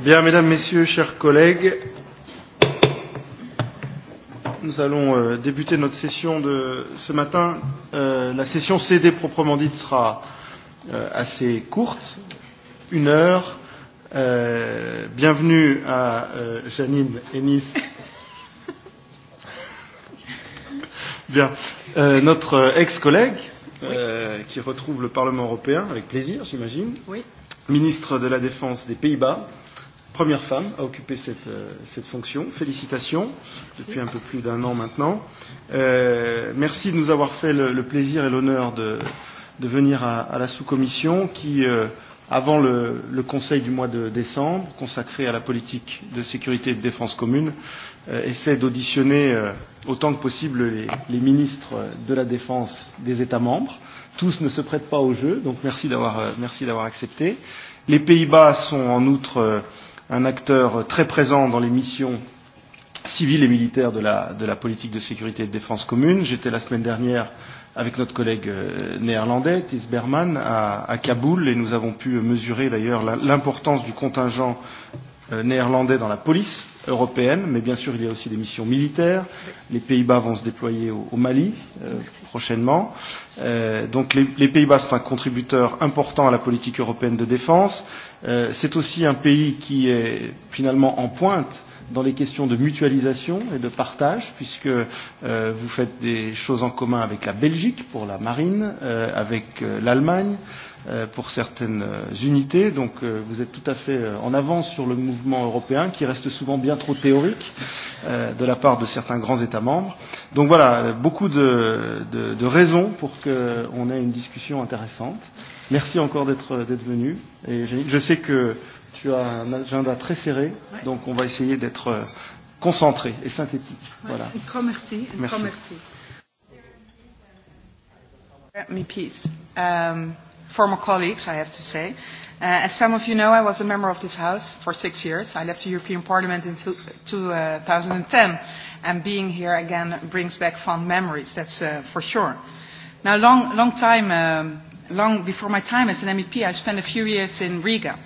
Bien, mesdames, messieurs, chers collègues, nous allons euh, débuter notre session de ce matin. Euh, la session CD proprement dite sera euh, assez courte, une heure. Euh, bienvenue à euh, Janine Ennis. Bien. Euh, notre ex-collègue, euh, oui. qui retrouve le Parlement européen avec plaisir, j'imagine. Oui ministre de la Défense des Pays-Bas, première femme à occuper cette, euh, cette fonction. Félicitations, merci. depuis un peu plus d'un an maintenant. Euh, merci de nous avoir fait le, le plaisir et l'honneur de, de venir à, à la sous-commission qui, euh, avant le, le Conseil du mois de décembre, consacré à la politique de sécurité et de défense commune, euh, essaie d'auditionner euh, autant que possible les, les ministres de la Défense des États membres tous ne se prêtent pas au jeu, donc merci d'avoir euh, merci d'avoir accepté. Les Pays-Bas sont en outre euh, un acteur très présent dans les missions civiles et militaires de la, de la politique de sécurité et de défense commune. J'étais la semaine dernière avec notre collègue euh, néerlandais, Thys Berman, à, à Kaboul, et nous avons pu mesurer d'ailleurs l'importance du contingent Euh, néerlandais dans la police européenne, mais bien sûr il y a aussi des missions militaires. Les Pays-Bas vont se déployer au, au Mali euh, prochainement. Euh, donc les, les Pays-Bas sont un contributeur important à la politique européenne de défense. Euh, C'est aussi un pays qui est finalement en pointe dans les questions de mutualisation et de partage, puisque euh, vous faites des choses en commun avec la Belgique pour la marine, euh, avec euh, l'Allemagne. Euh, Euh, pour certaines euh, unités. Donc euh, vous êtes tout à fait en avance sur le mouvement européen qui reste souvent bien trop théorique de la part de certains grands États membres. Donc voilà, beaucoup de, de, de raisons pour qu'on ait une discussion intéressante. Merci encore d'être venu. Et je sais que tu as un agenda très serré, ouais. donc on va essayer d'être concentré et synthétique. Ouais. Voilà. Un grand merci. Un merci. Grand merci. Let me peace. Um, former colleagues, I have to say. Uh, as some of you know, I was a member of this House for six years. I left the European Parliament in 2010, uh, and being here again brings back fond memories, that's uh, for sure. Now, long, long time, um, long before my time as an MEP, I spent a few years in Riga,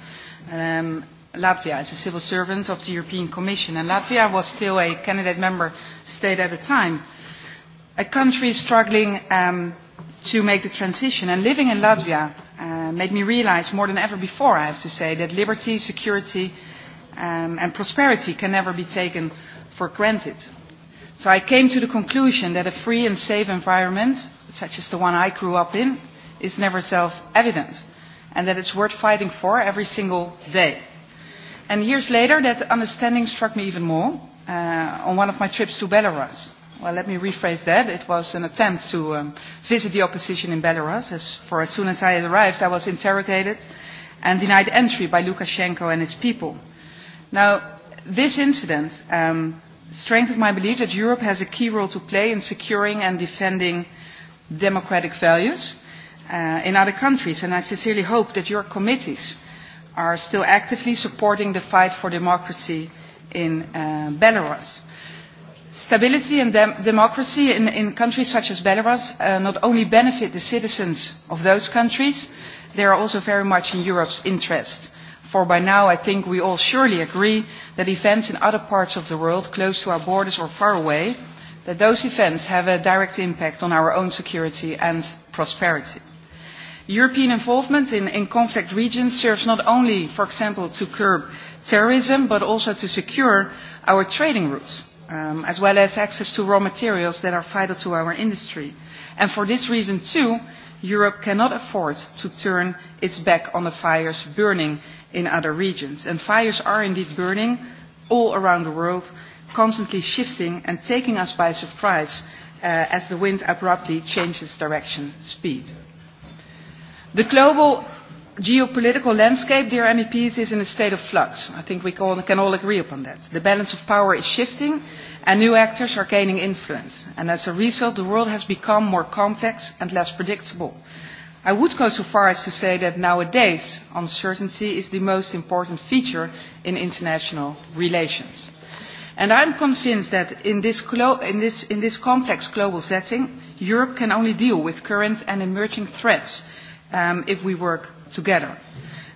um, Latvia, as a civil servant of the European Commission, and Latvia was still a candidate member state at the time. A country struggling um, to make the transition. And living in Latvia uh, made me realize more than ever before, I have to say, that liberty, security, um, and prosperity can never be taken for granted. So I came to the conclusion that a free and safe environment, such as the one I grew up in, is never self-evident, and that it's worth fighting for every single day. And years later, that understanding struck me even more uh, on one of my trips to Belarus Well, let me rephrase that. It was an attempt to um, visit the opposition in Belarus. As for as soon as I had arrived, I was interrogated and denied entry by Lukashenko and his people. Now, this incident um, strengthened my belief that Europe has a key role to play in securing and defending democratic values uh, in other countries, and I sincerely hope that your committees are still actively supporting the fight for democracy in uh, Belarus. Stability and dem democracy in, in countries such as Belarus uh, not only benefit the citizens of those countries, they are also very much in Europe's interest. For by now, I think we all surely agree that events in other parts of the world, close to our borders or far away, that those events have a direct impact on our own security and prosperity. European involvement in, in conflict regions serves not only, for example, to curb terrorism, but also to secure our trading routes um, as well as access to raw materials that are vital to our industry. And for this reason, too, Europe cannot afford to turn its back on the fires burning in other regions. And fires are indeed burning all around the world, constantly shifting and taking us by surprise uh, as the wind abruptly changes direction, speed. The global geopolitical landscape, dear MEPs, is in a state of flux. I think we can all agree upon that. The balance of power is shifting and new actors are gaining influence. And as a result, the world has become more complex and less predictable. I would go so far as to say that nowadays, uncertainty is the most important feature in international relations. And I'm convinced that in this, clo in this, in this complex global setting, Europe can only deal with current and emerging threats um, if we work together.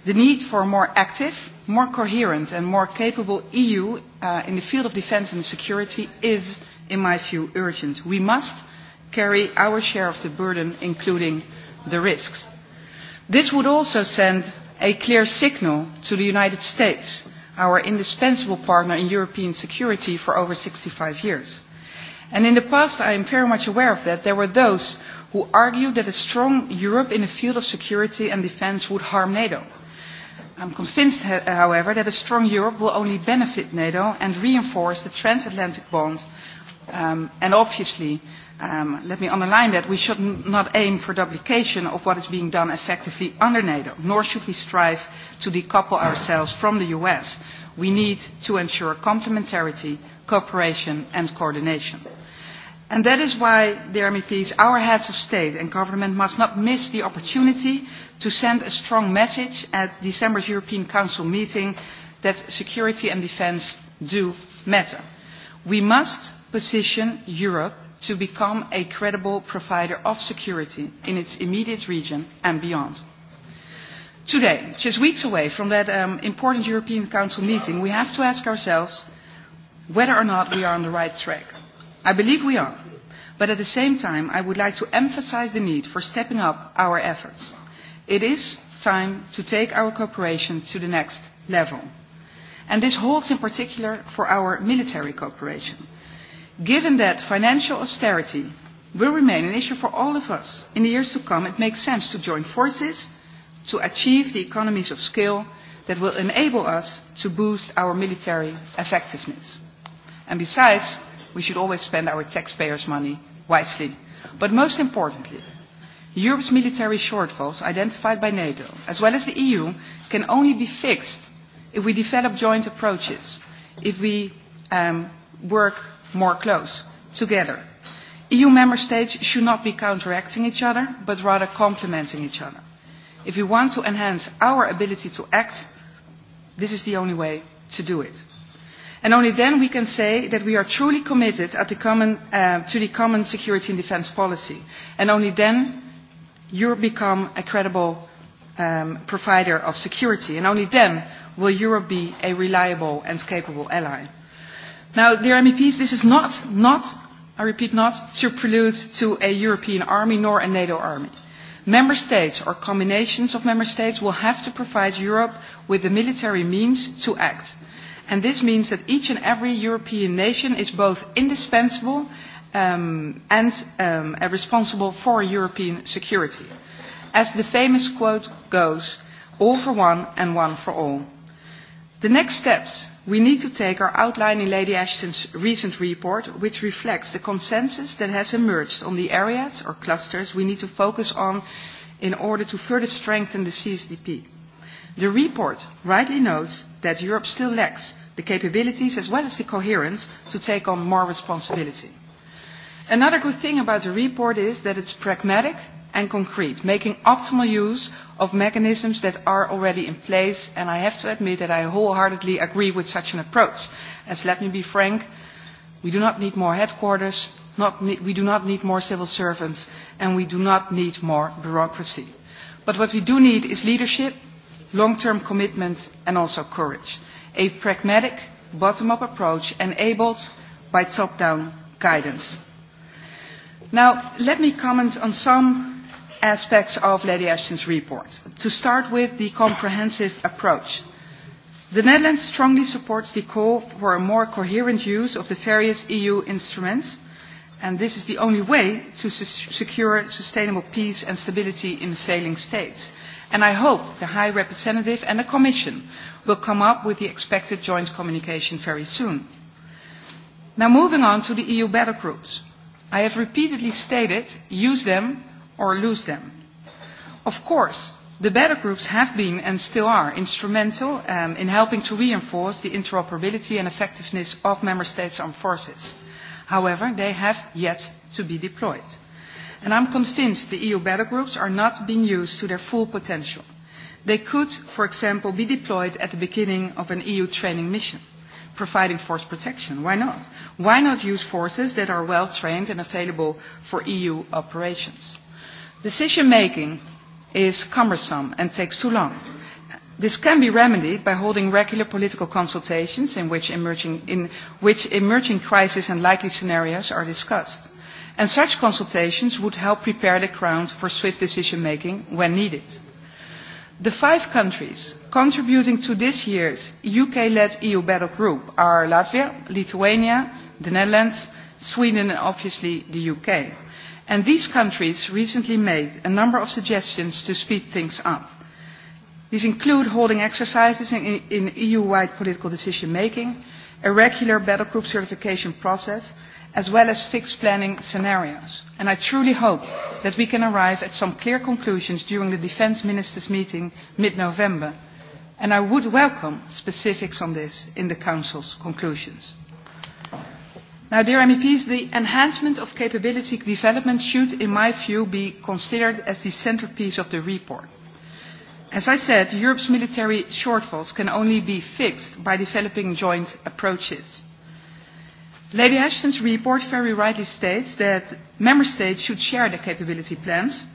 The need for a more active, more coherent and more capable EU uh, in the field of defence and security is, in my view, urgent. We must carry our share of the burden, including the risks. This would also send a clear signal to the United States, our indispensable partner in European security for over 65 years. And in the past, I am very much aware of that, there were those who argued that a strong Europe in the field of security and defence would harm NATO. I'm convinced, however, that a strong Europe will only benefit NATO and reinforce the transatlantic bond. Um, and obviously, um, let me underline that we should not aim for duplication of what is being done effectively under NATO, nor should we strive to decouple ourselves from the US. We need to ensure complementarity, cooperation and coordination. And that is why, dear MEPs, our heads of state and government must not miss the opportunity to send a strong message at December's European Council meeting that security and defence do matter. We must position Europe to become a credible provider of security in its immediate region and beyond. Today, just weeks away from that um, important European Council meeting, we have to ask ourselves whether or not we are on the right track I believe we are. But at the same time, I would like to emphasize the need for stepping up our efforts. It is time to take our cooperation to the next level. And this holds in particular for our military cooperation. Given that financial austerity will remain an issue for all of us in the years to come, it makes sense to join forces to achieve the economies of scale that will enable us to boost our military effectiveness. And besides, we should always spend our taxpayers' money wisely. But most importantly, Europe's military shortfalls identified by NATO, as well as the EU, can only be fixed if we develop joint approaches, if we um, work more close together. EU member states should not be counteracting each other, but rather complementing each other. If we want to enhance our ability to act, this is the only way to do it and only then we can say that we are truly committed the common, uh, to the common security and defence policy and only then europe become a credible um, provider of security and only then will europe be a reliable and capable ally. now dear meps this is not, not i repeat not to prelude to a european army nor a nato army. member states or combinations of member states will have to provide europe with the military means to act And this means that each and every European nation is both indispensable um, and um, responsible for European security. As the famous quote goes, all for one and one for all. The next steps we need to take are outlined in Lady Ashton's recent report, which reflects the consensus that has emerged on the areas or clusters we need to focus on in order to further strengthen the CSDP. The report rightly notes that Europe still lacks the capabilities as well as the coherence to take on more responsibility. Another good thing about the report is that it's pragmatic and concrete, making optimal use of mechanisms that are already in place, and I have to admit that I wholeheartedly agree with such an approach. As let me be frank, we do not need more headquarters, not need, we do not need more civil servants, and we do not need more bureaucracy. But what we do need is leadership long-term commitment and also courage. A pragmatic, bottom-up approach enabled by top-down guidance. Now, let me comment on some aspects of Lady Ashton's report. To start with the comprehensive approach. The Netherlands strongly supports the call for a more coherent use of the various EU instruments, and this is the only way to secure sustainable peace and stability in failing states and I hope the High Representative and the Commission will come up with the expected joint communication very soon. Now moving on to the EU battle groups. I have repeatedly stated, use them or lose them. Of course, the battle groups have been and still are instrumental um, in helping to reinforce the interoperability and effectiveness of Member States' armed forces. However, they have yet to be deployed and I'm convinced the EU battle groups are not being used to their full potential. They could, for example, be deployed at the beginning of an EU training mission, providing force protection. Why not? Why not use forces that are well trained and available for EU operations? Decision making is cumbersome and takes too long. This can be remedied by holding regular political consultations in which emerging, in which emerging crises and likely scenarios are discussed and such consultations would help prepare the ground for swift decision making when needed. The five countries contributing to this year's UK-led EU battle group are Latvia, Lithuania, the Netherlands, Sweden and obviously the UK. And these countries recently made a number of suggestions to speed things up. These include holding exercises in, in EU-wide political decision-making, a regular battle group certification process, as well as fixed planning scenarios. And I truly hope that we can arrive at some clear conclusions during the Defence Ministers' meeting mid-November. And I would welcome specifics on this in the Council's conclusions. Now, dear MEPs, the enhancement of capability development should, in my view, be considered as the centrepiece of the report. As I said, Europe's military shortfalls can only be fixed by developing joint approaches. Lady Ashton's report very rightly states that member states should share the capability plans,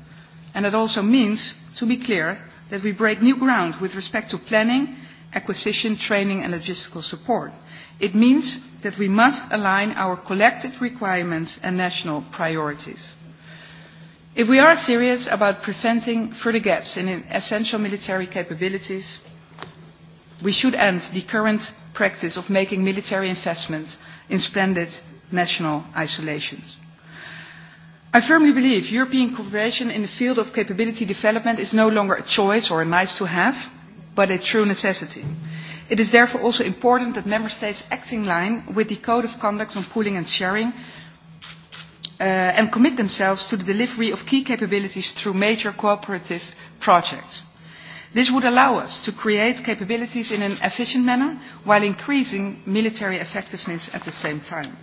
and it also means, to be clear, that we break new ground with respect to planning, acquisition, training and logistical support. It means that we must align our collective requirements and national priorities. If we are serious about preventing further gaps in essential military capabilities, we should end the current practice of making military investments in splendid national isolations. I firmly believe European cooperation in the field of capability development is no longer a choice or a nice to have, but a true necessity. It is therefore also important that Member States act in line with the Code of Conduct on Pooling and Sharing uh, and commit themselves to the delivery of key capabilities through major cooperative projects. This would allow us to create capabilities in an efficient manner while increasing military effectiveness at the same time.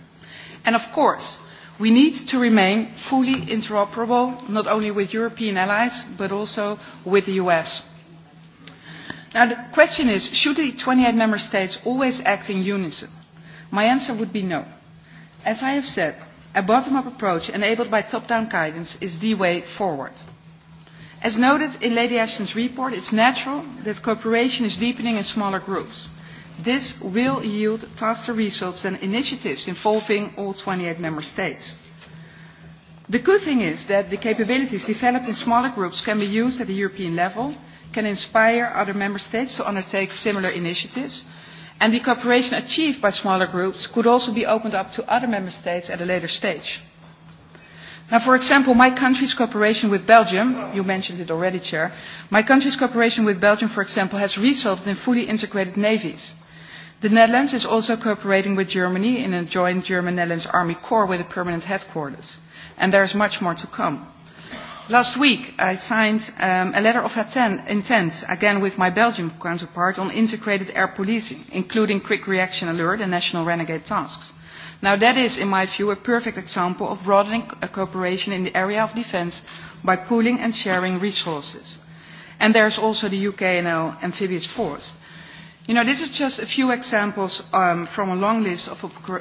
And of course, we need to remain fully interoperable, not only with European allies, but also with the US. Now, the question is, should the 28 member states always act in unison? My answer would be no. As I have said, a bottom-up approach enabled by top-down guidance is the way forward. As noted in Lady Ashton's report, it's natural that cooperation is deepening in smaller groups. This will yield faster results than initiatives involving all 28 member states. The good thing is that the capabilities developed in smaller groups can be used at the European level, can inspire other member states to undertake similar initiatives, and the cooperation achieved by smaller groups could also be opened up to other member states at a later stage. Now, for example, my country's cooperation with Belgium, you mentioned it already, Chair, my country's cooperation with Belgium, for example, has resulted in fully integrated navies. The Netherlands is also cooperating with Germany in a joint German-Netherlands Army Corps with a permanent headquarters. And there is much more to come. Last week, I signed um, a letter of intent, again with my Belgium counterpart, on integrated air policing, including quick reaction alert and national renegade tasks. Now that is, in my view, a perfect example of broadening a uh, cooperation in the area of defence by pooling and sharing resources. And there's also the UKNO amphibious force. You know, this is just a few examples um, from a long list of,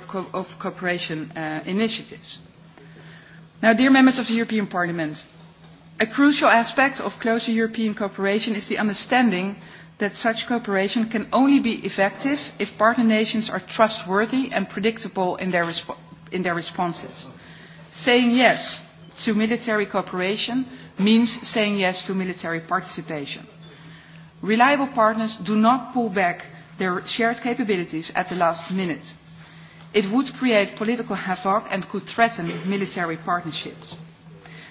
co of cooperation uh, initiatives. Now, dear members of the European Parliament, a crucial aspect of closer European cooperation is the understanding that such cooperation can only be effective if partner nations are trustworthy and predictable in their, resp in their responses. Saying yes to military cooperation means saying yes to military participation. Reliable partners do not pull back their shared capabilities at the last minute. It would create political havoc and could threaten military partnerships.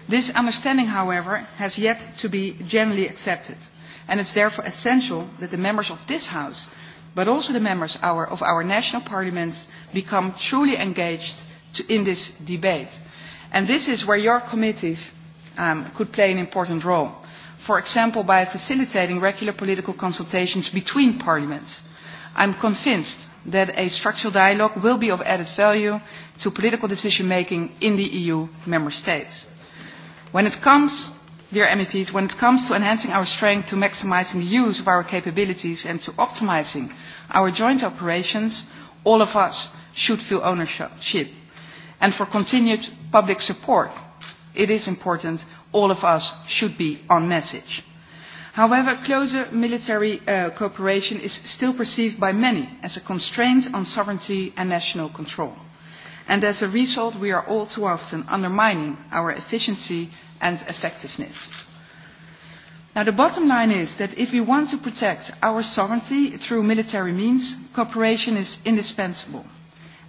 This understanding, however, has yet to be generally accepted and it's therefore essential that the members of this House, but also the members our, of our national parliaments, become truly engaged to, in this debate. And this is where your committees um, could play an important role. For example, by facilitating regular political consultations between parliaments. I'm convinced that a structural dialogue will be of added value to political decision making in the EU member states. When it comes dear MEPs, when it comes to enhancing our strength to maximizing the use of our capabilities and to optimizing our joint operations, all of us should feel ownership. And for continued public support, it is important all of us should be on message. However, closer military uh, cooperation is still perceived by many as a constraint on sovereignty and national control. And as a result, we are all too often undermining our efficiency and effectiveness. Now, the bottom line is that if we want to protect our sovereignty through military means, cooperation is indispensable.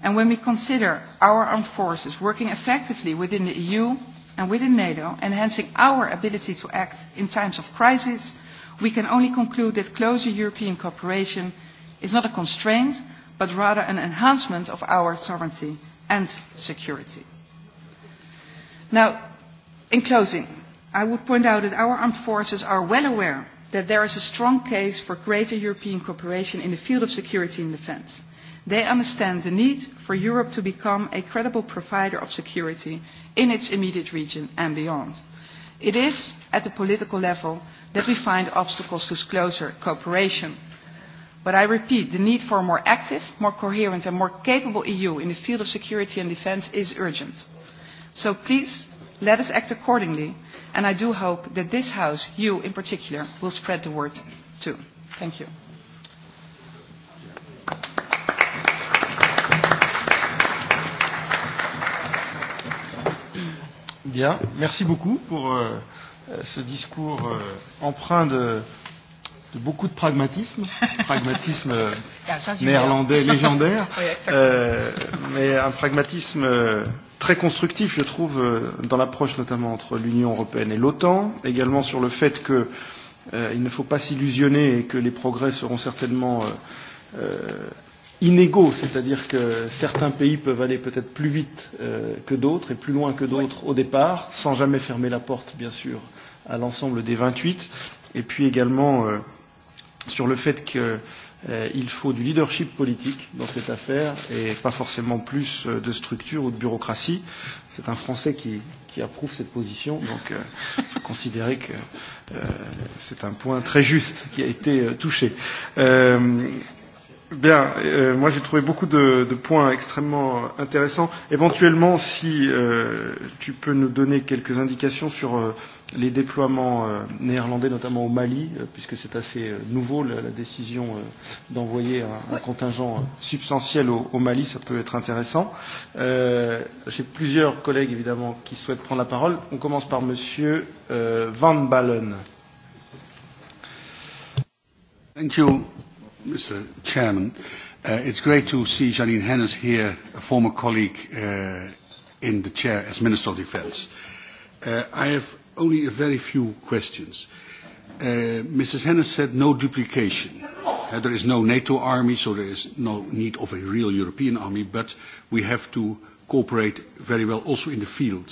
And when we consider our armed forces working effectively within the EU and within NATO, enhancing our ability to act in times of crisis, we can only conclude that closer European cooperation is not a constraint, but rather an enhancement of our sovereignty and security. Now, In closing, I would point out that our armed forces are well aware that there is a strong case for greater European cooperation in the field of security and defence. They understand the need for Europe to become a credible provider of security in its immediate region and beyond. It is at the political level that we find obstacles to closer cooperation. But I repeat, the need for a more active, more coherent and more capable EU in the field of security and defence is urgent. So please Let us act accordingly, and I do hope that this House, you in particular, will spread the word too. Thank you. Bien, merci beaucoup pour euh, ce discours euh, empreint de, de beaucoup de pragmatisme, pragmatisme euh, ah, néerlandais légendaire, oui, euh, mais un pragmatisme euh, très constructif, je trouve, euh, dans l'approche notamment entre l'Union européenne et l'OTAN, également sur le fait qu'il euh, ne faut pas s'illusionner et que les progrès seront certainement euh, euh, inégaux, c'est-à-dire que certains pays peuvent aller peut-être plus vite euh, que d'autres et plus loin que d'autres oui. au départ, sans jamais fermer la porte, bien sûr, à l'ensemble des 28, et puis également euh, sur le fait que euh, euh, il faut du leadership politique dans cette affaire et pas forcément plus euh, de structure ou de bureaucratie. C'est un Français qui, qui approuve cette position, donc euh, faut considérer que euh, c'est un point très juste qui a été euh, touché. Euh, Bien, euh, moi j'ai trouvé beaucoup de, de points extrêmement intéressants. Éventuellement, si euh, tu peux nous donner quelques indications sur euh, les déploiements euh, néerlandais, notamment au Mali, euh, puisque c'est assez euh, nouveau la, la décision d'envoyer un, un contingent substantiel au, au Mali, ça peut être intéressant. Euh, J'ai plusieurs collègues évidemment qui souhaitent prendre la parole. On commence par Monsieur euh, Van Ballen. Thank you, Mr. Chairman. Uh, it's great to see Janine Hennes here, a former colleague uh, in the chair as Minister of Defence. Uh, Uh, I have only a very few questions. Uh, Mrs. Hennis said no duplication. Uh, there is no NATO army, so there is no need of a real European army, but we have to cooperate very well also in the field.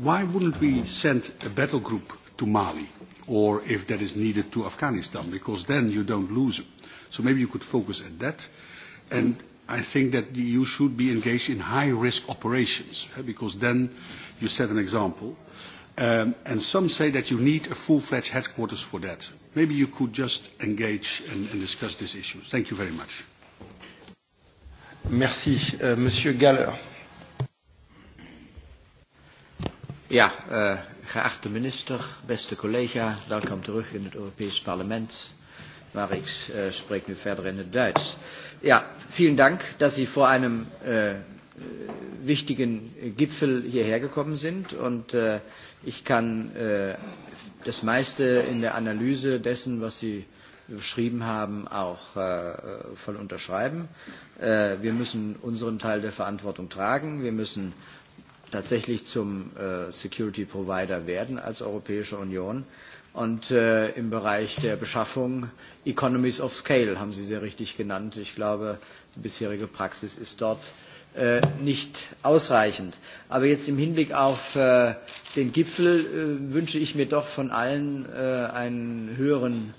Why wouldn't we send a battle group to Mali, or if that is needed to Afghanistan, because then you don't lose them. So maybe you could focus at that. And I think that the EU should be engaged in high-risk operations, eh, because then you set an example. Um, and some say that you need a full-fledged headquarters for that. Maybe you could just engage and, and discuss this issue. Thank you very much. Merci. Uh, Monsieur Galler. Ja, uh, geachte minister, beste collega, welkom terug in het Europees Parlement, waar ik uh, spreek nu verder in het Duits. Uh, Ja, vielen Dank, dass Sie vor einem äh, äh, wichtigen Gipfel hierher gekommen sind. Und äh, ich kann äh, das meiste in der Analyse dessen, was Sie beschrieben haben, auch äh, voll unterschreiben. Äh, wir müssen unseren Teil der Verantwortung tragen. Wir müssen tatsächlich zum äh, Security Provider werden als Europäische Union. Und äh, im Bereich der Beschaffung Economies of Scale haben Sie sehr richtig genannt. Ich glaube, die bisherige Praxis ist dort äh, nicht ausreichend. Aber jetzt im Hinblick auf äh, den Gipfel äh, wünsche ich mir doch von allen äh, einen höheren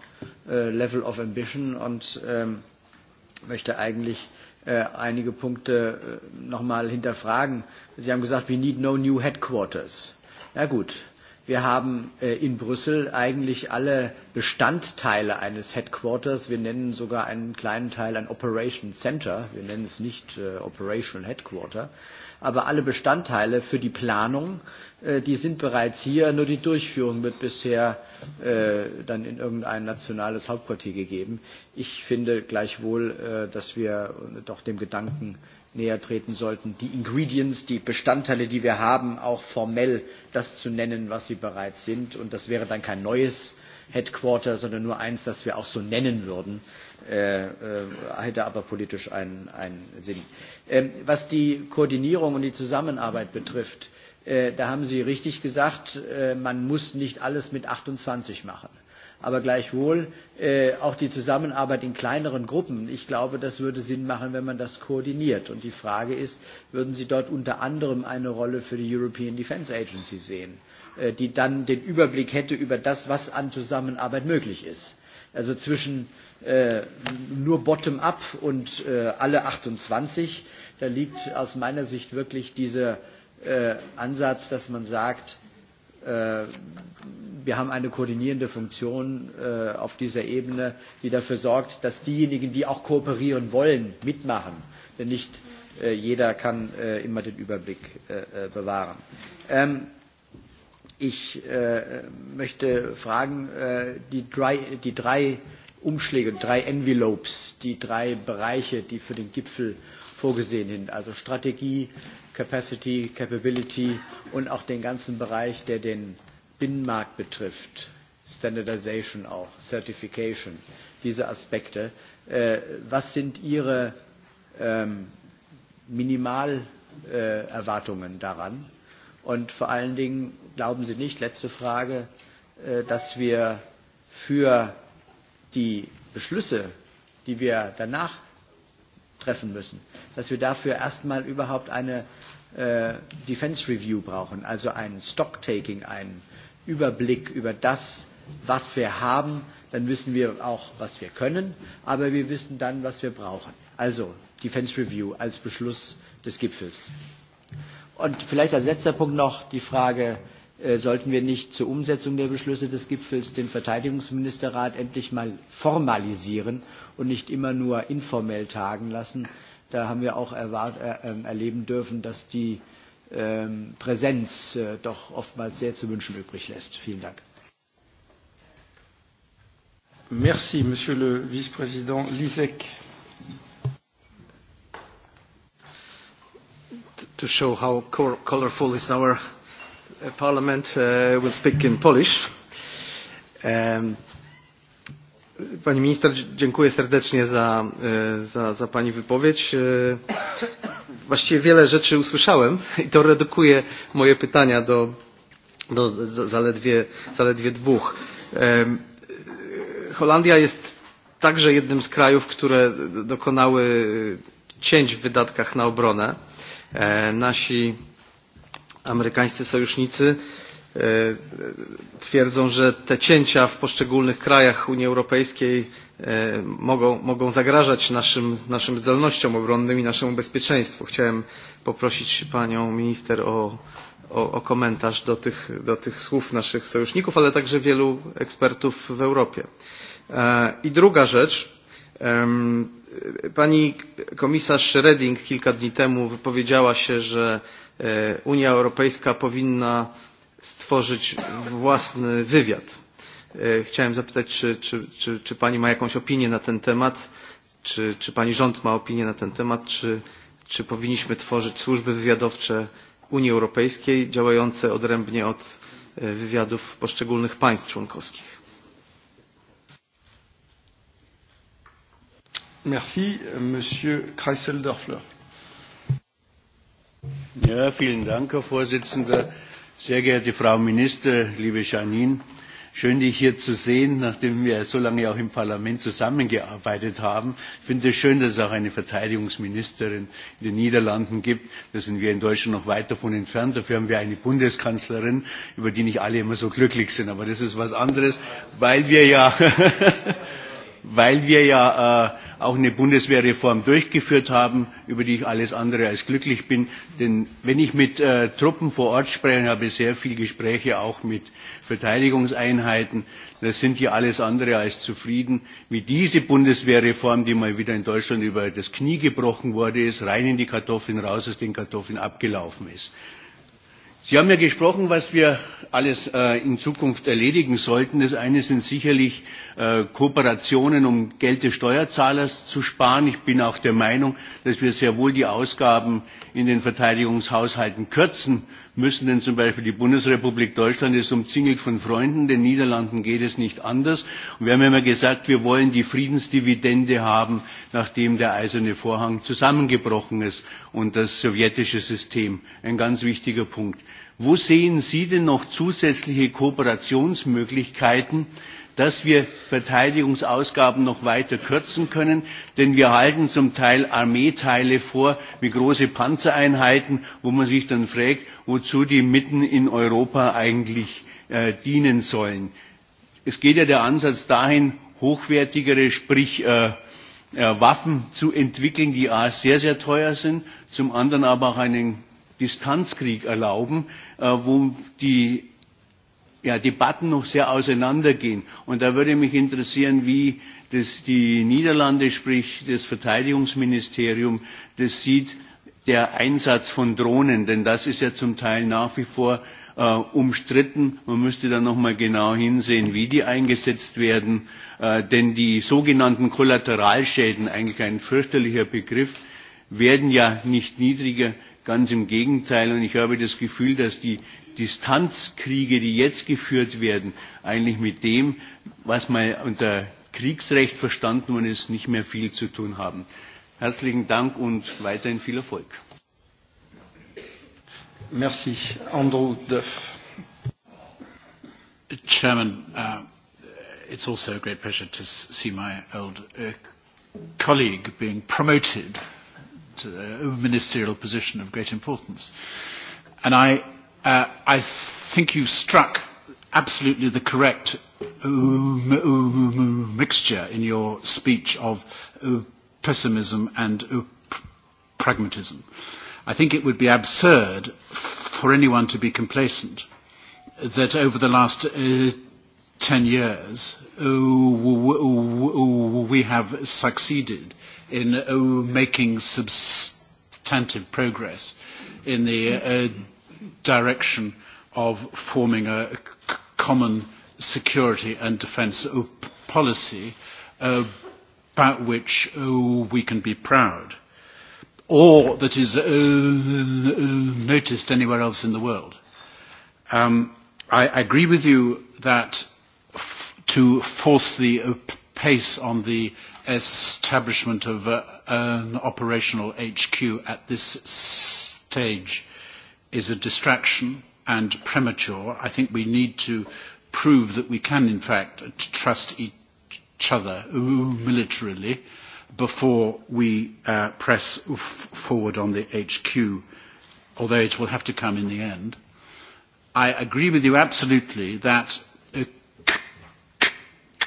äh, Level of Ambition und ähm, möchte eigentlich äh, einige Punkte äh, nochmal hinterfragen. Sie haben gesagt, we need no new headquarters. Na gut, Wir haben äh, in Brüssel eigentlich alle Bestandteile eines Headquarters. Wir nennen sogar einen kleinen Teil ein Operation Center. Wir nennen es nicht äh, Operation Headquarter. Aber alle Bestandteile für die Planung, äh, die sind bereits hier. Nur die Durchführung wird bisher äh, dann in irgendein nationales Hauptquartier gegeben. Ich finde gleichwohl, äh, dass wir doch dem Gedanken näher treten sollten, die Ingredients, die Bestandteile, die wir haben, auch formell das zu nennen, was sie bereits sind. Und das wäre dann kein neues Headquarter, sondern nur eins, das wir auch so nennen würden, äh, äh, hätte aber politisch einen, einen Sinn. Ähm, was die Koordinierung und die Zusammenarbeit betrifft, äh, da haben Sie richtig gesagt, äh, man muss nicht alles mit 28 machen. Äh, aber gleichwohl äh, auch die Zusammenarbeit in kleineren Gruppen. Ich glaube, das würde Sinn machen, wenn man das koordiniert. Und die Frage ist, würden Sie dort unter anderem eine Rolle für die European Defence Agency sehen, äh, die dann den Überblick hätte über das, was an Zusammenarbeit möglich ist? Also zwischen äh, nur Bottom-up und äh, alle 28, da liegt aus meiner Sicht wirklich dieser äh, Ansatz, dass man sagt, Äh, wir haben eine koordinierende Funktion äh, auf dieser Ebene, die dafür sorgt, dass diejenigen, die auch kooperieren wollen, mitmachen. Denn nicht äh, jeder kann immer den Überblick bewahren. Ähm, ich möchte fragen, die drei, die drei Umschläge, drei Envelopes, die drei Bereiche, die für den Gipfel vorgesehen sind, also Strategie, Capacity, Capability und auch den ganzen Bereich, der den Binnenmarkt betrifft, Standardization auch, Certification, diese Aspekte. Äh, was sind Ihre ähm, Minimalerwartungen äh, daran? Und vor allen Dingen glauben Sie nicht, letzte Frage, äh, dass wir für die Beschlüsse, die wir danach treffen müssen, dass wir dafür erstmal überhaupt eine Äh, Defense Review brauchen, also ein Stocktaking, einen Überblick über das, was wir haben, dann wissen wir auch, was wir können, aber wir wissen dann, was wir brauchen. Also Defense Review als Beschluss des Gipfels. Und vielleicht als letzter Punkt noch die Frage, äh, sollten wir nicht zur Umsetzung der Beschlüsse des Gipfels den Verteidigungsministerrat endlich mal formalisieren und nicht immer nur informell tagen lassen? Da haben wir auch erwart, äh, ähm, erleben dürfen, dass die ähm, Präsenz äh, doch oftmals sehr zu wünschen übrig lässt. Vielen Dank. Merci, Monsieur le Vice-président Lisek. To show how colorful is our uh, parliament, uh, we'll speak in Polish. Um, Pani minister, dziękuję serdecznie za, e, za, za Pani wypowiedź. E, właściwie wiele rzeczy usłyszałem i to redukuje moje pytania do, do zaledwie, zaledwie dwóch. E, Holandia jest także jednym z krajów, które dokonały cięć w wydatkach na obronę. Nasi amerykańscy sojusznicy E, twierdzą, że te cięcia w poszczególnych krajach Unii Europejskiej e, mogą, mogą zagrażać naszym, naszym zdolnościom obronnym i naszemu bezpieczeństwu. Chciałem poprosić panią minister o, o, o komentarz do tych, do tych słów naszych sojuszników, ale także wielu ekspertów w Europie. E, I druga rzecz. Pani komisarz Reding kilka dni temu wypowiedziała się, że Unia Europejska powinna stworzyć własny wywiad. E, chciałem zapytać, czy, czy, czy, czy Pani ma jakąś opinię na ten temat, czy, czy Pani rząd ma opinię na ten temat, czy, czy powinniśmy tworzyć służby wywiadowcze Unii Europejskiej działające odrębnie od e, wywiadów poszczególnych państw członkowskich. Merci, Monsieur Kreisel-Dörfler. Ja, vielen Dank, Herr Vorsitzender sehr geehrte Frau ministerin liebe Janine, schön, dich hier zu sehen, nachdem wir so lange auch im Parlament zusammengearbeitet haben. Ich finde es schön, dass es auch eine Verteidigungsministerin in den Niederlanden gibt. Da sind wir in Deutschland noch weit davon entfernt. Dafür haben wir eine Bundeskanzlerin, über die nicht alle immer so glücklich sind. Aber das ist etwas anderes, weil wir ja, äh, auch eine Bundeswehrreform durchgeführt haben, über die ich alles andere als glücklich bin. Denn wenn ich mit äh, Truppen vor Ort spreche, und ich habe sehr viele Gespräche auch mit Verteidigungseinheiten, das sind die alles andere als zufrieden, wie diese Bundeswehrreform, die mal wieder in Deutschland über das Knie gebrochen wurde, ist, rein in die Kartoffeln, raus aus den Kartoffeln abgelaufen ist. Sie haben ja gesprochen, was wir alles äh, in Zukunft erledigen sollten. Das eine sind sicherlich äh, Kooperationen, um Geld des Steuerzahlers zu sparen. Ich bin auch der Meinung, dass wir sehr wohl die Ausgaben in den Verteidigungshaushalten kürzen müssen. Denn zum Beispiel die Bundesrepublik Deutschland ist umzingelt von Freunden, den Niederlanden geht es nicht anders. Und wir haben immer gesagt, wir wollen die Friedensdividende haben, nachdem der eiserne Vorhang zusammengebrochen ist und das sowjetische System. Ein ganz wichtiger Punkt. Wo sehen Sie denn noch zusätzliche Kooperationsmöglichkeiten, dass wir Verteidigungsausgaben noch weiter kürzen können, denn wir halten zum Teil Armeeteile vor, wie große Panzereinheiten, wo man sich dann fragt, wozu die mitten in Europa eigentlich äh, dienen sollen. Es geht ja der Ansatz dahin, hochwertigere, sprich äh, äh Waffen zu entwickeln, die a, sehr, sehr teuer sind, zum anderen aber auch einen Distanzkrieg erlauben, äh, wo die ja, Debatten noch sehr auseinandergehen. Und da würde mich interessieren, wie das die Niederlande, sprich das Verteidigungsministerium, das sieht, der Einsatz von Drohnen, denn das ist ja zum Teil nach wie vor äh, umstritten. Man müsste da nochmal genau hinsehen, wie die eingesetzt werden, äh, denn die sogenannten Kollateralschäden, eigentlich ein fürchterlicher Begriff, werden ja nicht niedriger, ganz im Gegenteil. Und ich habe das Gefühl, dass die Distanzkriege, die jetzt geführt werden, eigentlich mit dem, was man unter Kriegsrecht verstanden worden ist, nicht mehr viel zu tun haben. Herzlichen Dank und weiterhin viel Erfolg. Merci. Andrew Duff. Chairman, uh, it's also a great pleasure to see my old uh, colleague being promoted to a ministerial position of great importance. And I Uh, I think you struck absolutely the correct uh, uh, mixture in your speech of pessimism and pragmatism. I think it would be absurd for anyone to be complacent that over the last uh, 10 years uh, we have succeeded in uh, making substantive progress in the uh, direction of forming a common security and defence uh, policy uh, about which uh, we can be proud or that is noticed anywhere else in the world. Um, I agree with you that to force the pace on the establishment of uh, an operational HQ at this stage is a distraction and premature. I think we need to prove that we can, in fact, trust each other militarily before we uh, press forward on the HQ, although it will have to come in the end. I agree with you absolutely that uh,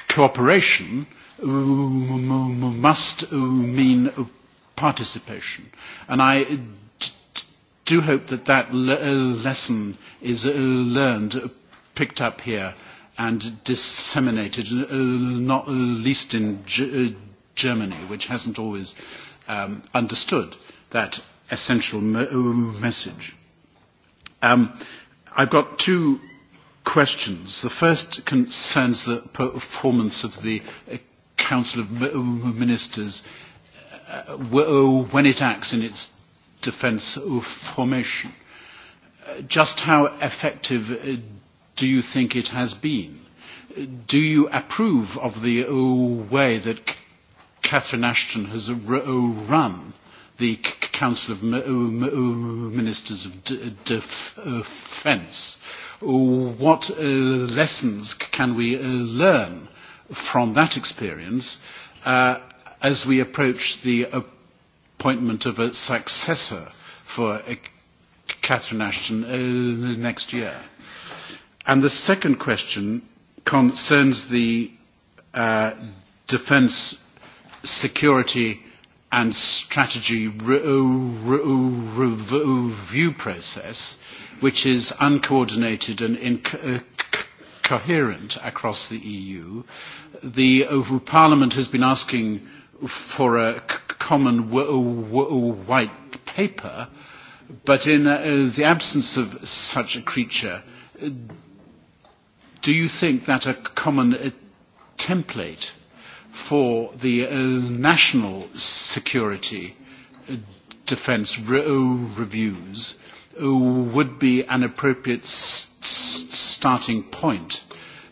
cooperation must mean participation. And I do hope that that le uh, lesson is uh, learned, uh, picked up here, and disseminated, not least in G Germany, which hasn't always um, understood that essential me message. Um, I've got two questions. The first concerns the performance of the Council of Ministers uh, when it acts in its defence formation. Just how effective uh, do you think it has been? Do you approve of the oh, way that Catherine Ashton has oh, run the Council of oh, Ministers of Defence? What uh, lessons can we uh, learn from that experience as we approach the appointment of a successor for e-, Catherine Ashton uh, next year. And the second question concerns the uh, defence, security and strategy uh, uh, review process, which is uncoordinated and incoherent uh, across the EU. The uh, Parliament has been asking for a common white paper, but in uh, the absence of such a creature, do you think that a common uh, template for the uh, national security uh, defense re- uh, reviews uh, would be an appropriate s- starting point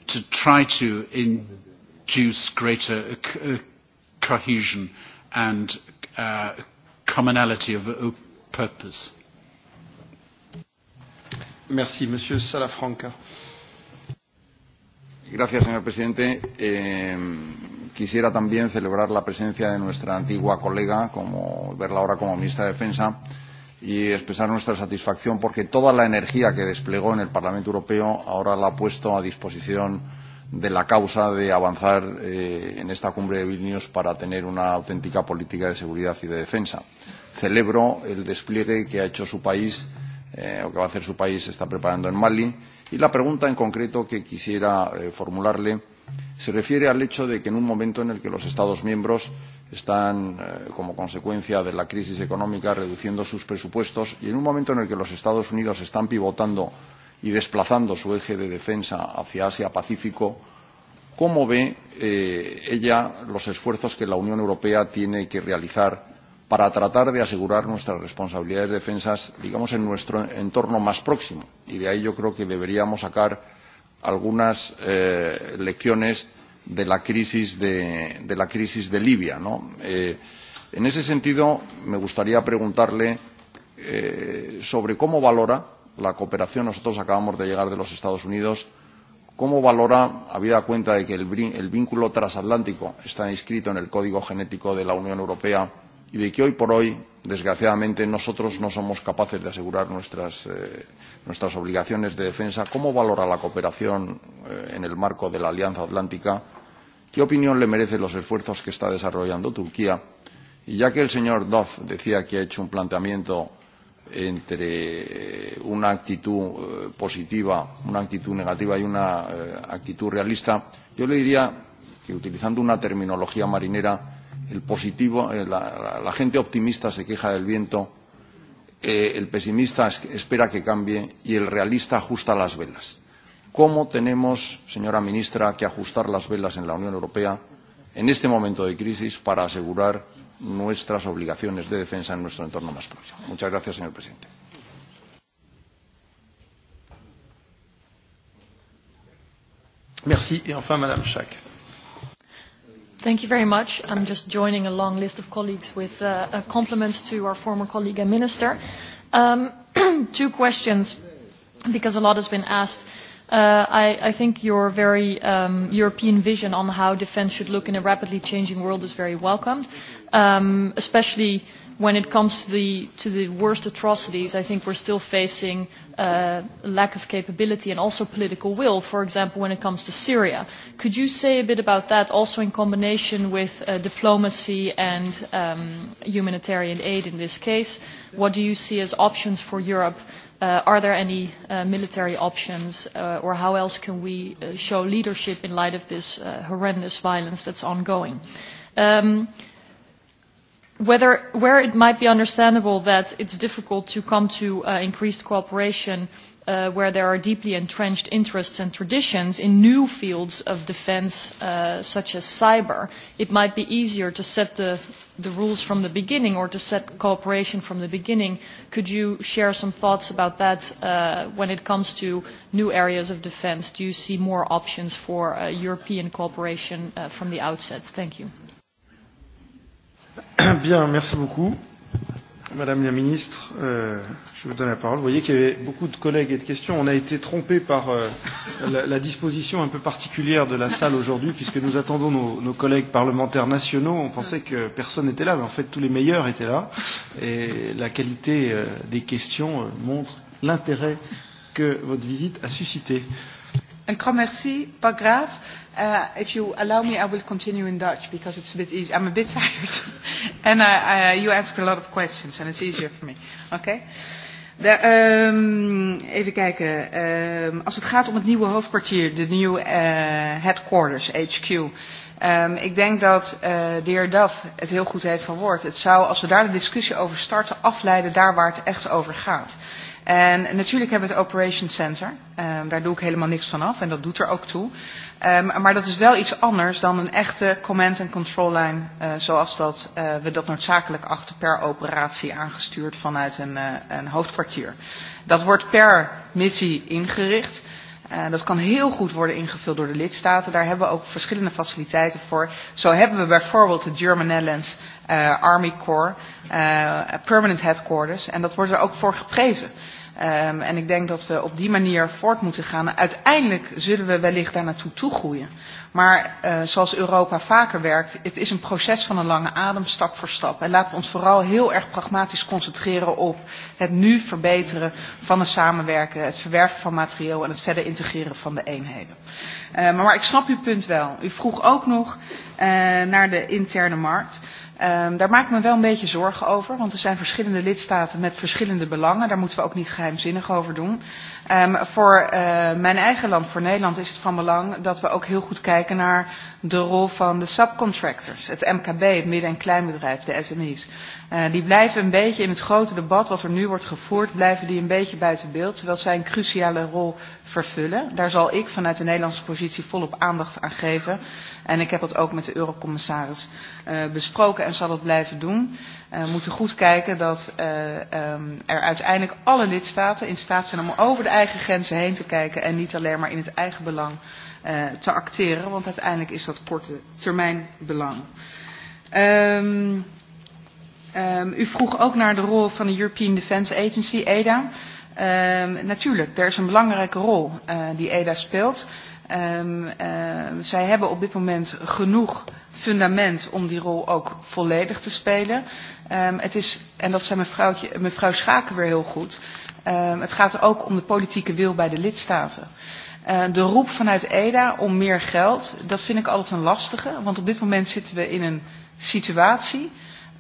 to try to induce greater c- cohesion and uh, commonality of uh, purpose. Merci, Monsieur Salafranca. Gracias, señor presidente. Eh, quisiera también celebrar la presencia de nuestra antigua colega, como verla ahora como ministra de Defensa, y expresar nuestra satisfacción porque toda la energía que desplegó en el Parlamento Europeo ahora la ha puesto a disposición de la causa de avanzar eh, en esta cumbre de Vilnius para tener una auténtica política de seguridad y de defensa. Celebro el despliegue que ha hecho su país eh, o que va a hacer su país se está preparando en Mali y la pregunta en concreto que quisiera eh, formularle se refiere al hecho de que en un momento en el que los Estados miembros están, eh, como consecuencia de la crisis económica, reduciendo sus presupuestos y en un momento en el que los Estados Unidos están pivotando y desplazando su eje de defensa hacia Asia-Pacífico, ¿cómo ve eh, ella los esfuerzos que la Unión Europea tiene que realizar para tratar de asegurar nuestras responsabilidades de defensas, digamos, en nuestro entorno más próximo? Y de ahí yo creo que deberíamos sacar algunas eh, lecciones de la crisis de, de, la crisis de Libia. ¿no? Eh, en ese sentido, me gustaría preguntarle eh, sobre cómo valora la cooperación. Nosotros acabamos de llegar de los Estados Unidos. ¿Cómo valora, habida cuenta de que el, el vínculo transatlántico está inscrito en el código genético de la Unión Europea y de que hoy por hoy, desgraciadamente, nosotros no somos capaces de asegurar nuestras, eh, nuestras obligaciones de defensa? ¿Cómo valora la cooperación eh, en el marco de la Alianza Atlántica? ¿Qué opinión le merecen los esfuerzos que está desarrollando Turquía? Y ya que el señor Duff decía que ha hecho un planteamiento entre eh, una actitud eh, positiva, una actitud negativa y una eh, actitud realista, yo le diría que utilizando una terminología marinera, el positivo, la, la, la gente optimista se queja del viento, eh, el pesimista espera que cambie y el realista ajusta las velas. ¿Cómo tenemos, señora ministra, que ajustar las velas en la Unión Europea en este momento de crisis para asegurar nuestras obligaciones de defensa en nuestro entorno más próximo. Muchas gracias, señor presidente. Merci. Y enfin, Madame Schack. Thank you very much. I'm just joining a long list of colleagues with uh, uh compliments to our former colleague and minister. Um, two questions, because a lot has been asked. Uh, I, I think your very um, European vision on how defence should look in a rapidly changing world is very welcomed um, especially when it comes to the, to the worst atrocities, I think we're still facing a uh, lack of capability and also political will, for example, when it comes to Syria. Could you say a bit about that, also in combination with uh, diplomacy and um, humanitarian aid in this case? What do you see as options for Europe? Uh, are there any uh, military options, uh, or how else can we uh, show leadership in light of this uh, horrendous violence that's ongoing? Um, whether, where it might be understandable that it's difficult to come to uh, increased cooperation uh, where there are deeply entrenched interests and traditions in new fields of defense, uh, such as cyber, it might be easier to set the, the rules from the beginning or to set cooperation from the beginning. Could you share some thoughts about that uh, when it comes to new areas of defense? Do you see more options for uh, European cooperation uh, from the outset? Thank you. Bien, merci beaucoup. Madame la ministre, euh, je vous donne la parole. Vous voyez qu'il y avait beaucoup de collègues et de questions. On a été trompé par euh, la, la disposition un peu particulière de la salle aujourd'hui, puisque nous attendons nos, nos collègues parlementaires nationaux. On pensait que personne n'était là, mais en fait tous les meilleurs étaient là. Et la qualité euh, des questions euh, montre l'intérêt que votre visite a suscité. Un grand merci, pas grave. Uh, if you allow me, I will continue in Dutch because it's a bit easy. I'm a bit tired. and I, I, you ask a lot of questions and it's easier for me. Okay? De, um, even kijken. Um, als het gaat om het nieuwe hoofdkwartier, de nieuwe uh, headquarters, HQ. Um, ehm, ik denk dat uh, de heer Duff het heel goed heeft verwoord. Het zou, als we daar de discussie over starten, afleiden daar waar het echt over gaat. En natuurlijk hebben we het Operation Center. Um, daar doe ik helemaal niks van af en dat doet er ook toe. Um, maar dat is wel iets anders dan een echte command and control line uh, zoals dat, uh, we dat noodzakelijk achter per operatie aangestuurd vanuit een, uh, een hoofdkwartier. Dat wordt per missie ingericht. Uh, dat kan heel goed worden ingevuld door de lidstaten. Daar hebben we ook verschillende faciliteiten voor. Zo hebben we bijvoorbeeld de German Netherlands uh, Army Corps, uh, Permanent Headquarters. En dat wordt er ook voor geprezen. Uh, Um, en ik denk dat we op die manier voort moeten gaan. Uiteindelijk zullen we wellicht daar naartoe toegroeien. Maar uh, zoals Europa vaker werkt, het is een proces van een lange adem, stap voor stap. En laten we ons vooral heel erg pragmatisch concentreren op het nu verbeteren van de samenwerken, het verwerven van materieel en het verder integreren van de eenheden. Uh, ehm, maar, maar ik snap uw punt wel. U vroeg ook nog uh, naar de interne markt. Um, daar maak ik me wel een beetje zorgen over, want er zijn verschillende lidstaten met verschillende belangen. Daar moeten we ook niet geheimzinnig over doen. Um, voor uh, mijn eigen land, voor Nederland, is het van belang dat we ook heel goed kijken naar de rol van de subcontractors. Het MKB, het midden- en kleinbedrijf, de SME's. Uh, eh, die blijven een beetje in het grote debat wat er nu wordt gevoerd, blijven die een beetje buiten beeld. Terwijl zij een cruciale rol vervullen. Daar zal ik vanuit de Nederlandse positie volop aandacht aan geven. En ik heb dat ook met de eurocommissaris uh, besproken en zal dat blijven doen uh, moeten goed kijken dat uh, um, er uiteindelijk alle lidstaten in staat zijn om over de eigen grenzen heen te kijken en niet alleen maar in het eigen belang uh, te acteren, want uiteindelijk is dat korte termijn belang. Um, um, u vroeg ook naar de rol van de European Defence Agency, EDA. Um, natuurlijk, er is een belangrijke rol uh, die EDA speelt. Um, uh, zij hebben op dit moment genoeg fundament om die rol ook volledig te spelen. Um, het is, en dat zei mevrouw Schaken weer heel goed, um, het gaat er ook om de politieke wil bij de lidstaten. Uh, de roep vanuit EDA om meer geld, dat vind ik altijd een lastige. Want op dit moment zitten we in een situatie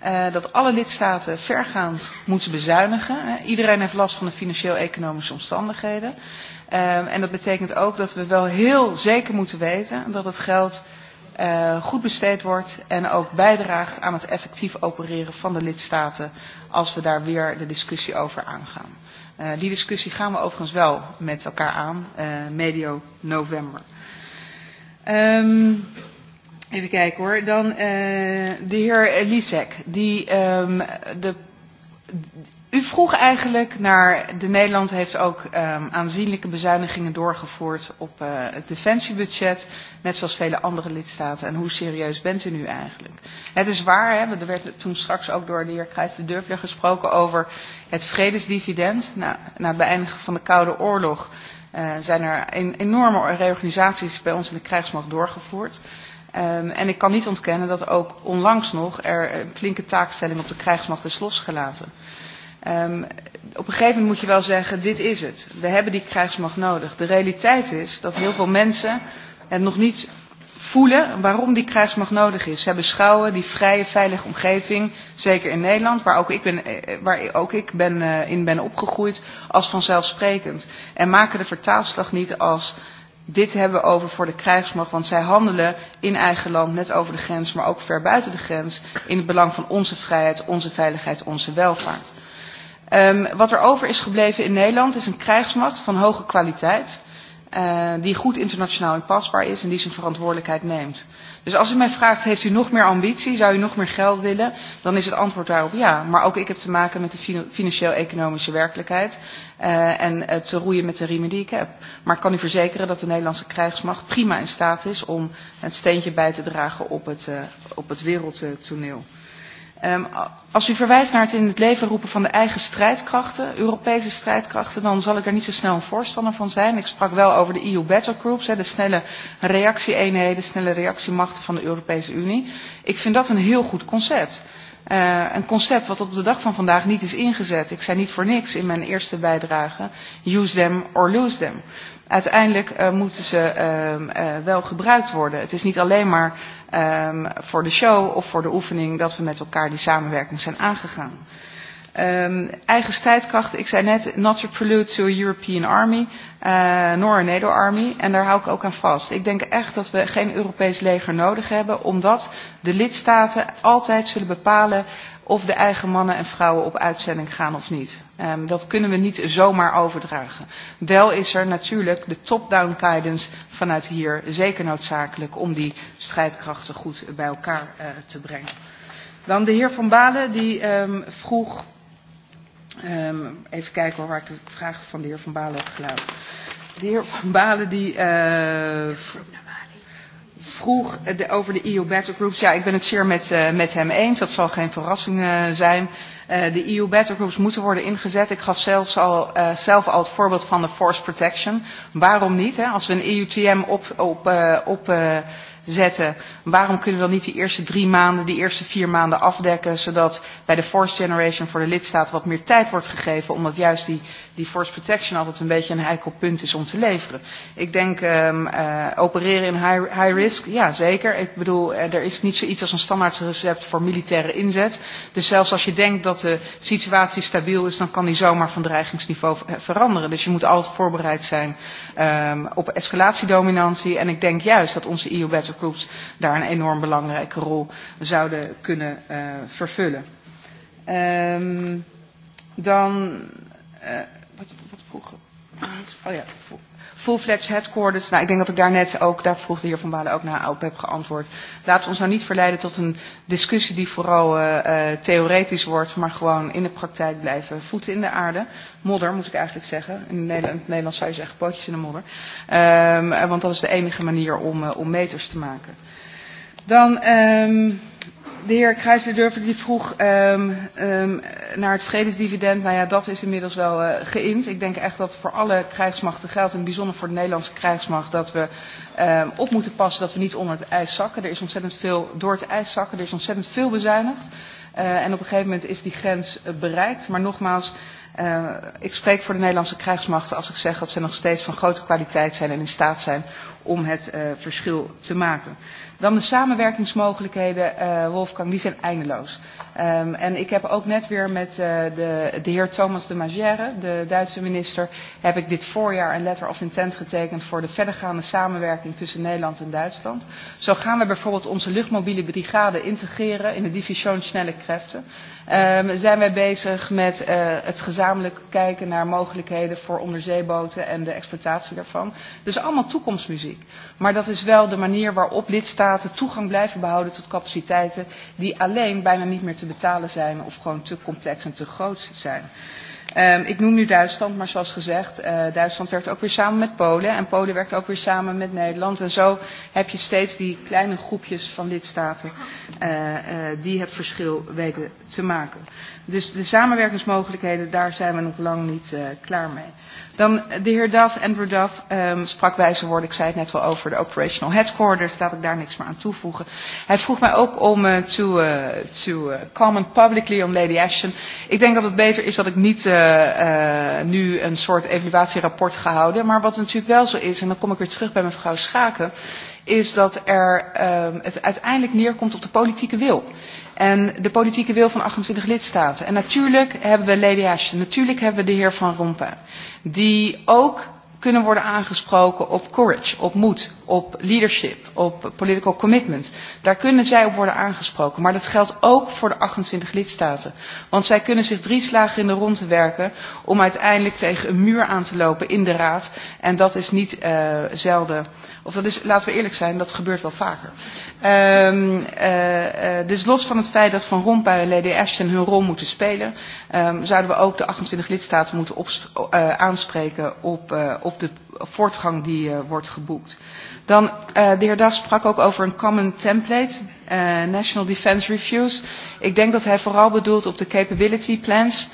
uh, dat alle lidstaten vergaand moeten bezuinigen. Iedereen heeft last van de financieel-economische omstandigheden. Um, en dat betekent ook dat we wel heel zeker moeten weten dat het geld uh, goed besteed wordt en ook bijdraagt aan het effectief opereren van de lidstaten als we daar weer de discussie over aangaan. Uh, die discussie gaan we overigens wel met elkaar aan, uh, medio november. Um, even kijken hoor. Dan uh, de heer Lisek, die um, de U vroeg eigenlijk naar, de Nederland heeft ook um, aanzienlijke bezuinigingen doorgevoerd op uh, het defensiebudget, net zoals vele andere lidstaten. En hoe serieus bent u nu eigenlijk? Het is waar, hè, er werd toen straks ook door de heer Krijs de Durfler gesproken over het vredesdividend. Nou, na het beëindigen van de Koude Oorlog uh, zijn er een, enorme reorganisaties bij ons in de krijgsmacht doorgevoerd. Um, en ik kan niet ontkennen dat ook onlangs nog er een eh, flinke taakstelling op de krijgsmacht is losgelaten. Um, op een gegeven moment moet je wel zeggen, dit is het. We hebben die krijgsmacht nodig. De realiteit is dat heel veel mensen het nog niet voelen waarom die krijgsmacht nodig is. Ze beschouwen die vrije, veilige omgeving, zeker in Nederland, waar ook ik, ben, eh, eh, waar ook ik ben, uh, in ben opgegroeid, als vanzelfsprekend. En maken de vertaalslag niet als dit hebben we over voor de krijgsmacht, want zij handelen in eigen land, net over de grens, maar ook ver buiten de grens, in het belang van onze vrijheid, onze veiligheid, onze welvaart. Um, wat er over is gebleven in Nederland is een krijgsmacht van hoge kwaliteit. Uh, die goed internationaal inpasbaar is en die zijn verantwoordelijkheid neemt. Dus als u mij vraagt, heeft u nog meer ambitie, zou u nog meer geld willen, dan is het antwoord daarop ja. Maar ook ik heb te maken met de financieel-economische werkelijkheid uh, en het roeien met de riemen die ik heb. Maar ik kan u verzekeren dat de Nederlandse krijgsmacht prima in staat is om het steentje bij te dragen op het, uh, op het wereldtoneel. Ehm, als u verwijst naar het in het leven roepen van de eigen strijdkrachten, Europese strijdkrachten, dan zal ik er niet zo snel een voorstander van zijn. Ik sprak wel over de EU Battle Groups, de snelle reactieeenheden, snelle reactiemachten van de Europese Unie. Ik vind dat een heel goed concept. Uh, een concept wat op de dag van vandaag niet is ingezet. Ik zei niet voor niks in mijn eerste bijdrage, use them or lose them uiteindelijk uh, moeten ze um, uh, wel gebruikt worden. Het is niet alleen maar um, voor de show of voor de oefening dat we met elkaar die samenwerking zijn aangegaan. Um, ehm, eigen strijdkracht, ik zei net, not to prelude to a European army, uh, nor a NATO army. En daar hou ik ook aan vast. Ik denk echt dat we geen Europees leger nodig hebben, omdat de lidstaten altijd zullen bepalen of de eigen mannen en vrouwen op uitzending gaan of niet. Um, dat kunnen we niet zomaar overdragen. Wel is er natuurlijk de top-down guidance vanuit hier zeker noodzakelijk om die strijdkrachten goed bij elkaar uh, te brengen. Dan de heer Van Balen die um, vroeg, um, even kijken waar ik de vraag van de heer Van Balen heb geluid. De heer Van Balen die uh, vroeg de, over de EU Battle Groups. Ja, ik ben het zeer met, uh, met hem eens. Dat zal geen verrassing uh, zijn. Uh, de EU Battle Groups moeten worden ingezet. Ik gaf zelfs al, uh, zelf al het voorbeeld van de force protection. Waarom niet? Hè? Als we een EUTM op, op, uh, op uh, zetten. Waarom kunnen we dan niet die eerste drie maanden, die eerste vier maanden afdekken, zodat bij de force generation voor de lidstaat wat meer tijd wordt gegeven, omdat juist die, die force protection altijd een beetje een heikel punt is om te leveren. Ik denk um, uh, opereren in high, high risk, ja zeker. Ik bedoel, eh, er is niet zoiets als een standaard recept voor militaire inzet. Dus zelfs als je denkt dat de situatie stabiel is, dan kan die zomaar van dreigingsniveau eh, veranderen. Dus je moet altijd voorbereid zijn um, op escalatiedominantie. En ik denk juist dat onze EU-Bats groups daar een enorm belangrijke rol zouden kunnen uh, vervullen. Um, dan, uh, wat, wat vroeger? Oh ja, vroeger full-fledged headquarters. Nou, ik denk dat ik daar net ook, daar vroeg de heer Van Balen ook naar op heb geantwoord. Laten we ons nou niet verleiden tot een discussie die vooral uh, uh, theoretisch wordt, maar gewoon in de praktijk blijven. Voeten in de aarde, modder moet ik eigenlijk zeggen. In Nederland, in Nederlands zou je zeggen pootjes in de modder. Um, want dat is de enige manier om, uh, om meters te maken. Dan... Um, de heer Kruijsler-Durver die vroeg um, um, naar het vredesdividend. Nou ja, dat is inmiddels wel uh, eh, geïnd. Ik denk echt dat voor alle krijgsmachten geldt, en bijzonder voor de Nederlandse krijgsmacht, dat we um, op moeten passen dat we niet onder het ijs zakken. Er is ontzettend veel door het ijs zakken, er is ontzettend veel bezuinigd. Uh, en op een gegeven moment is die grens uh, bereikt. Maar nogmaals, uh, ik spreek voor de Nederlandse krijgsmachten als ik zeg dat ze nog steeds van grote kwaliteit zijn en in staat zijn om het uh, verschil te maken. Dan de samenwerkingsmogelijkheden, uh, Wolfgang, die zijn eindeloos. Um, en ik heb ook net weer met uh, de, de heer Thomas de Magère, de Duitse minister, heb ik dit voorjaar een letter of intent getekend voor de verdergaande samenwerking tussen Nederland en Duitsland. Zo gaan we bijvoorbeeld onze luchtmobiele brigade integreren in de division snelle krachten. Um, zijn wij bezig met uh, het gezamenlijk kijken naar mogelijkheden voor onderzeeboten en de exploitatie daarvan. Dus allemaal toekomstmuziek. Maar dat is wel de manier waarop lidstaten toegang blijven behouden tot capaciteiten die alleen bijna niet meer te betalen zijn of gewoon te complex en te groot zijn. Um, ik noem nu Duitsland, maar zoals gezegd, uh, Duitsland werkt ook weer samen met Polen. En Polen werkt ook weer samen met Nederland. En zo heb je steeds die kleine groepjes van lidstaten uh, uh, die het verschil weten te maken. Dus de samenwerkingsmogelijkheden, daar zijn we nog lang niet uh, klaar mee. Dan de heer Duff, Andrew Duff, um, sprak wijze woorden. Ik zei het net wel over de operational headquarters. Laat ik daar niks meer aan toevoegen. Hij vroeg mij ook om uh, to, uh, to uh, comment publicly on Lady Ashton. Ik denk dat het beter is dat ik niet uh, uh, nu een soort evaluatierapport ga houden. Maar wat natuurlijk wel zo is, en dan kom ik weer terug bij mevrouw Schaken is dat er, um, het uiteindelijk neerkomt op de politieke wil. En de politieke wil van 28 lidstaten. En natuurlijk hebben we Lady Ashton, natuurlijk hebben we de heer Van Rompuy. Die ook kunnen worden aangesproken op courage, op moed, op leadership, op political commitment. Daar kunnen zij op worden aangesproken. Maar dat geldt ook voor de 28 lidstaten. Want zij kunnen zich drie slagen in de ronde werken om uiteindelijk tegen een muur aan te lopen in de raad. En dat is niet uh, zelden uh, Of dat is, laten we eerlijk zijn, dat gebeurt wel vaker. Um, uh, uh, dus los van het feit dat Van Rompuy en Lady Ashton hun rol moeten spelen, um, zouden we ook de 28 lidstaten moeten op, uh, eh, aanspreken op, uh, op de voortgang die uh, wordt geboekt. Dan, uh, de heer Daf sprak ook over een common template, uh, National Defense Reviews. Ik denk dat hij vooral bedoelt op de capability plans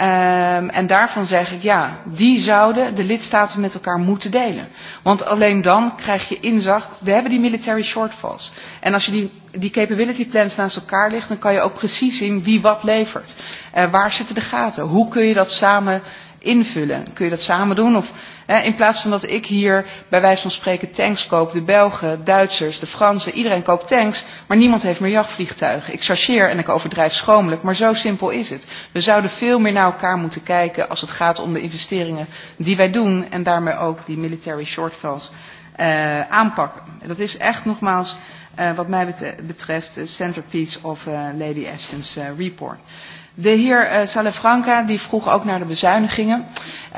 Um, en daarvan zeg ik ja, die zouden de lidstaten met elkaar moeten delen. Want alleen dan krijg je inzicht, we hebben die military shortfalls. En als je die, die capability plans naast elkaar legt, dan kan je ook precies zien wie wat levert. Uh, waar zitten de gaten? Hoe kun je dat samen invullen? Kun je dat samen doen? Of Eh, in plaats van dat ik hier bij wijze van spreken tanks koop, de Belgen, Duitsers, de Fransen, iedereen koopt tanks, maar niemand heeft meer jachtvliegtuigen. Ik chargeer en ik overdrijf schromelijk, maar zo simpel is het. We zouden veel meer naar elkaar moeten kijken als het gaat om de investeringen die wij doen en daarmee ook die military shortfalls eh, aanpakken. Dat is echt nogmaals eh, wat mij betreft de centerpiece of Lady Ashton's report. De heer uh, Salafranca die vroeg ook naar de bezuinigingen. Uh,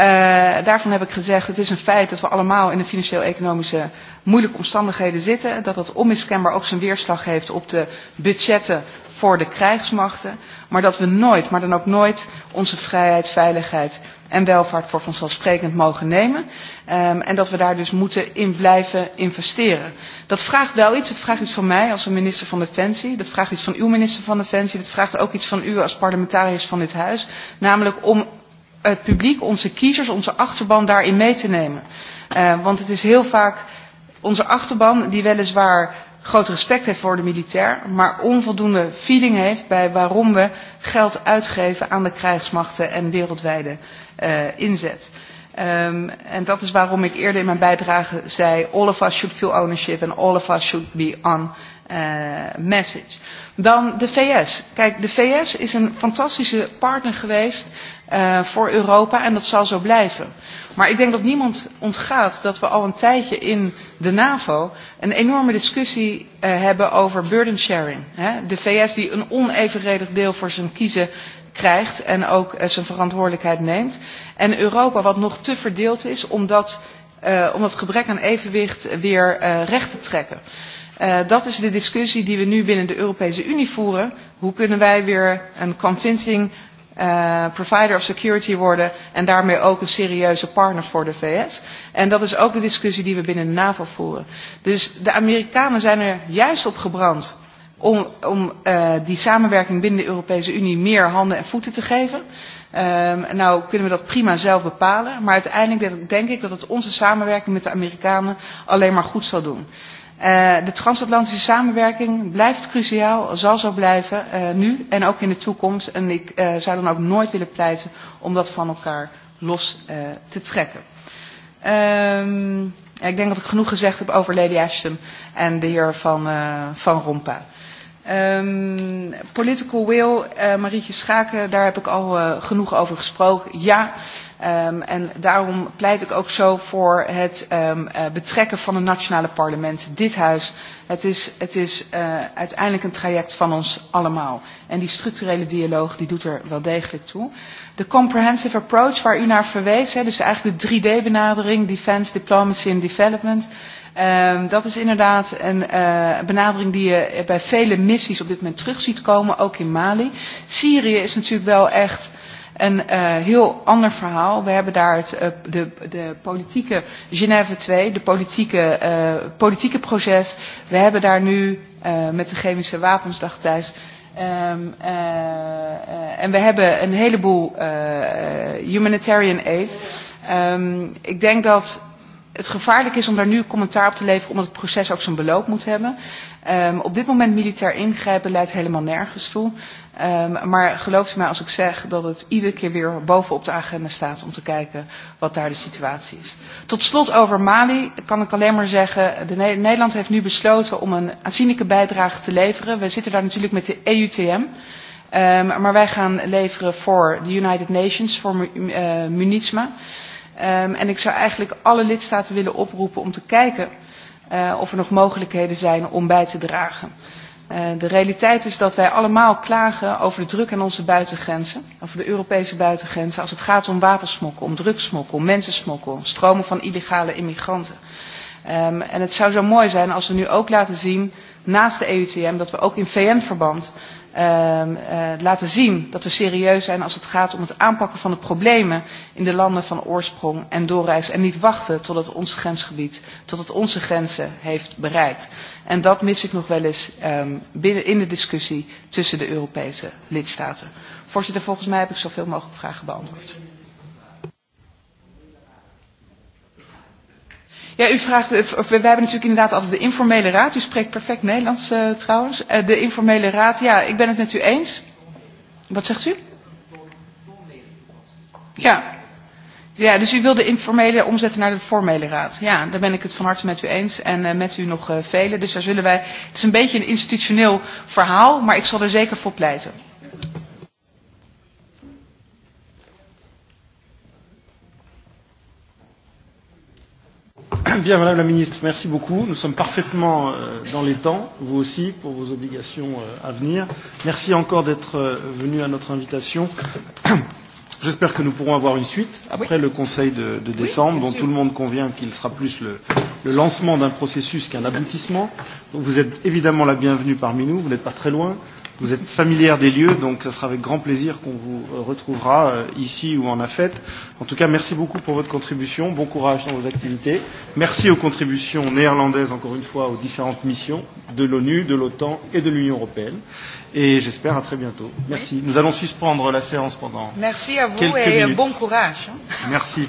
daarvan heb ik gezegd, het is een feit dat we allemaal in de financieel-economische moeilijke omstandigheden zitten. Dat dat onmiskenbaar ook zijn weerslag heeft op de budgetten voor de krijgsmachten. Maar dat we nooit, maar dan ook nooit, onze vrijheid, veiligheid en welvaart voor vanzelfsprekend mogen nemen. Um, en dat we daar dus moeten in blijven investeren. Dat vraagt wel iets. Het vraagt iets van mij als een minister van Defensie. Dat vraagt iets van uw minister van Defensie. Dat vraagt ook iets van u als parlementariërs van dit huis. Namelijk om het publiek, onze kiezers, onze achterban daarin mee te nemen. Uh, want het is heel vaak onze achterban die weliswaar groot respect heeft voor de militair, maar onvoldoende feeling heeft bij waarom we geld uitgeven aan de krijgsmachten en wereldwijde uh, inzet. Um, en dat is waarom ik eerder in mijn bijdrage zei, all of us should feel ownership and all of us should be on uh, message. Dan de VS. Kijk, de VS is een fantastische partner geweest uh, voor Europa en dat zal zo blijven. Maar ik denk dat niemand ontgaat dat we al een tijdje in de NAVO een enorme discussie uh, hebben over burden sharing. Hè? De VS die een onevenredig deel voor zijn kiezen krijgt en ook uh, zijn verantwoordelijkheid neemt. En Europa wat nog te verdeeld is om dat, uh, om dat gebrek aan evenwicht weer uh, recht te trekken. Uh, dat is de discussie die we nu binnen de Europese Unie voeren. Hoe kunnen wij weer een convincing Eh, provider of security worden en daarmee ook een serieuze partner voor de VS. En dat is ook de discussie die we binnen de NAVO voeren. Dus de Amerikanen zijn er juist op gebrand om, om uh, die samenwerking binnen de Europese Unie meer handen en voeten te geven. Um, nou kunnen we dat prima zelf bepalen, maar uiteindelijk denk ik dat het onze samenwerking met de Amerikanen alleen maar goed zal doen. Eh, de transatlantische samenwerking blijft cruciaal, zal zo blijven, uh, nu en ook in de toekomst. En ik uh, zou dan ook nooit willen pleiten om dat van elkaar los uh, te trekken. Um, ik denk dat ik genoeg gezegd heb over Lady Ashton en de heer Van, uh, van Rompuy. Um, political will, uh, Marietje Schaken, daar heb ik al uh, genoeg over gesproken. Ja, um, en daarom pleit ik ook zo voor het um, uh, betrekken van een nationale parlement, dit huis. Het is, het is uh, uiteindelijk een traject van ons allemaal. En die structurele dialoog die doet er wel degelijk toe. De comprehensive approach waar u naar verwees, hè, dus eigenlijk de 3D-benadering, defense, diplomacy en development Um, dat is inderdaad een uh, benadering die je bij vele missies op dit moment terug ziet komen, ook in Mali. Syrië is natuurlijk wel echt een uh, heel ander verhaal. We hebben daar het, uh, de, de politieke Genève 2, de politieke, uh, politieke proces. We hebben daar nu uh, met de chemische wapensdag thuis. Um, uh, uh, en we hebben een heleboel uh, humanitarian aid. Um, ik denk dat het gevaarlijk is om daar nu commentaar op te leveren, omdat het proces ook zijn beloop moet hebben. Um, op dit moment militair ingrijpen leidt helemaal nergens toe. Um, maar geloof mij als ik zeg dat het iedere keer weer bovenop de agenda staat om te kijken wat daar de situatie is. Tot slot over Mali kan ik alleen maar zeggen, de ne Nederland heeft nu besloten om een aanzienlijke bijdrage te leveren. We zitten daar natuurlijk met de EUTM. Um, ehm, maar wij gaan leveren voor de United Nations, voor uh, eh, Munitsma. Um, en ik zou eigenlijk alle lidstaten willen oproepen om te kijken uh, of er nog mogelijkheden zijn om bij te dragen. Uh, de realiteit is dat wij allemaal klagen over de druk aan onze buitengrenzen, over de Europese buitengrenzen, als het gaat om wapensmokkel, om drugsmokkel, om mensensmokkel, stromen van illegale immigranten. Um, en het zou zo mooi zijn als we nu ook laten zien, naast de EUTM, dat we ook in VN-verband Ehm, eh, laten zien dat we serieus zijn als het gaat om het aanpakken van de problemen in de landen van oorsprong en doorreis. En niet wachten tot het ons grensgebied, tot het onze grenzen heeft bereikt. En dat mis ik nog wel eens um, binnen in de discussie tussen de Europese lidstaten. Voorzitter, volgens mij heb ik zoveel mogelijk vragen beantwoord. Ja, u vraagt, eh, we hebben natuurlijk inderdaad altijd de informele raad. U spreekt perfect Nederlands uh, trouwens. Uh, de informele raad, ja, ik ben het met u eens. Wat zegt u? Ja. Ja, dus u wil de informele omzetten naar de formele raad. Ja, daar ben ik het van harte met u eens en uh, met u nog uh, velen. Dus daar zullen wij, het is een beetje een institutioneel verhaal, maar ik zal er zeker voor pleiten. Bien, Madame la Ministre, merci beaucoup. Nous sommes parfaitement euh, dans les temps, vous aussi, pour vos obligations euh, à venir. Merci encore d'être euh, venu à notre invitation. J'espère que nous pourrons avoir une suite ah après oui. le Conseil de, de décembre, oui, dont tout le monde convient qu'il sera plus le, le lancement d'un processus qu'un aboutissement. Donc vous êtes évidemment la bienvenue parmi nous, vous n'êtes pas très loin. Vous êtes familière des lieux, donc ce sera avec grand plaisir qu'on vous euh, retrouvera euh, ici ou en AFET. En tout cas, merci beaucoup pour votre contribution. Bon courage dans vos activités. Merci aux contributions néerlandaises, encore une fois, aux différentes missions de l'ONU, de l'OTAN et de l'Union européenne. Et j'espère à très bientôt. Merci. Nous allons suspendre la séance pendant. Merci à vous quelques et minutes. bon courage. Merci.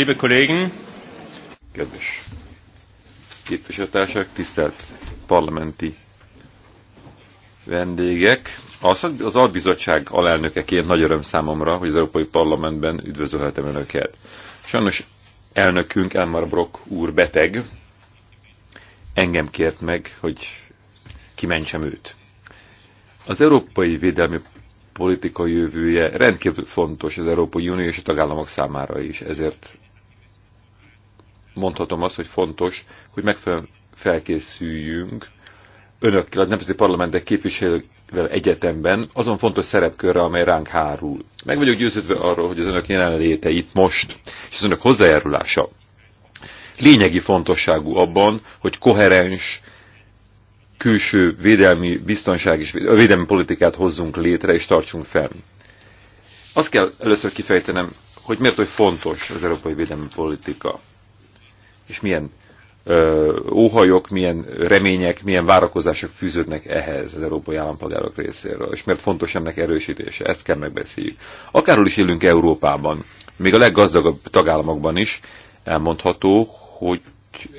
Liebe Kollegen! Kedves képviselőtársak, tisztelt parlamenti vendégek! Az albizottság alelnökeként nagy öröm számomra, hogy az Európai Parlamentben üdvözölhetem Önöket. Sajnos elnökünk Elmar Brock úr beteg, engem kért meg, hogy kimentsem őt. Az európai védelmi politikai jövője rendkívül fontos az Európai Unió és a tagállamok számára is, ezért mondhatom azt, hogy fontos, hogy megfelelően felkészüljünk önökkel, a nemzeti parlamentek képviselővel egyetemben azon fontos szerepkörre, amely ránk hárul. Meg vagyok győződve arról, hogy az önök jelenléte itt most, és az önök hozzájárulása lényegi fontosságú abban, hogy koherens külső védelmi biztonság és védelmi politikát hozzunk létre és tartsunk fenn. Azt kell először kifejtenem, hogy miért hogy fontos az európai védelmi politika és milyen ö, óhajok, milyen remények, milyen várakozások fűződnek ehhez az európai állampolgárok részéről, és miért fontos ennek erősítése, ezt kell megbeszéljük. Akárhol is élünk Európában, még a leggazdagabb tagállamokban is elmondható, hogy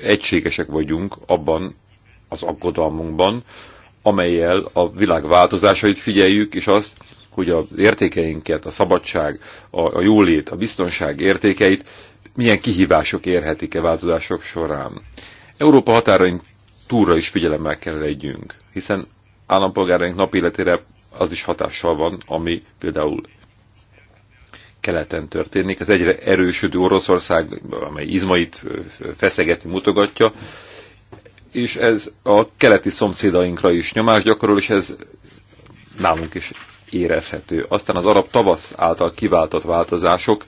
egységesek vagyunk abban az aggodalmunkban, amelyel a világ változásait figyeljük, és azt, hogy az értékeinket, a szabadság, a, a jólét, a biztonság értékeit milyen kihívások érhetik-e változások során. Európa határain túlra is figyelemmel kell legyünk, hiszen állampolgáraink nap életére az is hatással van, ami például keleten történik. Az egyre erősödő Oroszország, amely izmait feszegeti, mutogatja, és ez a keleti szomszédainkra is nyomást gyakorol, és ez nálunk is érezhető. Aztán az arab tavasz által kiváltott változások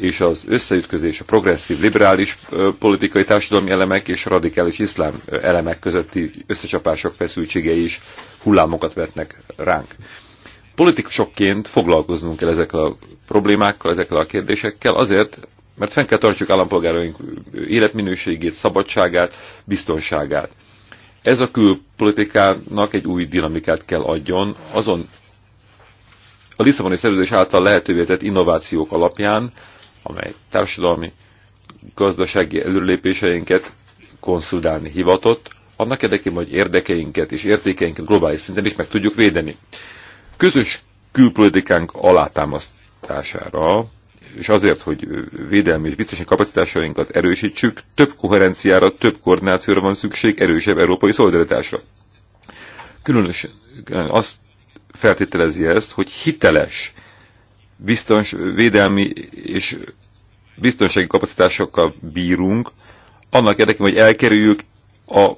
és az összeütközés a progresszív, liberális politikai társadalmi elemek és a radikális iszlám elemek közötti összecsapások feszültségei is hullámokat vetnek ránk. Politikusokként foglalkoznunk kell ezekkel a problémákkal, ezekkel a kérdésekkel, azért, mert fenn kell tartsuk állampolgáraink életminőségét, szabadságát, biztonságát. Ez a külpolitikának egy új dinamikát kell adjon, azon a Lisszaboni szerződés által lehetővé tett innovációk alapján, amely társadalmi gazdasági előlépéseinket konszolidálni hivatott, annak érdekében, hogy érdekeinket és értékeinket globális szinten is meg tudjuk védeni. Közös külpolitikánk alátámasztására, és azért, hogy védelmi és biztonsági kapacitásainkat erősítsük, több koherenciára, több koordinációra van szükség, erősebb európai szolidaritásra. Különösen azt feltételezi ezt, hogy hiteles biztons, védelmi és biztonsági kapacitásokkal bírunk, annak érdekében, hogy elkerüljük a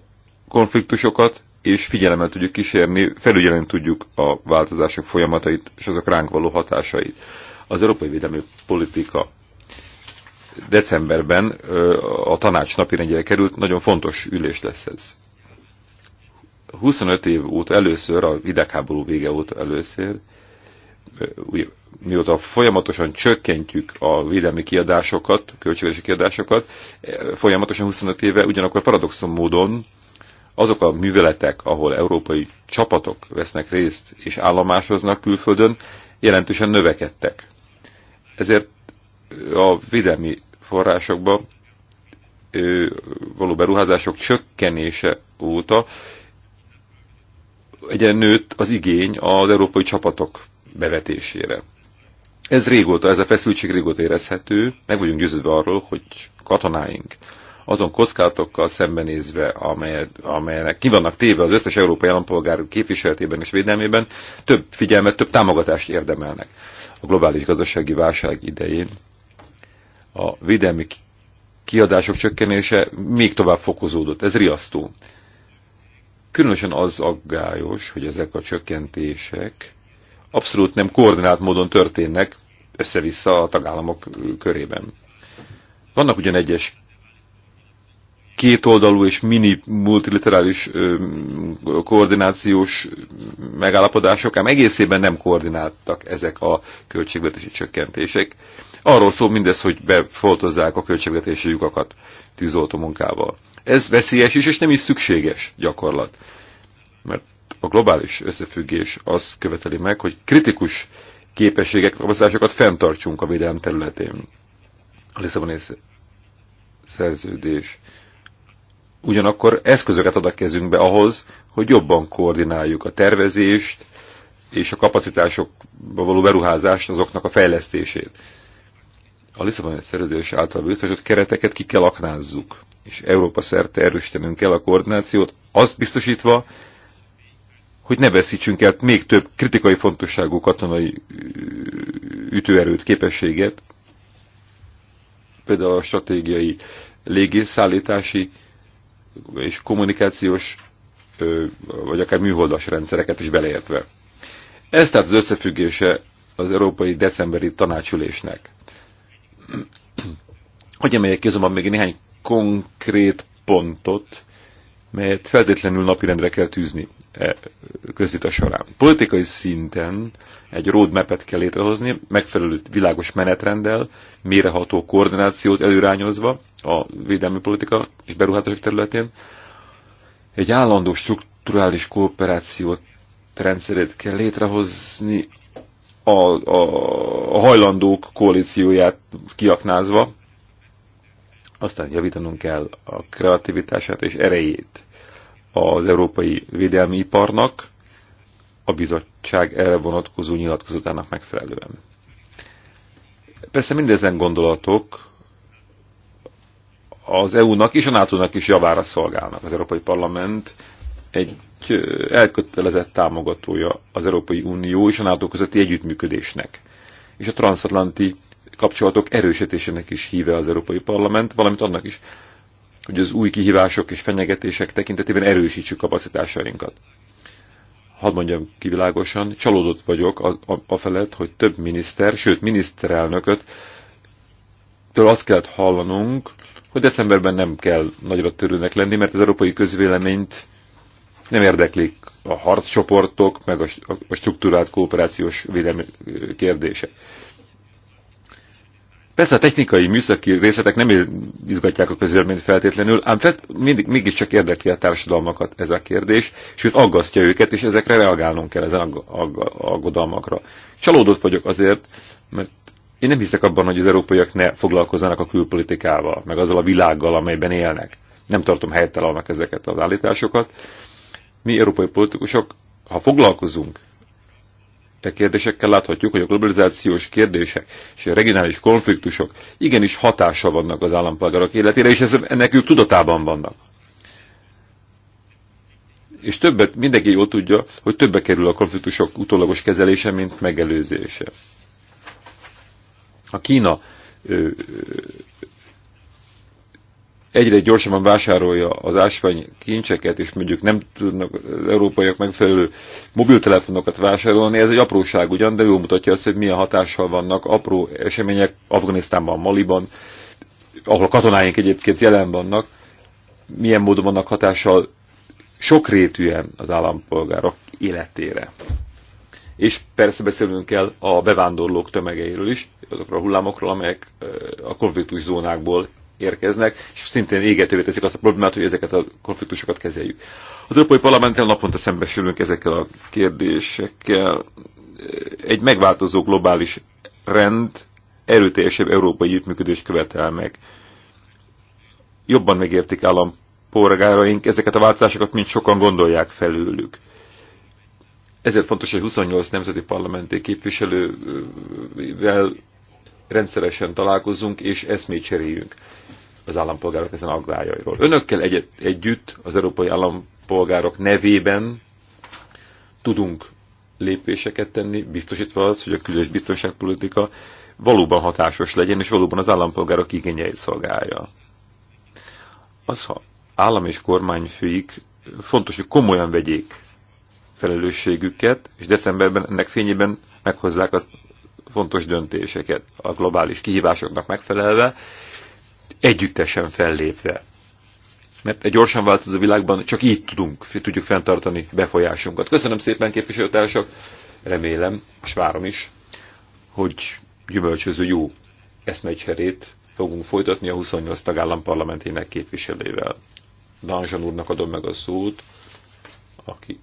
konfliktusokat, és figyelemmel tudjuk kísérni, felügyelni tudjuk a változások folyamatait és azok ránk való hatásait. Az Európai Védelmi Politika decemberben a tanács napirendjére került, nagyon fontos ülés lesz ez. 25 év óta először, a hidegháború vége óta először mióta folyamatosan csökkentjük a védelmi kiadásokat, költségvetési kiadásokat, folyamatosan 25 éve ugyanakkor paradoxon módon azok a műveletek, ahol európai csapatok vesznek részt és állomásoznak külföldön, jelentősen növekedtek. Ezért a védelmi forrásokba való beruházások csökkenése óta egyenlőtt az igény az európai csapatok bevetésére. Ez régóta, ez a feszültség régóta érezhető, meg vagyunk győződve arról, hogy katonáink azon kockátokkal szembenézve, amelyet, amelyek ki vannak téve az összes európai állampolgár képviseletében és védelmében, több figyelmet, több támogatást érdemelnek a globális gazdasági válság idején. A védelmi kiadások csökkenése még tovább fokozódott. Ez riasztó. Különösen az aggályos, hogy ezek a csökkentések abszolút nem koordinált módon történnek össze-vissza a tagállamok körében. Vannak ugyan egyes kétoldalú és mini multilaterális koordinációs megállapodások, ám egészében nem koordináltak ezek a költségvetési csökkentések. Arról szól mindez, hogy befoltozzák a költségvetési lyukakat tűzoltó munkával. Ez veszélyes is, és nem is szükséges gyakorlat. Mert a globális összefüggés azt követeli meg, hogy kritikus képességek, kapacitásokat fenntartsunk a védelem területén. A Lisszaboni szerződés. Ugyanakkor eszközöket ad a kezünkbe ahhoz, hogy jobban koordináljuk a tervezést és a kapacitásokba való beruházást, azoknak a fejlesztését. A Lisszaboni szerződés által biztosított kereteket ki kell aknázzuk, és Európa szerte erősítenünk kell a koordinációt, azt biztosítva, hogy ne veszítsünk el még több kritikai fontosságú katonai ütőerőt, képességet, például a stratégiai légészállítási és kommunikációs, vagy akár műholdas rendszereket is beleértve. Ez tehát az összefüggése az európai decemberi tanácsülésnek. Hogy emeljek ki azonban még néhány konkrét pontot, melyet feltétlenül napirendre kell tűzni e közvita során. Politikai szinten egy roadmap-et kell létrehozni, megfelelő világos menetrenddel, méreható koordinációt előrányozva a védelmi politika és beruházások területén. Egy állandó strukturális kooperációt rendszerét kell létrehozni, a, a, a hajlandók koalícióját kiaknázva, aztán javítanunk kell a kreativitását és erejét az európai védelmi iparnak, a bizottság erre vonatkozó nyilatkozatának megfelelően. Persze mindezen gondolatok az EU-nak és a NATO-nak is javára szolgálnak. Az Európai Parlament egy elkötelezett támogatója az Európai Unió és a NATO közötti együttműködésnek, és a transatlanti kapcsolatok erősítésének is híve az Európai Parlament, valamint annak is, hogy az új kihívások és fenyegetések tekintetében erősítsük kapacitásainkat. Hadd mondjam kivilágosan, csalódott vagyok az, a, a felett, hogy több miniszter, sőt miniszterelnököt től azt kellett hallanunk, hogy decemberben nem kell nagyra törőnek lenni, mert az európai közvéleményt nem érdeklik a harccsoportok, meg a, a struktúrált kooperációs védelmi kérdése. Persze a technikai műszaki részletek nem izgatják a közérményt feltétlenül, ám mindig, mégiscsak érdekli a társadalmakat ez a kérdés, sőt aggasztja őket, és ezekre reagálnunk kell ezen aggodalmakra. Csalódott vagyok azért, mert én nem hiszek abban, hogy az európaiak ne foglalkozzanak a külpolitikával, meg azzal a világgal, amelyben élnek. Nem tartom helytelenek ezeket az állításokat. Mi európai politikusok, ha foglalkozunk a e kérdésekkel láthatjuk, hogy a globalizációs kérdések és a regionális konfliktusok igenis hatása vannak az állampolgárok életére, és ez, ennek ők tudatában vannak. És többet, mindenki jól tudja, hogy többe kerül a konfliktusok utólagos kezelése, mint megelőzése. A Kína ö, ö, egyre gyorsabban vásárolja az ásvány kincseket, és mondjuk nem tudnak az európaiak megfelelő mobiltelefonokat vásárolni, ez egy apróság ugyan, de jól mutatja azt, hogy milyen hatással vannak apró események Afganisztánban, Maliban, ahol a katonáink egyébként jelen vannak, milyen módon vannak hatással sokrétűen az állampolgárok életére. És persze beszélünk kell a bevándorlók tömegeiről is, azokról a hullámokról, amelyek a konfliktus zónákból érkeznek, és szintén égetővé teszik azt a problémát, hogy ezeket a konfliktusokat kezeljük. Az Európai Parlamenten naponta szembesülünk ezekkel a kérdésekkel. Egy megváltozó globális rend erőteljesebb európai együttműködést követel meg. Jobban megértik állampolgáraink ezeket a változásokat, mint sokan gondolják felőlük. Ezért fontos, hogy 28 nemzeti parlamenti képviselővel rendszeresen találkozunk és eszmét cseréljünk az állampolgárok ezen aggályairól. Önökkel egy- együtt az európai állampolgárok nevében tudunk lépéseket tenni, biztosítva az, hogy a külös biztonságpolitika valóban hatásos legyen, és valóban az állampolgárok igényeit szolgálja. Az, ha állam és kormányfőik fontos, hogy komolyan vegyék felelősségüket, és decemberben ennek fényében meghozzák az fontos döntéseket a globális kihívásoknak megfelelve, együttesen fellépve. Mert egy gyorsan változó világban csak így tudunk, tudjuk fenntartani befolyásunkat. Köszönöm szépen, képviselőtársak! Remélem, és várom is, hogy gyümölcsöző jó eszmegycserét fogunk folytatni a 28 tagállam parlamentének képviselővel. Danzsan úrnak adom meg a szót, aki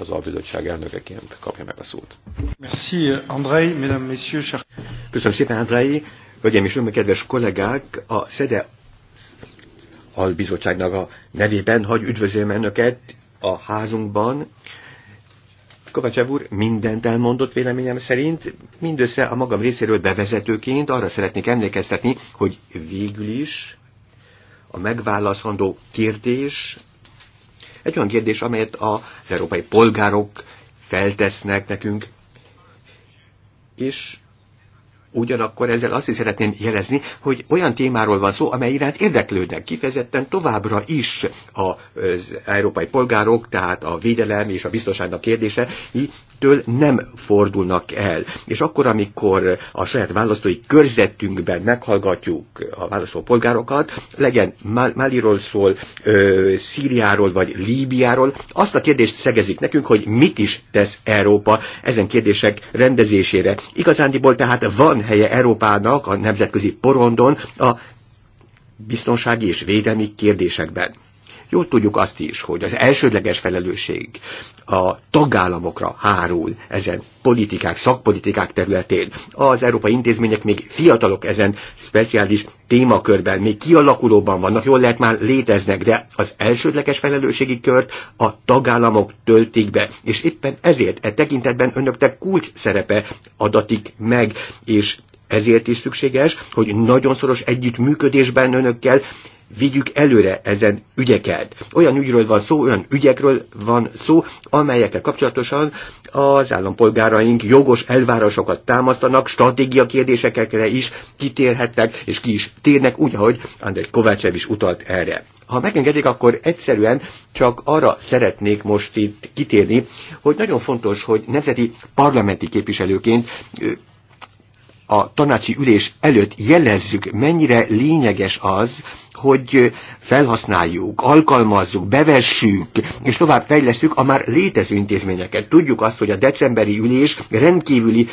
az albizottság elnökeként kapja meg a szót. Merci, Andrei, mesdames, messieurs, chers... Köszönöm szépen, Andrei. Hölgyeim és önök, kedves kollégák, a SZEDE albizottságnak a nevében, hogy üdvözlőm önöket a házunkban. Kovácsev úr mindent elmondott véleményem szerint, mindössze a magam részéről bevezetőként arra szeretnék emlékeztetni, hogy végül is a megválaszandó kérdés egy olyan kérdés, amelyet az európai polgárok feltesznek nekünk, és ugyanakkor ezzel azt is szeretném jelezni, hogy olyan témáról van szó, amely iránt érdeklődnek kifejezetten továbbra is az európai polgárok, tehát a védelem és a biztonságnak kérdése, től nem fordulnak el. És akkor, amikor a saját választói körzetünkben meghallgatjuk a választó polgárokat, legyen Máliról szól, ö, Szíriáról vagy Líbiáról, azt a kérdést szegezik nekünk, hogy mit is tesz Európa ezen kérdések rendezésére. Igazándiból tehát van helye Európának a nemzetközi porondon a biztonsági és védelmi kérdésekben. Jól tudjuk azt is, hogy az elsődleges felelősség a tagállamokra hárul ezen politikák, szakpolitikák területén. Az európai intézmények még fiatalok ezen speciális témakörben, még kialakulóban vannak, jól lehet már léteznek, de az elsődleges felelősségi kört a tagállamok töltik be. És éppen ezért e tekintetben önöknek kulcs szerepe adatik meg, és ezért is szükséges, hogy nagyon szoros együttműködésben önökkel vigyük előre ezen ügyeket. Olyan ügyről van szó, olyan ügyekről van szó, amelyekkel kapcsolatosan az állampolgáraink jogos elvárásokat támasztanak, stratégia kérdésekre is kitérhetnek, és ki is térnek, úgy, ahogy Andrej Kovácsev is utalt erre. Ha megengedik, akkor egyszerűen csak arra szeretnék most itt kitérni, hogy nagyon fontos, hogy nemzeti parlamenti képviselőként a tanácsi ülés előtt jelezzük, mennyire lényeges az, hogy felhasználjuk, alkalmazzuk, bevessük, és tovább fejlesztjük a már létező intézményeket. Tudjuk azt, hogy a decemberi ülés rendkívüli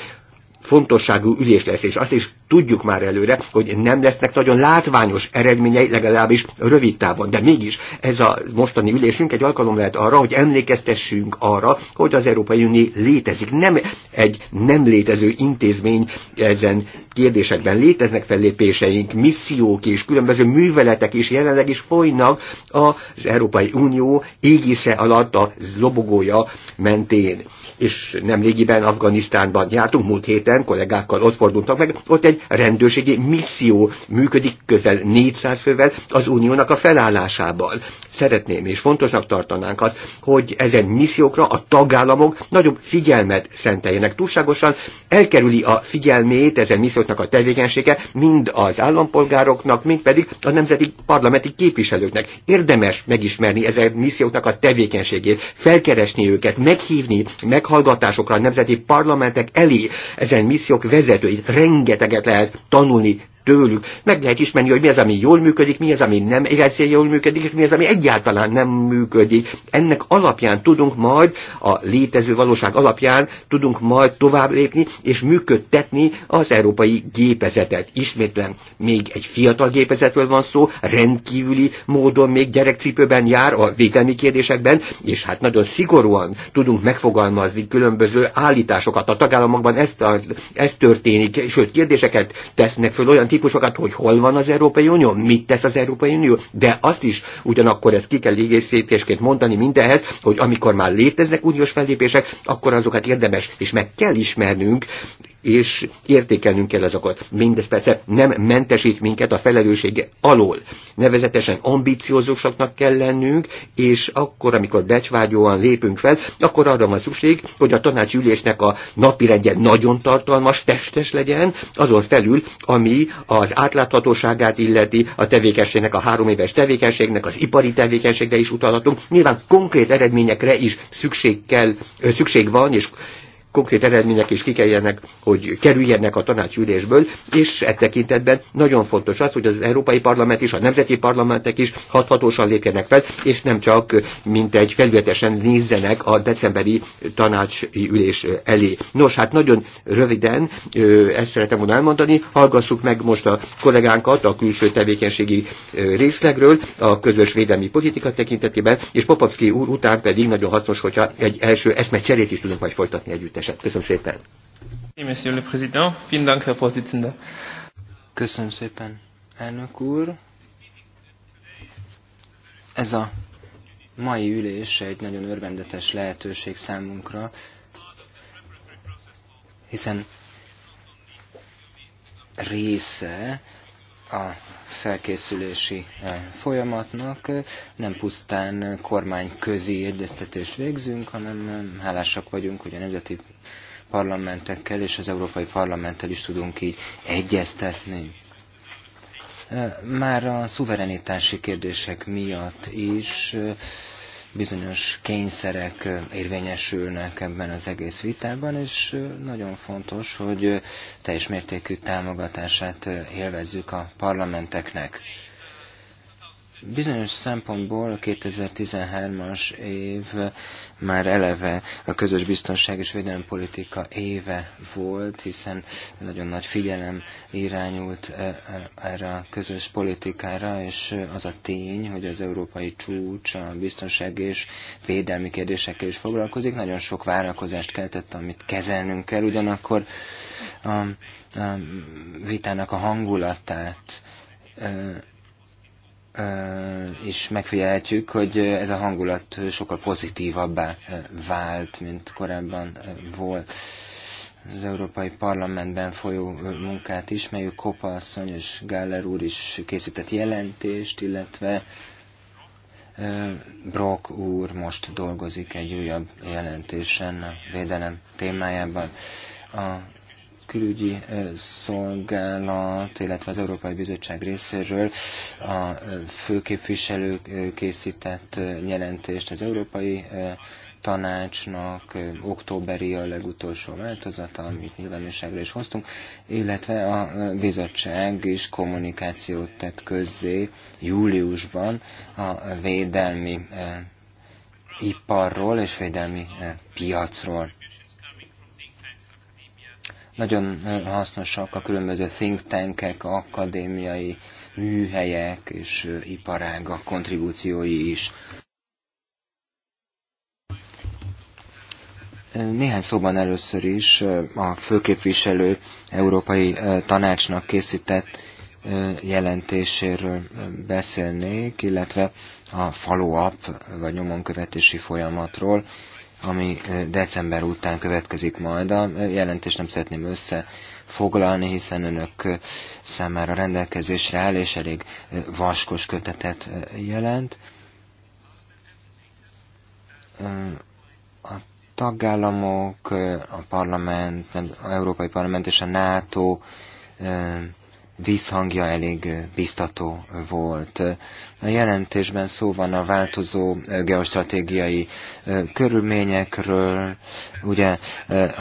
fontosságú ülés lesz, és azt is tudjuk már előre, hogy nem lesznek nagyon látványos eredményei, legalábbis rövid távon. De mégis ez a mostani ülésünk egy alkalom lehet arra, hogy emlékeztessünk arra, hogy az Európai Unió létezik. Nem egy nem létező intézmény ezen kérdésekben léteznek fellépéseink, missziók és különböző műveletek is jelenleg is folynak az Európai Unió égisze alatt a lobogója mentén. És nem régiben Afganisztánban jártunk múlt héten, ketten kollégákkal ott fordultak meg, ott egy rendőrségi misszió működik közel 400 fővel az uniónak a felállásában szeretném és fontosnak tartanánk azt, hogy ezen missziókra a tagállamok nagyobb figyelmet szenteljenek. Túlságosan elkerüli a figyelmét ezen misszióknak a tevékenysége mind az állampolgároknak, mind pedig a nemzeti parlamenti képviselőknek. Érdemes megismerni ezen misszióknak a tevékenységét, felkeresni őket, meghívni meghallgatásokra a nemzeti parlamentek elé ezen missziók vezetőit. Rengeteget lehet tanulni tőlük. Meg lehet ismerni, hogy mi az, ami jól működik, mi az, ami nem egészen jól működik, és mi az, ami egyáltalán nem működik. Ennek alapján tudunk majd, a létező valóság alapján tudunk majd tovább lépni és működtetni az európai gépezetet. Ismétlen, még egy fiatal gépezetről van szó, rendkívüli módon még gyerekcipőben jár a védelmi kérdésekben, és hát nagyon szigorúan tudunk megfogalmazni különböző állításokat. A tagállamokban ez, ez történik, sőt kérdéseket tesznek föl olyan típusokat, hogy hol van az Európai Unió, mit tesz az Európai Unió, de azt is ugyanakkor ezt ki kell égészítésként mondani mindenhez, hogy amikor már léteznek uniós fellépések, akkor azokat érdemes és meg kell ismernünk, és értékelnünk kell azokat. Mindez persze nem mentesít minket a felelőssége alól. Nevezetesen ambiciózusoknak kell lennünk, és akkor, amikor becsvágyóan lépünk fel, akkor arra van szükség, hogy a tanácsülésnek a napirendje nagyon tartalmas, testes legyen, azon felül, ami az átláthatóságát illeti, a tevékenységnek, a három éves tevékenységnek, az ipari tevékenységre is utalhatunk. Nyilván konkrét eredményekre is szükség, kell, szükség van, és konkrét eredmények is kikeljenek, hogy kerüljenek a tanácsülésből, és e tekintetben nagyon fontos az, hogy az Európai Parlament is, a nemzeti parlamentek is hathatósan lépjenek fel, és nem csak mint egy felületesen nézzenek a decemberi tanácsi ülés elé. Nos, hát nagyon röviden ezt szeretem volna elmondani, hallgassuk meg most a kollégánkat a külső tevékenységi részlegről, a közös védelmi politika tekintetében, és Popavski úr után pedig nagyon hasznos, hogyha egy első eszmecserét is tudunk majd folytatni együtt eset. Köszönöm szépen! Monsieur le Président, Vorsitzender. Köszönöm szépen, elnök úr. Ez a mai ülés egy nagyon örvendetes lehetőség számunkra, hiszen része a felkészülési e, folyamatnak. Nem pusztán kormányközi érdeztetést végzünk, hanem e, hálásak vagyunk, hogy a nemzeti parlamentekkel és az Európai Parlamenttel is tudunk így egyeztetni. E, Már a szuverenitási kérdések miatt is bizonyos kényszerek érvényesülnek ebben az egész vitában, és nagyon fontos, hogy teljes mértékű támogatását élvezzük a parlamenteknek. Bizonyos szempontból a 2013-as év már eleve a közös biztonság és védelempolitika éve volt, hiszen nagyon nagy figyelem irányult e, e, erre a közös politikára, és az a tény, hogy az európai csúcs a biztonság és védelmi kérdésekkel is foglalkozik, nagyon sok várakozást keltett, amit kezelnünk kell, ugyanakkor a, a vitának a hangulatát e, és megfigyelhetjük, hogy ez a hangulat sokkal pozitívabbá vált, mint korábban volt az Európai Parlamentben folyó munkát ismerjük. Kopa asszony és Gáller úr is készített jelentést, illetve Brock úr most dolgozik egy újabb jelentésen a védelem témájában. A külügyi eh, szolgálat, illetve az Európai Bizottság részéről a eh, főképviselő eh, készített jelentést az Európai tanácsnak októberi a legutolsó változata, amit nyilvánosságra is hoztunk, illetve a bizottság is kommunikációt tett közzé júliusban a védelmi iparról és védelmi piacról. Nagyon hasznosak a különböző think tankek, akadémiai műhelyek és iparágak kontribúciói is. Néhány szóban először is a főképviselő Európai Tanácsnak készített jelentéséről beszélnék, illetve a follow-up vagy nyomonkövetési folyamatról, ami december után következik majd. A jelentést nem szeretném összefoglalni, hiszen önök számára rendelkezésre áll, és elég vaskos kötetet jelent. A tagállamok, a parlament, az Európai Parlament és a NATO vízhangja elég biztató volt. A jelentésben szó van a változó geostratégiai körülményekről, ugye,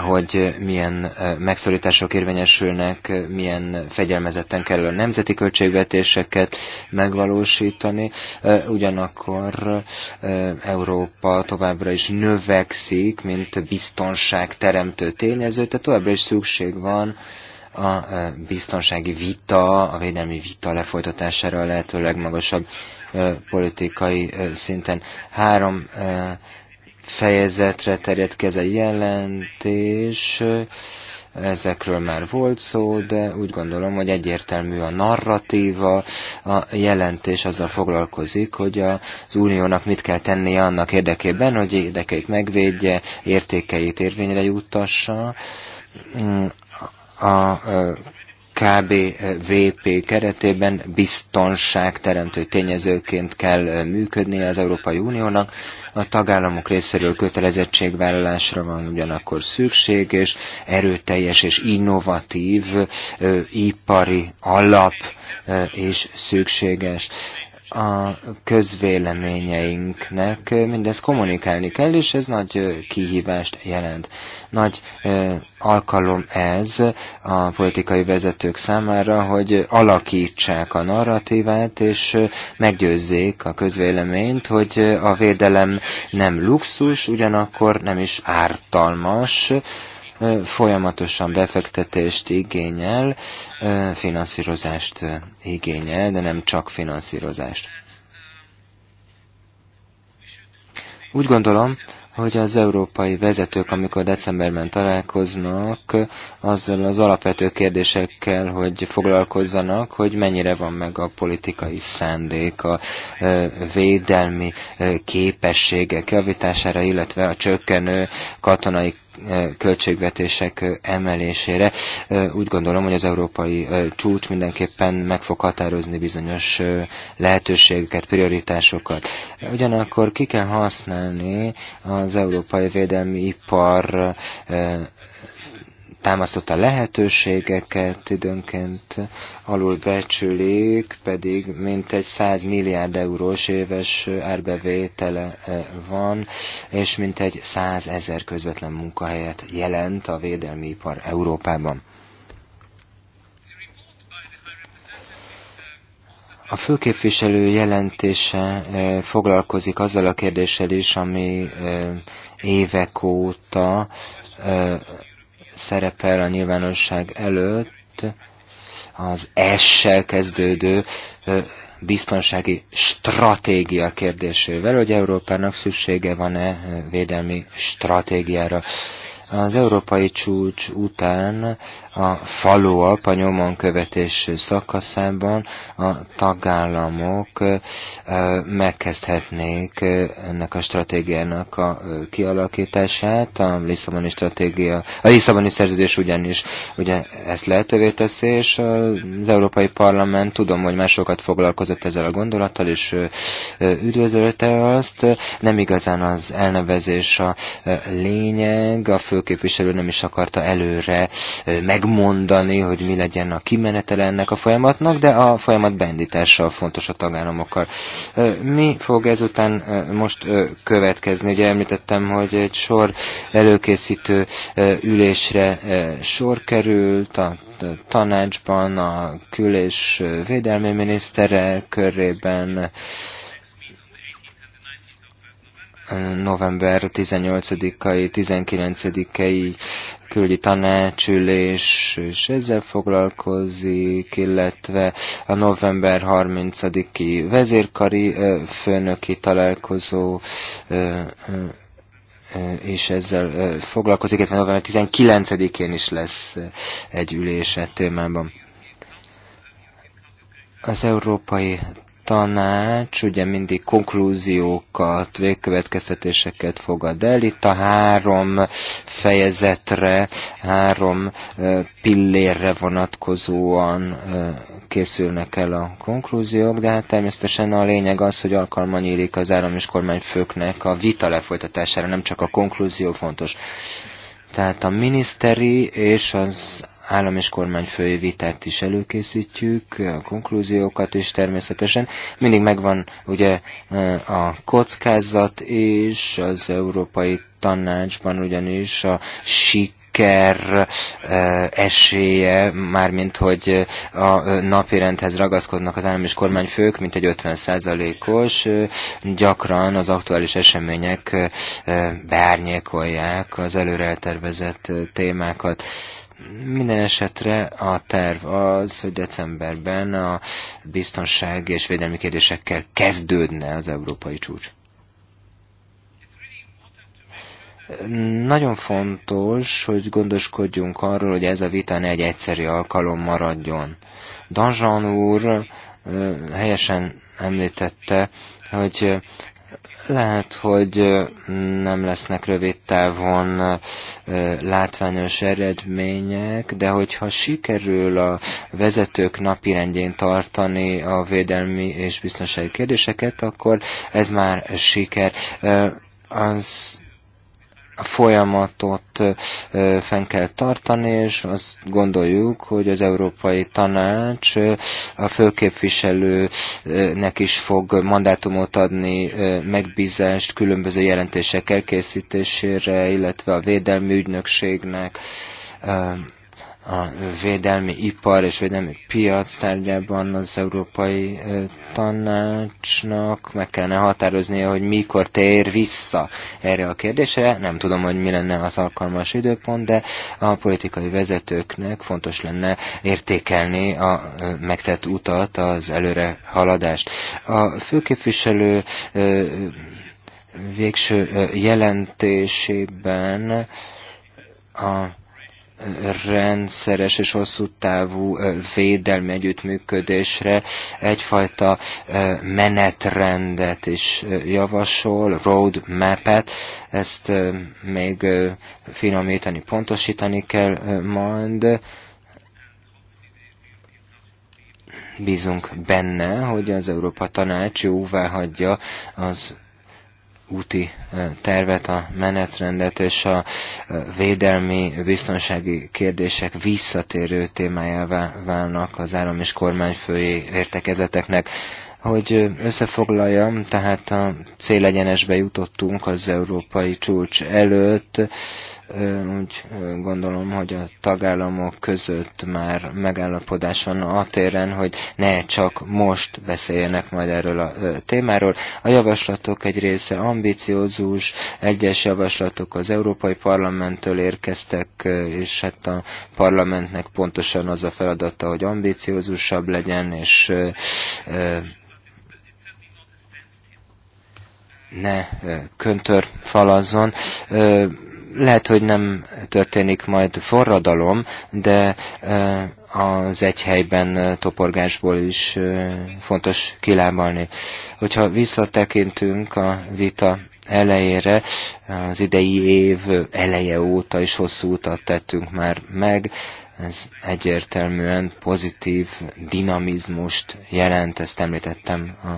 hogy milyen megszorítások érvényesülnek, milyen fegyelmezetten kell a nemzeti költségvetéseket megvalósítani, ugyanakkor Európa továbbra is növekszik, mint biztonság teremtő tényező, tehát továbbra is szükség van a e, biztonsági vita, a védelmi vita lefolytatására a lehető legmagasabb e, politikai e, szinten. Három fejezetre terjedt ki ez a jelentés, ezekről már volt szó, de úgy gondolom, hogy egyértelmű a narratíva, a jelentés azzal foglalkozik, hogy az uniónak mit kell tennie annak érdekében, hogy érdekeit megvédje, értékeit érvényre juttassa, mm, a KBVP keretében biztonságteremtő tényezőként kell működnie az Európai Uniónak. A tagállamok részéről kötelezettségvállalásra van ugyanakkor szükség, és erőteljes és innovatív ipari alap is szükséges a közvéleményeinknek mindezt kommunikálni kell, és ez nagy kihívást jelent. Nagy alkalom ez a politikai vezetők számára, hogy alakítsák a narratívát, és meggyőzzék a közvéleményt, hogy a védelem nem luxus, ugyanakkor nem is ártalmas, folyamatosan befektetést igényel, finanszírozást igényel, de nem csak finanszírozást. Úgy gondolom, hogy az európai vezetők, amikor decemberben találkoznak, azzal az alapvető kérdésekkel, hogy foglalkozzanak, hogy mennyire van meg a politikai szándék, a védelmi képességek javítására, illetve a csökkenő katonai E, költségvetések e, emelésére. E, úgy gondolom, hogy az európai csúcs mindenképpen meg fog határozni bizonyos lehetőségeket, prioritásokat. Ugyanakkor ki kell használni az európai védelmi ipar támasztott a lehetőségeket időnként alulbecsülik, pedig mintegy 100 milliárd eurós éves árbevétele eh, van, és mintegy 100 ezer közvetlen munkahelyet jelent a védelmi ipar Európában. A főképviselő jelentése eh, foglalkozik azzal a kérdéssel is, ami eh, évek óta szerepel a nyilvánosság előtt az S-sel kezdődő biztonsági stratégia kérdésével, hogy Európának szüksége van-e védelmi stratégiára. Az európai csúcs után a faluak a nyomon követés szakaszában a tagállamok megkezdhetnék ennek a stratégiának a kialakítását. A Lisszaboni stratégia, a Lisszaboni szerződés ugyanis ugye ezt lehetővé teszi, és az Európai Parlament tudom, hogy már sokat foglalkozott ezzel a gondolattal, és üdvözölte azt. Nem igazán az elnevezés a lényeg, a főképviselő nem is akarta előre meg megmondani, hogy mi legyen a kimenetele ennek a folyamatnak, de a folyamat bendítással fontos a tagállamokkal. Mi fog ezután most következni? Ugye említettem, hogy egy sor előkészítő ülésre sor került a tanácsban, a kül- és védelmi minisztere körében, november 18-ai, 19-ei külügyi tanácsülés, és ezzel foglalkozik, illetve a november 30-i vezérkari főnöki találkozó és ezzel foglalkozik, illetve november 19-én is lesz egy ülése témában. Az Európai tanács ugye mindig konklúziókat, végkövetkeztetéseket fogad el. Itt a három fejezetre, három pillérre vonatkozóan készülnek el a konklúziók, de hát természetesen a lényeg az, hogy alkalma nyílik az állam és kormányfőknek a vita lefolytatására, nem csak a konklúzió fontos. Tehát a miniszteri és az állam és kormányfői vitát is előkészítjük, a konklúziókat is természetesen. Mindig megvan ugye a kockázat és az Európai Tanácsban ugyanis a sik siker e, esélye, mármint hogy a napi rendhez ragaszkodnak az állam és kormányfők, mint egy 50%-os, e, gyakran az aktuális események e, beárnyékolják az előre eltervezett témákat. Minden esetre a terv az, hogy decemberben a biztonság és védelmi kérdésekkel kezdődne az európai csúcs. Nagyon fontos, hogy gondoskodjunk arról, hogy ez a vita ne egy egyszerű alkalom maradjon. Danzsan úr helyesen említette, hogy lehet, hogy nem lesznek rövid távon látványos eredmények, de hogyha sikerül a vezetők napirendjén tartani a védelmi és biztonsági kérdéseket, akkor ez már siker. Az folyamatot fenn kell tartani, és azt gondoljuk, hogy az Európai Tanács a főképviselőnek is fog mandátumot adni, megbízást különböző jelentések elkészítésére, illetve a védelmi ügynökségnek, a védelmi ipar és védelmi piac tárgyában az Európai Tanácsnak meg kellene határoznia, hogy mikor tér vissza erre a kérdésre. Nem tudom, hogy mi lenne az alkalmas időpont, de a politikai vezetőknek fontos lenne értékelni a megtett utat, az előre haladást. A főképviselő végső jelentésében a rendszeres és hosszú távú védelmi együttműködésre egyfajta menetrendet is javasol, roadmap-et, ezt még finomítani, pontosítani kell majd. Bízunk benne, hogy az Európa Tanács jóvá hagyja az úti tervet, a menetrendet és a védelmi biztonsági kérdések visszatérő témájává válnak az állam és kormányfői értekezeteknek. Hogy összefoglaljam, tehát a célegyenesbe jutottunk az európai csúcs előtt, úgy gondolom, hogy a tagállamok között már megállapodás van a téren, hogy ne csak most beszéljenek majd erről a témáról. A javaslatok egy része ambiciózus, egyes javaslatok az Európai Parlamenttől érkeztek, és hát a parlamentnek pontosan az a feladata, hogy ambiciózusabb legyen, és ne köntör falazzon lehet, hogy nem történik majd forradalom, de az egy helyben toporgásból is fontos kilábalni. Hogyha visszatekintünk a vita elejére, az idei év eleje óta is hosszú utat tettünk már meg, ez egyértelműen pozitív dinamizmust jelent, ezt említettem a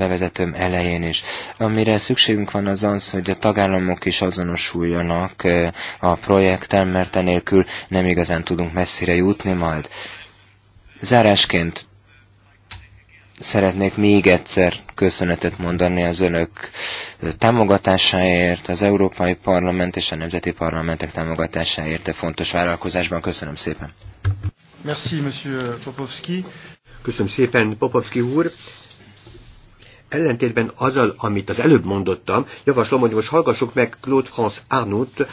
bevezetőm elején is. Amire szükségünk van az az, hogy a tagállamok is azonosuljanak eh, a projekten, mert enélkül nem igazán tudunk messzire jutni majd. Zárásként szeretnék még egyszer köszönetet mondani az önök eh, támogatásáért, az Európai Parlament és a Nemzeti Parlamentek támogatásáért a fontos vállalkozásban. Köszönöm szépen. Merci, Monsieur Popovski. Köszönöm szépen, Popovski úr ellentétben azzal, amit az előbb mondottam, javaslom, hogy most hallgassuk meg Claude France Arnout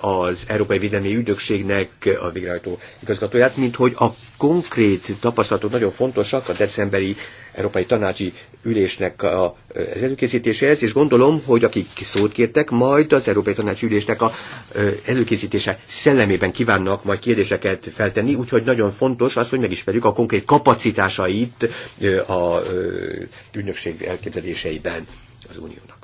az Európai Védelmi Ügynökségnek a végrehajtó igazgatóját, mint hogy a konkrét tapasztalatok nagyon fontosak a decemberi Európai Tanácsi Ülésnek a, az előkészítéséhez, és gondolom, hogy akik szót kértek, majd az Európai Tanácsi Ülésnek a előkészítése szellemében kívánnak majd kérdéseket feltenni, úgyhogy nagyon fontos az, hogy megismerjük a konkrét kapacitásait a ügynökség elképzeléseiben az Uniónak.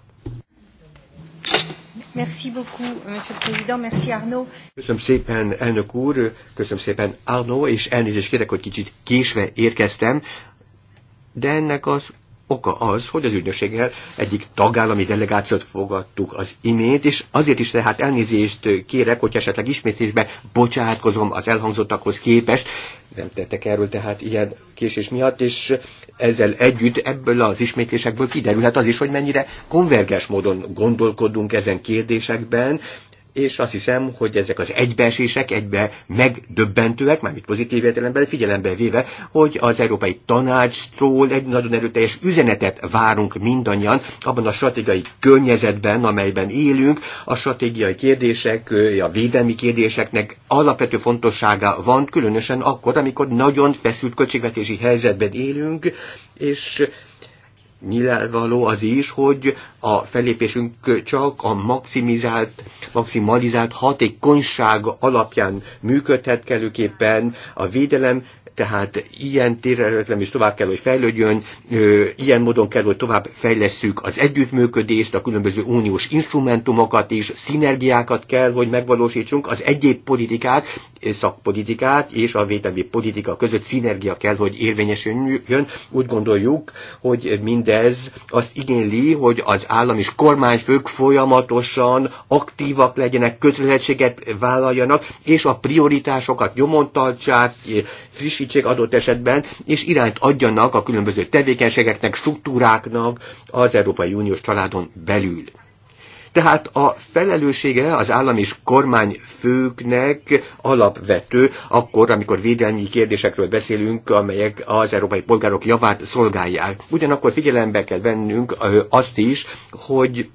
Merci beaucoup, Monsieur le Président. Merci, Arnaud. Köszönöm szépen, elnök úr, köszönöm szépen, Arnaud, és elnézést kérek, hogy kicsit késve érkeztem de ennek az oka az, hogy az ügynökséggel egyik tagállami delegációt fogadtuk az imént, és azért is tehát elnézést kérek, hogy esetleg ismétlésbe bocsátkozom az elhangzottakhoz képest, nem tettek erről tehát ilyen késés miatt, és ezzel együtt ebből az ismétlésekből kiderülhet az is, hogy mennyire konvergens módon gondolkodunk ezen kérdésekben, és azt hiszem, hogy ezek az egybeesések egybe megdöbbentőek, mármint pozitív értelemben figyelembe véve, hogy az Európai Tanácstól egy nagyon erőteljes üzenetet várunk mindannyian abban a stratégiai környezetben, amelyben élünk. A stratégiai kérdések, a védelmi kérdéseknek alapvető fontossága van, különösen akkor, amikor nagyon feszült költségvetési helyzetben élünk, és nyilvánvaló az is, hogy a fellépésünk csak a maximizált, maximalizált hatékonyság alapján működhet kellőképpen a védelem tehát ilyen területlen is tovább kell, hogy fejlődjön, ilyen módon kell, hogy tovább fejlesszük az együttműködést, a különböző uniós instrumentumokat is, szinergiákat kell, hogy megvalósítsunk, az egyéb politikát, szakpolitikát és a védelmi politika között szinergia kell, hogy érvényesüljön. Úgy gondoljuk, hogy mindez azt igényli, hogy az állam és kormányfők folyamatosan aktívak legyenek, kötelezettséget vállaljanak, és a prioritásokat nyomon tartsák, frissítsék adott esetben, és irányt adjanak a különböző tevékenységeknek, struktúráknak az Európai Uniós családon belül. Tehát a felelőssége az állam és kormány főknek alapvető, akkor, amikor védelmi kérdésekről beszélünk, amelyek az európai polgárok javát szolgálják. Ugyanakkor figyelembe kell vennünk azt is, hogy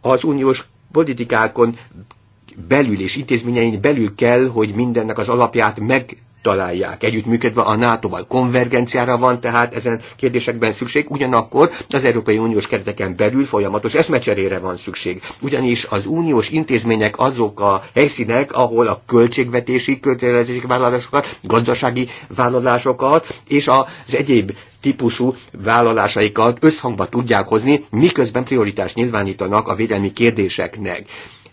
az uniós politikákon belül és intézményeink belül kell, hogy mindennek az alapját meg találják. Együttműködve a NATO-val konvergenciára van tehát ezen kérdésekben szükség, ugyanakkor az Európai Uniós kereteken belül folyamatos eszmecserére van szükség. Ugyanis az uniós intézmények azok a helyszínek, ahol a költségvetési, költségvetési vállalásokat, gazdasági vállalásokat és az egyéb típusú vállalásaikat összhangba tudják hozni, miközben prioritást nyilvánítanak a védelmi kérdéseknek.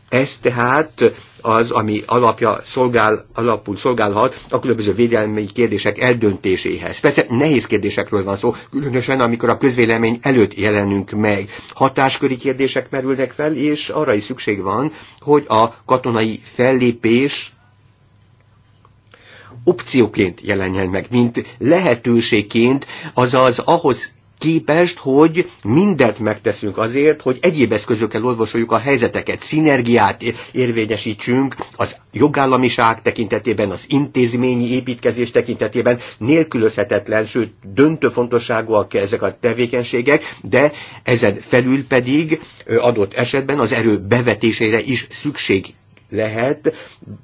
Ez tehát az, ami alapja szolgál, alapul szolgálhat a különböző védelmi kérdések eldöntéséhez. Persze nehéz kérdésekről van szó, különösen amikor a közvélemény előtt jelenünk meg. Hatásköri kérdések merülnek fel, és arra is szükség van, hogy a katonai fellépés opcióként jelenjen meg, mint lehetőségként, azaz ahhoz képest, hogy mindent megteszünk azért, hogy egyéb eszközökkel olvasoljuk a helyzeteket, szinergiát érvényesítsünk az jogállamiság tekintetében, az intézményi építkezés tekintetében nélkülözhetetlen, sőt döntő fontosságúak ezek a tevékenységek, de ezen felül pedig adott esetben az erő bevetésére is szükség lehet,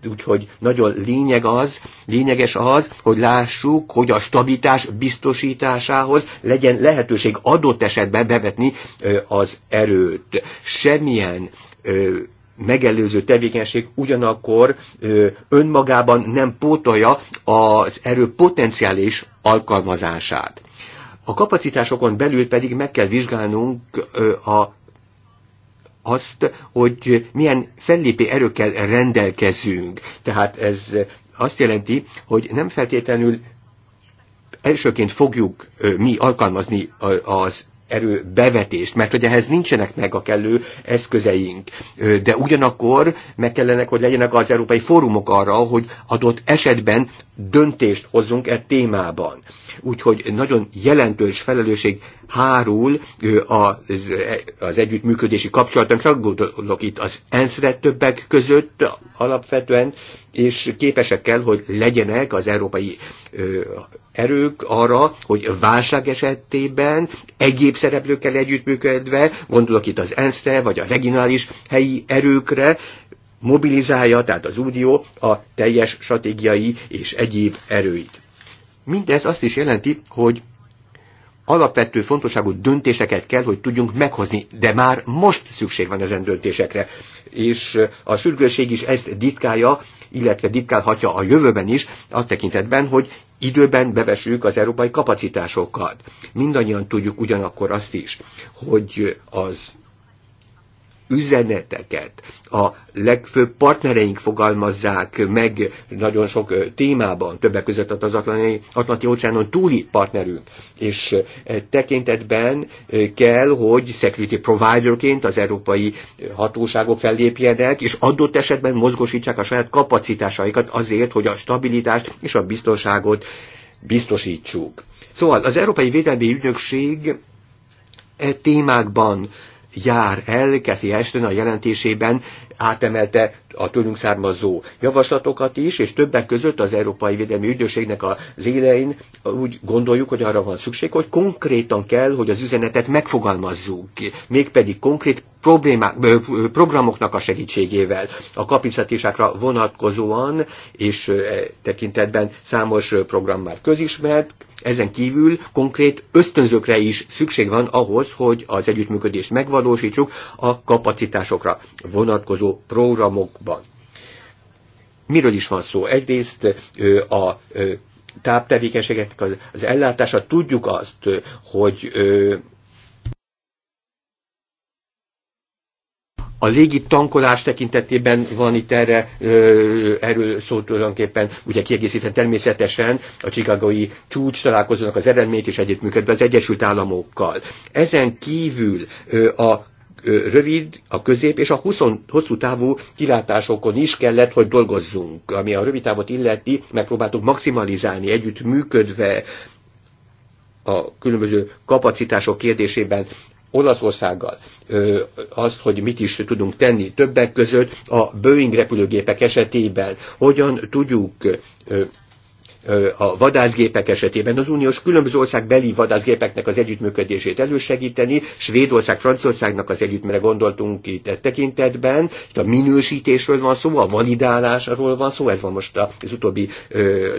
úgyhogy nagyon lényeg az, lényeges az, hogy lássuk, hogy a stabilitás biztosításához legyen lehetőség adott esetben bevetni az erőt. Semmilyen megelőző tevékenység ugyanakkor önmagában nem pótolja az erő potenciális alkalmazását. A kapacitásokon belül pedig meg kell vizsgálnunk a azt, hogy milyen fellépi erőkkel rendelkezünk. Tehát ez azt jelenti, hogy nem feltétlenül elsőként fogjuk mi alkalmazni az erő bevetést, mert hogy ehhez nincsenek meg a kellő eszközeink. De ugyanakkor meg kellene, hogy legyenek az európai fórumok arra, hogy adott esetben döntést hozzunk e témában. Úgyhogy nagyon jelentős felelősség hárul az, e, az együttműködési kapcsolatunkra, gondolok itt az ensz többek között alapvetően, és képesek kell, hogy legyenek az európai erők arra, hogy válság esetében egyéb szereplőkkel együttműködve, gondolok itt az ensz e vagy a regionális helyi erőkre, mobilizálja, tehát az Unió a teljes stratégiai és egyéb erőit. Mindez azt is jelenti, hogy alapvető fontosságú döntéseket kell, hogy tudjunk meghozni, de már most szükség van ezen döntésekre. És eh, a sürgőség is ezt ditkálja, illetve ditkálhatja a jövőben is, a tekintetben, hogy időben bevesüljük az európai kapacitásokat. Mindannyian tudjuk ugyanakkor azt is, hogy az üzeneteket a legfőbb partnereink fogalmazzák meg nagyon sok témában, többek között az Atlanti, Atlanti óceánon túli partnerünk. És tekintetben kell, hogy security providerként az európai hatóságok fellépjenek, és adott esetben mozgosítsák a saját kapacitásaikat azért, hogy a stabilitást és a biztonságot biztosítsuk. Szóval az Európai Védelmi Ügynökség e témákban jár el Kathy Ashton a jelentésében, átemelte a tőlünk származó javaslatokat is, és többek között az Európai Védelmi Ügynökségnek az élein úgy gondoljuk, hogy arra van szükség, hogy konkrétan kell, hogy az üzenetet megfogalmazzuk, mégpedig konkrét problémák, programoknak a segítségével, a kapacitásákra vonatkozóan, és e tekintetben számos program már közismert, ezen kívül konkrét ösztönzőkre is szükség van ahhoz, hogy az együttműködést megvalósítsuk a kapacitásokra vonatkozó programok Európában. Miről is van szó? Egyrészt a táptevékenységeknek az, az ellátása, tudjuk azt, hogy a légi tankolás tekintetében van itt erre, erről szó tulajdonképpen, ugye kiegészíten természetesen a chicagói csúcs találkozónak az eredményt és együttműködve az Egyesült Államokkal. Ezen kívül a rövid, a közép és a 20, hosszú távú kilátásokon is kellett, hogy dolgozzunk. Ami a rövid távot illeti, megpróbáltuk maximalizálni együtt működve a különböző kapacitások kérdésében Olaszországgal azt, hogy mit is tudunk tenni többek között a Boeing repülőgépek esetében, hogyan tudjuk a vadászgépek esetében az uniós különböző ország beli vadászgépeknek az együttműködését elősegíteni, Svédország, Franciaországnak az együttműre gondoltunk itt e tekintetben, itt a minősítésről van szó, a validálásról van szó, ez van most az utóbbi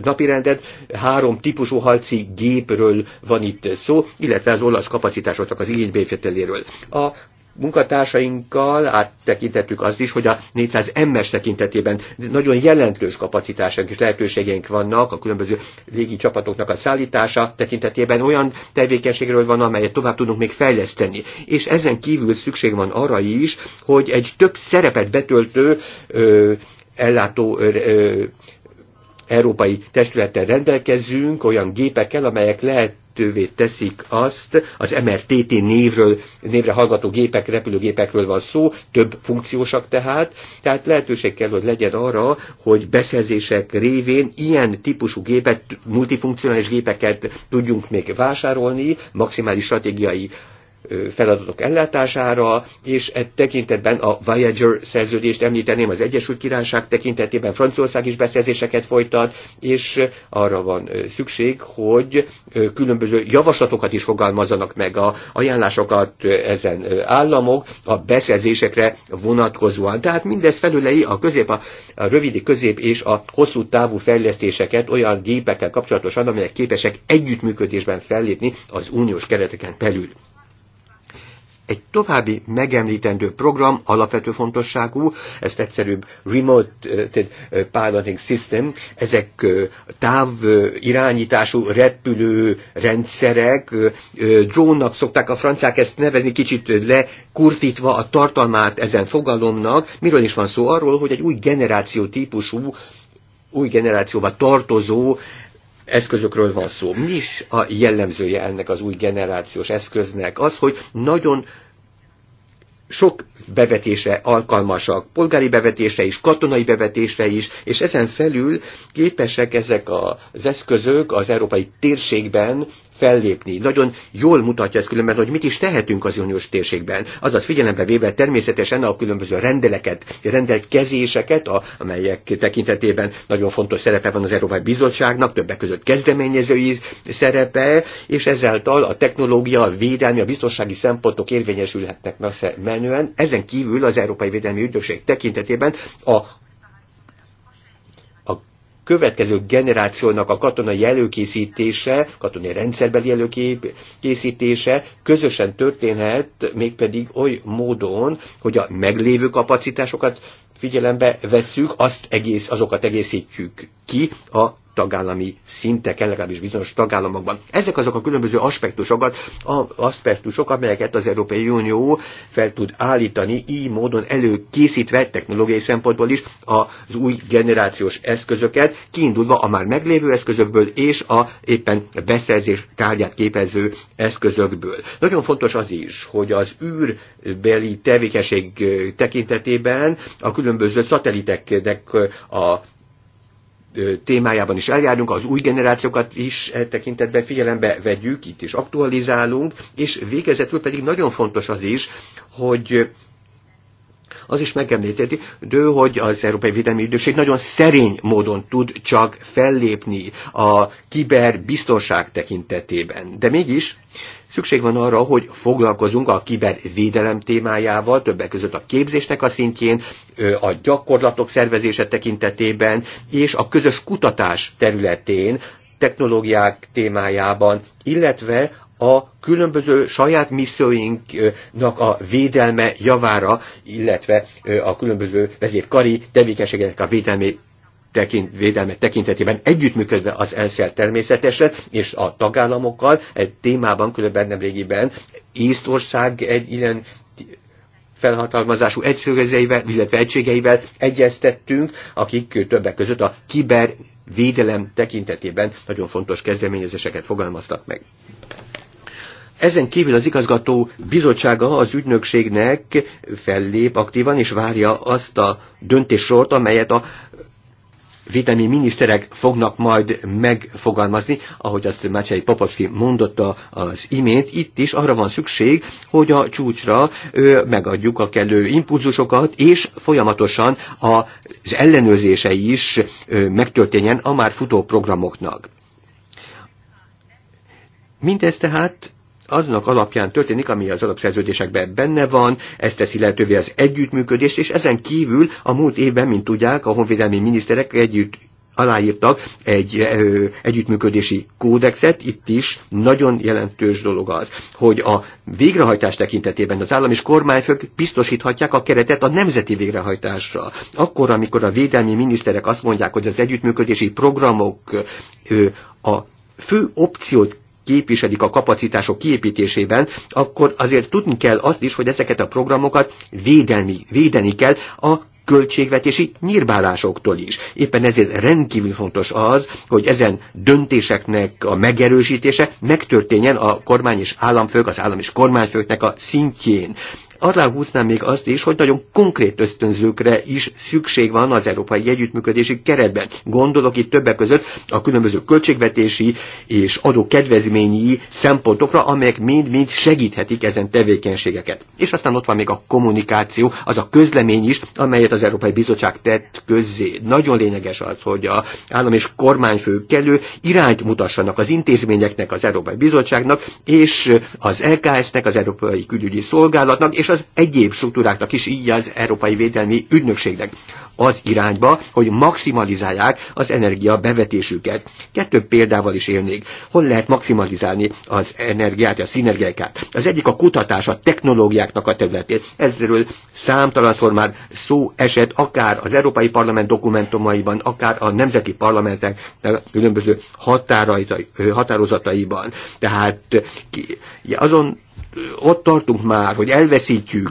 napirended, három típusú halci gépről van itt szó, illetve az olasz kapacitásoknak az igénybevételéről. A munkatársainkkal áttekintettük azt is, hogy a 400 MS tekintetében nagyon jelentős kapacitásunk és lehetőségeink vannak a különböző légi csapatoknak a szállítása tekintetében olyan tevékenységről van, amelyet tovább tudunk még fejleszteni. És ezen kívül szükség van arra is, hogy egy több szerepet betöltő ö, ellátó ö, európai testülettel rendelkezünk, olyan gépekkel, amelyek lehet lehetővé teszik azt, az MRTT névről, névre hallgató gépek, repülőgépekről van szó, több funkciósak tehát, tehát lehetőség kell, hogy legyen arra, hogy beszerzések révén ilyen típusú gépet, multifunkcionális gépeket tudjunk még vásárolni, maximális stratégiai feladatok ellátására, és e tekintetben a Voyager szerződést említeném, az Egyesült Királyság tekintetében Franciaország is beszerzéseket folytat, és arra van szükség, hogy különböző javaslatokat is fogalmazzanak meg, a ajánlásokat ezen államok a beszerzésekre vonatkozóan. Tehát mindez felülei a közép, a, a rövidi közép és a hosszú távú fejlesztéseket olyan gépekkel kapcsolatosan, amelyek képesek együttműködésben fellépni az uniós kereteken belül. Egy további megemlítendő program, alapvető fontosságú, ezt egyszerűbb Remote Piloting System, ezek táv irányítású repülő rendszerek, drónnak szokták a franciák ezt nevezni, kicsit lekurtítva a tartalmát ezen fogalomnak. Miről is van szó? Arról, hogy egy új generáció típusú új generációba tartozó eszközökről van szó. Mi is a jellemzője ennek az új generációs eszköznek? Az, hogy nagyon sok bevetése alkalmasak, polgári bevetése is, katonai bevetése is, és ezen felül képesek ezek az eszközök az európai térségben fellépni. Nagyon jól mutatja ez különben, hogy mit is tehetünk az uniós térségben. Azaz figyelembe véve természetesen a különböző rendeleket, rendelkezéseket, a, amelyek tekintetében nagyon fontos szerepe van az Európai Bizottságnak, többek között kezdeményezői szerepe, és ezáltal a technológia, a védelmi, a biztonsági szempontok érvényesülhetnek menően. Ezen kívül az Európai Védelmi Ügynökség tekintetében a következő generációnak a katonai előkészítése, katonai rendszerbeli előkészítése közösen történhet, mégpedig oly módon, hogy a meglévő kapacitásokat figyelembe vesszük, azt egész, azokat egészítjük ki a tagállami szinteken, legalábbis bizonyos tagállamokban. Ezek azok a különböző aspektusokat, a, aspektusok, amelyeket az Európai Unió fel tud állítani, így módon előkészítve technológiai szempontból is az új generációs eszközöket, kiindulva a már meglévő eszközökből és a éppen beszerzés tárgyát képező eszközökből. Nagyon fontos az is, hogy az űrbeli tevékenység tekintetében a különböző különböző szateliteknek a témájában is eljárunk, az új generációkat is e tekintetben figyelembe vegyük, itt is aktualizálunk, és végezetül pedig nagyon fontos az is, hogy az is megemlíthető, hogy az Európai Védelmi Ügynökség nagyon szerény módon tud csak fellépni a kiberbiztonság tekintetében. De mégis Szükség van arra, hogy foglalkozunk a kibervédelem témájával, többek között a képzésnek a szintjén, a gyakorlatok szervezése tekintetében és a közös kutatás területén, technológiák témájában, illetve a különböző saját misszióinknak a védelme javára, illetve a különböző vezérkari tevékenységeknek a védelmi tekint, védelme tekintetében együttműködve az ensz természetesen, és a tagállamokkal egy témában, különben régiben Észtország egy ilyen felhatalmazású egységeivel, illetve egységeivel egyeztettünk, akik többek között a kibervédelem tekintetében nagyon fontos kezdeményezéseket fogalmaztak meg. Ezen kívül az igazgató bizottsága az ügynökségnek fellép aktívan, és várja azt a döntéssort, amelyet a vitami miniszterek fognak majd megfogalmazni, ahogy azt Mácsai Papacki mondotta az imént, itt is arra van szükség, hogy a csúcsra megadjuk a kellő impulzusokat, és folyamatosan az ellenőrzése is megtörténjen a már futó programoknak. Mindez tehát aznak alapján történik, ami az alapszerződésekben benne van, ez teszi lehetővé az együttműködést, és ezen kívül a múlt évben, mint tudják, a honvédelmi miniszterek együtt aláírtak egy ö, együttműködési kódexet, itt is nagyon jelentős dolog az, hogy a végrehajtás tekintetében az állam és kormányfők biztosíthatják a keretet a nemzeti végrehajtásra. Akkor, amikor a védelmi miniszterek azt mondják, hogy az együttműködési programok ö, a fő opciót képviselik a kapacitások kiépítésében, akkor azért tudni kell azt is, hogy ezeket a programokat védelmi, védeni kell a költségvetési nyírbálásoktól is. Éppen ezért rendkívül fontos az, hogy ezen döntéseknek a megerősítése megtörténjen a kormány és államfők, az állam és kormányfőknek a szintjén. Aláhúznám még azt is, hogy nagyon konkrét ösztönzőkre is szükség van az európai együttműködési keretben. Gondolok itt többek között a különböző költségvetési és adókedvezményi szempontokra, amelyek mind-mind segíthetik ezen tevékenységeket. És aztán ott van még a kommunikáció, az a közlemény is, amelyet az Európai Bizottság tett közzé. Nagyon lényeges az, hogy a állam és kormányfők elő irányt mutassanak az intézményeknek, az Európai Bizottságnak és az LKS-nek, az Európai Külügyi Szolgálatnak, és és az egyéb struktúráknak is, így az Európai Védelmi Ügynökségnek az irányba, hogy maximalizálják az energia bevetésüket. Kettő példával is élnék. Hol lehet maximalizálni az energiát, a szinergiákat? Az egyik a kutatás, a technológiáknak a területét. Ezzel számtalan már szó esett, akár az Európai Parlament dokumentumaiban, akár a nemzeti parlamentek különböző határozataiban. Tehát azon ott tartunk már, hogy elveszítjük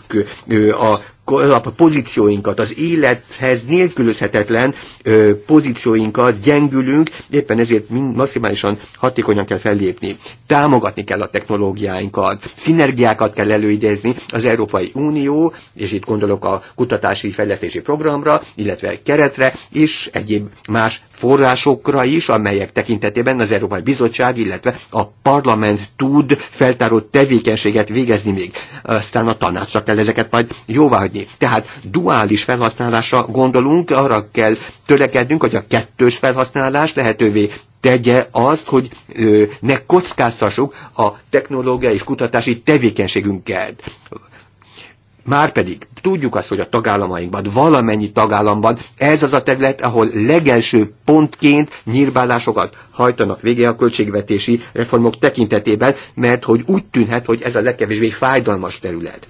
a alap pozícióinkat, az élethez nélkülözhetetlen ö, pozícióinkat gyengülünk, éppen ezért mind maximálisan hatékonyan kell fellépni. Támogatni kell a technológiáinkat, szinergiákat kell előidézni az Európai Unió, és itt gondolok a kutatási fejlesztési programra, illetve keretre, és egyéb más forrásokra is, amelyek tekintetében az Európai Bizottság, illetve a parlament tud feltáró tevékenységet végezni még. Aztán a tanácsra kell ezeket majd jóváhagyni adni. Tehát duális felhasználásra gondolunk, arra kell törekednünk, hogy a kettős felhasználás lehetővé tegye azt, hogy ö, ne kockáztassuk a technológiai és kutatási tevékenységünket. Márpedig tudjuk azt, hogy a tagállamainkban, valamennyi tagállamban ez az a terület, ahol legelső pontként nyírbálásokat hajtanak végé a költségvetési reformok tekintetében, mert hogy úgy tűnhet, hogy ez a legkevésbé fájdalmas terület.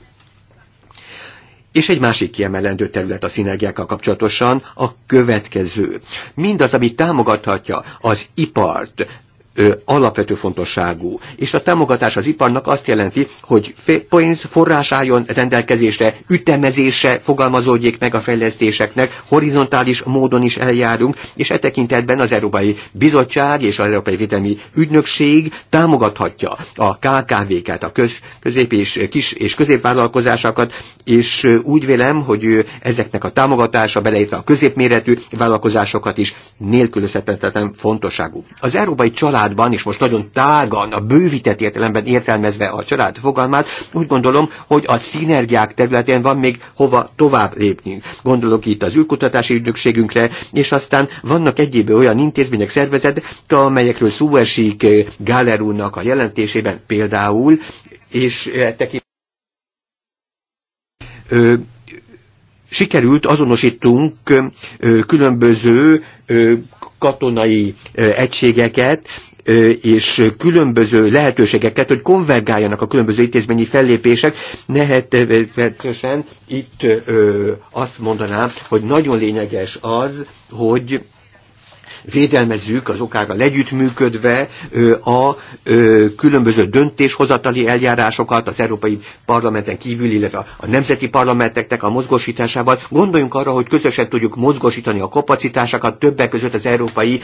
És egy másik kiemelendő terület a szinergiákkal kapcsolatosan a következő. Mindaz, ami támogathatja az ipart, alapvető fontosságú. És a támogatás az iparnak azt jelenti, hogy pénz forrás álljon rendelkezésre, ütemezése fogalmazódjék meg a fejlesztéseknek, horizontális módon is eljárunk, és e tekintetben az Európai Bizottság és az Európai Védelmi Ügynökség támogathatja a KKV-ket, a köz, közép és kis és középvállalkozásokat, és úgy vélem, hogy ezeknek a támogatása, beleértve a középméretű vállalkozásokat is nélkülözhetetlen fontosságú. Az Európai Család családban, és most nagyon tágan, a bővített értelemben értelmezve a család fogalmát, úgy gondolom, hogy a szinergiák területén van még hova tovább lépnünk. Gondolok itt az űrkutatási ügynökségünkre, és aztán vannak egyéb olyan intézmények, szervezetek, amelyekről szó esik eh, Gáler a jelentésében például, és eh, tekint sikerült azonosítunk különböző katonai egységeket, és különböző lehetőségeket, hogy konvergáljanak a különböző intézményi fellépések, nehetősen itt azt mondanám, hogy nagyon lényeges az, hogy védelmezzük az okákkal együttműködve a különböző döntéshozatali eljárásokat az Európai Parlamenten kívül, illetve a nemzeti parlamenteknek a mozgósításával. Gondoljunk arra, hogy közösen tudjuk mozgósítani a kapacitásokat többek között az Európai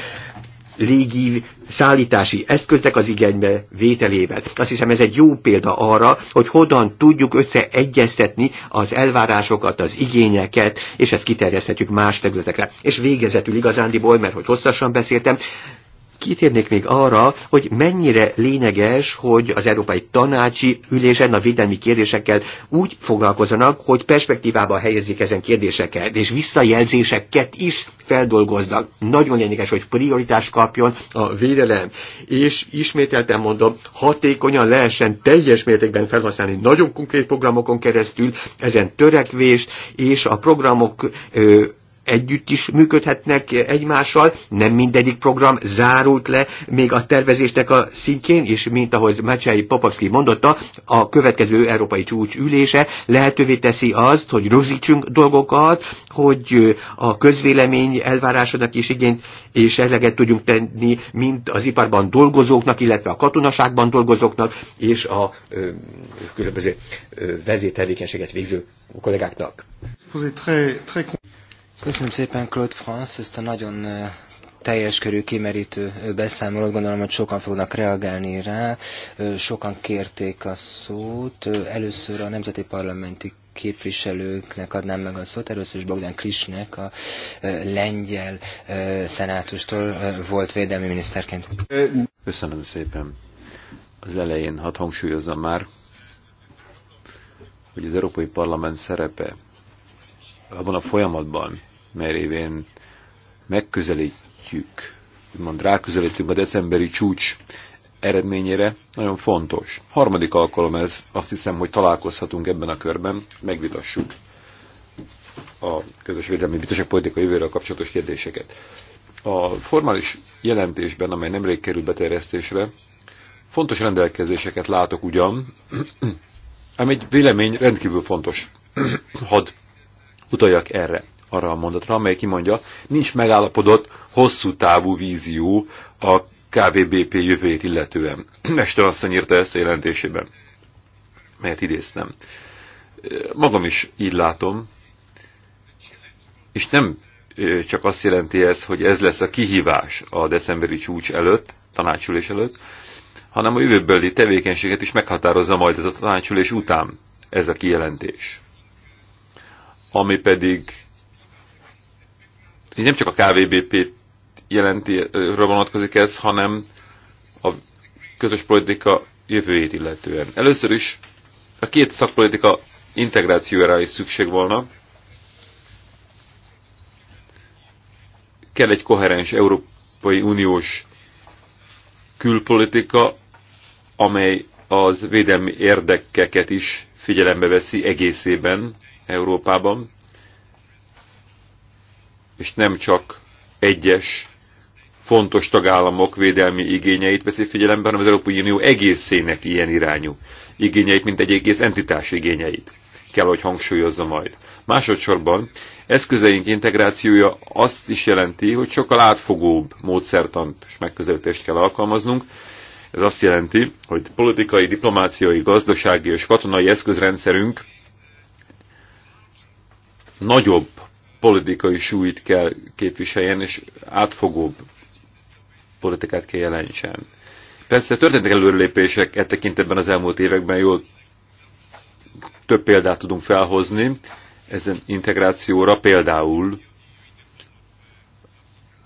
légi szállítási eszköznek az igénybe vételével. Azt hiszem ez egy jó példa arra, hogy hogyan tudjuk összeegyeztetni az elvárásokat, az igényeket, és ezt kiterjeszthetjük más területekre. És végezetül igazándiból, mert hogy hosszasan beszéltem, kitérnék még arra, hogy mennyire lényeges, hogy az Európai Tanácsi ülésen a védelmi kérdésekkel úgy foglalkozzanak, hogy perspektívába helyezik ezen kérdéseket, és visszajelzéseket is feldolgoznak. Nagyon lényeges, hogy prioritást kapjon a védelem, és ismételten mondom, hatékonyan lehessen teljes mértékben felhasználni nagyon konkrét programokon keresztül ezen törekvést, és a programok ö, együtt is működhetnek egymással, nem mindegyik program zárult le még a tervezésnek a szintjén, és mint ahogy Mácsai Popavski mondotta, a következő európai csúcs ülése lehetővé teszi azt, hogy rögzítsünk dolgokat, hogy a közvélemény elvárásodnak is igényt és eleget tudjunk tenni, mint az iparban dolgozóknak, illetve a katonaságban dolgozóknak, és a ö, különböző vezétevékenységet végző kollégáknak. Köszönöm szépen Claude France ezt a nagyon teljes körű kimerítő beszámolót, gondolom, hogy sokan fognak reagálni rá, sokan kérték a szót. Először a Nemzeti Parlamenti képviselőknek adnám meg a szót. Először is Bogdan Krisnek, a lengyel szenátustól volt védelmi miniszterként. Köszönöm szépen. Az elején hadd hangsúlyozom már, hogy az Európai Parlament szerepe abban a folyamatban, mert révén megközelítjük, mond ráközelítünk a decemberi csúcs eredményére, nagyon fontos. Harmadik alkalom ez, azt hiszem, hogy találkozhatunk ebben a körben, megvitassuk a közös védelmi biztonság politika jövőről kapcsolatos kérdéseket. A formális jelentésben, amely nemrég került beterjesztésre, fontos rendelkezéseket látok ugyan, ami egy vélemény rendkívül fontos. Hadd utaljak erre arra a mondatra, amely kimondja, nincs megállapodott hosszú távú vízió a KVBP jövőjét illetően. Mester asszony írta ezt a jelentésében, melyet idéztem. Magam is így látom, és nem csak azt jelenti ez, hogy ez lesz a kihívás a decemberi csúcs előtt, tanácsülés előtt, hanem a jövőbeli tevékenységet is meghatározza majd ez a tanácsülés után ez a kijelentés. Ami pedig és nem csak a KVBP jelenti, vonatkozik ez, hanem a közös politika jövőjét illetően. Először is a két szakpolitika integrációra is szükség volna. Kell egy koherens Európai Uniós külpolitika, amely az védelmi érdekeket is figyelembe veszi egészében Európában és nem csak egyes fontos tagállamok védelmi igényeit veszi figyelembe, hanem az Európai Unió egészének ilyen irányú igényeit, mint egy egész entitás igényeit kell, hogy hangsúlyozza majd. Másodszorban eszközeink integrációja azt is jelenti, hogy sokkal átfogóbb módszertant és megközelítést kell alkalmaznunk. Ez azt jelenti, hogy politikai, diplomáciai, gazdasági és katonai eszközrendszerünk nagyobb politikai súlyt kell képviseljen, és átfogóbb politikát kell jelentsen. Persze történtek előrelépések e tekintetben az elmúlt években, jól több példát tudunk felhozni ezen integrációra, például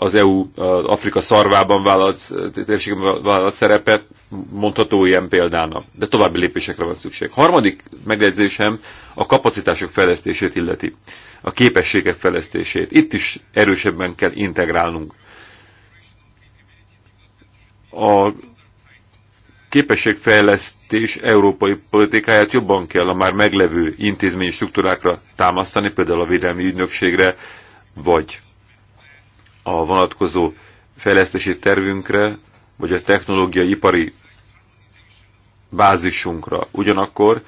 az EU az Afrika szarvában vállalt, térségben vállalt szerepet mondható ilyen példának. De további lépésekre van szükség. Harmadik megjegyzésem a kapacitások fejlesztését illeti. A képességek fejlesztését. Itt is erősebben kell integrálnunk. A képességfejlesztés európai politikáját jobban kell a már meglevő intézményi struktúrákra támasztani, például a védelmi ügynökségre, vagy a vonatkozó fejlesztési tervünkre, vagy a technológiai ipari bázisunkra. Ugyanakkor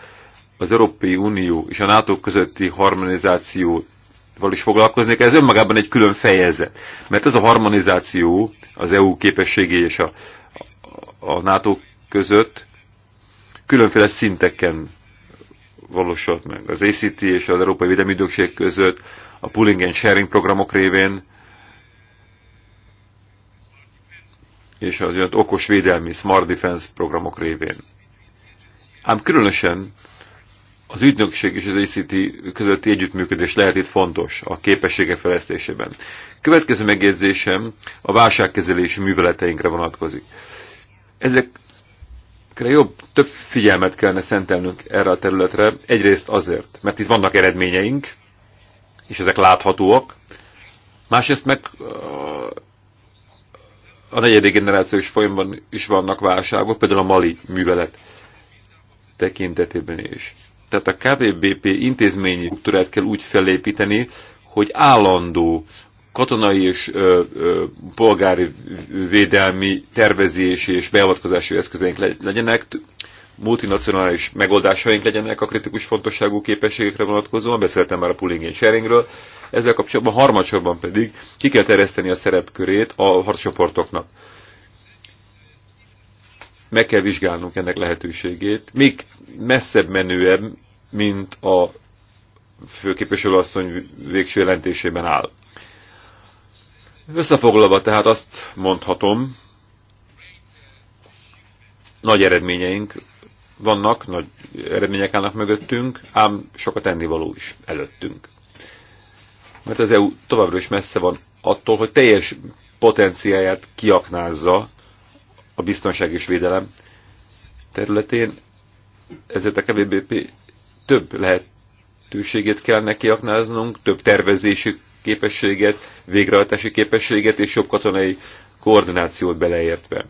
az Európai Unió és a NATO közötti harmonizáció is foglalkozni kell. Ez önmagában egy külön fejezet. Mert ez a harmonizáció az EU képességé és a, a NATO között különféle szinteken valósult meg. Az ACT és az Európai Védelmi Ügynökség között, a pooling and sharing programok révén, és az olyan okos védelmi Smart Defense programok révén. Ám különösen az ügynökség és az ICT közötti együttműködés lehet itt fontos a képességek fejlesztésében. Következő megjegyzésem a válságkezelési műveleteinkre vonatkozik. Ezekre jobb, több figyelmet kellene szentelnünk erre a területre, egyrészt azért, mert itt vannak eredményeink, és ezek láthatóak, másrészt meg a negyedik generációs folyamban is vannak válságok, például a mali művelet tekintetében is. Tehát a KVBP intézményi struktúrát kell úgy felépíteni, hogy állandó katonai és ö, ö, polgári védelmi tervezési és beavatkozási eszközeink legyenek, multinacionális megoldásaink legyenek a kritikus fontosságú képességekre vonatkozóan, beszéltem már a pooling and sharingről, ezzel kapcsolatban harmadsorban pedig ki kell terjeszteni a szerepkörét a harcsoportoknak. Meg kell vizsgálnunk ennek lehetőségét, még messzebb menőebb, mint a főképviselőasszony végső jelentésében áll. Összefoglalva tehát azt mondhatom, nagy eredményeink vannak, nagy eredmények állnak mögöttünk, ám sokat ennivaló is előttünk. Mert az EU továbbra is messze van attól, hogy teljes potenciáját kiaknázza a biztonság és védelem területén, ezért a KBBP több lehetőségét kell nekiaknáznunk, több tervezési képességet, végrehajtási képességet és jobb katonai koordinációt beleértve.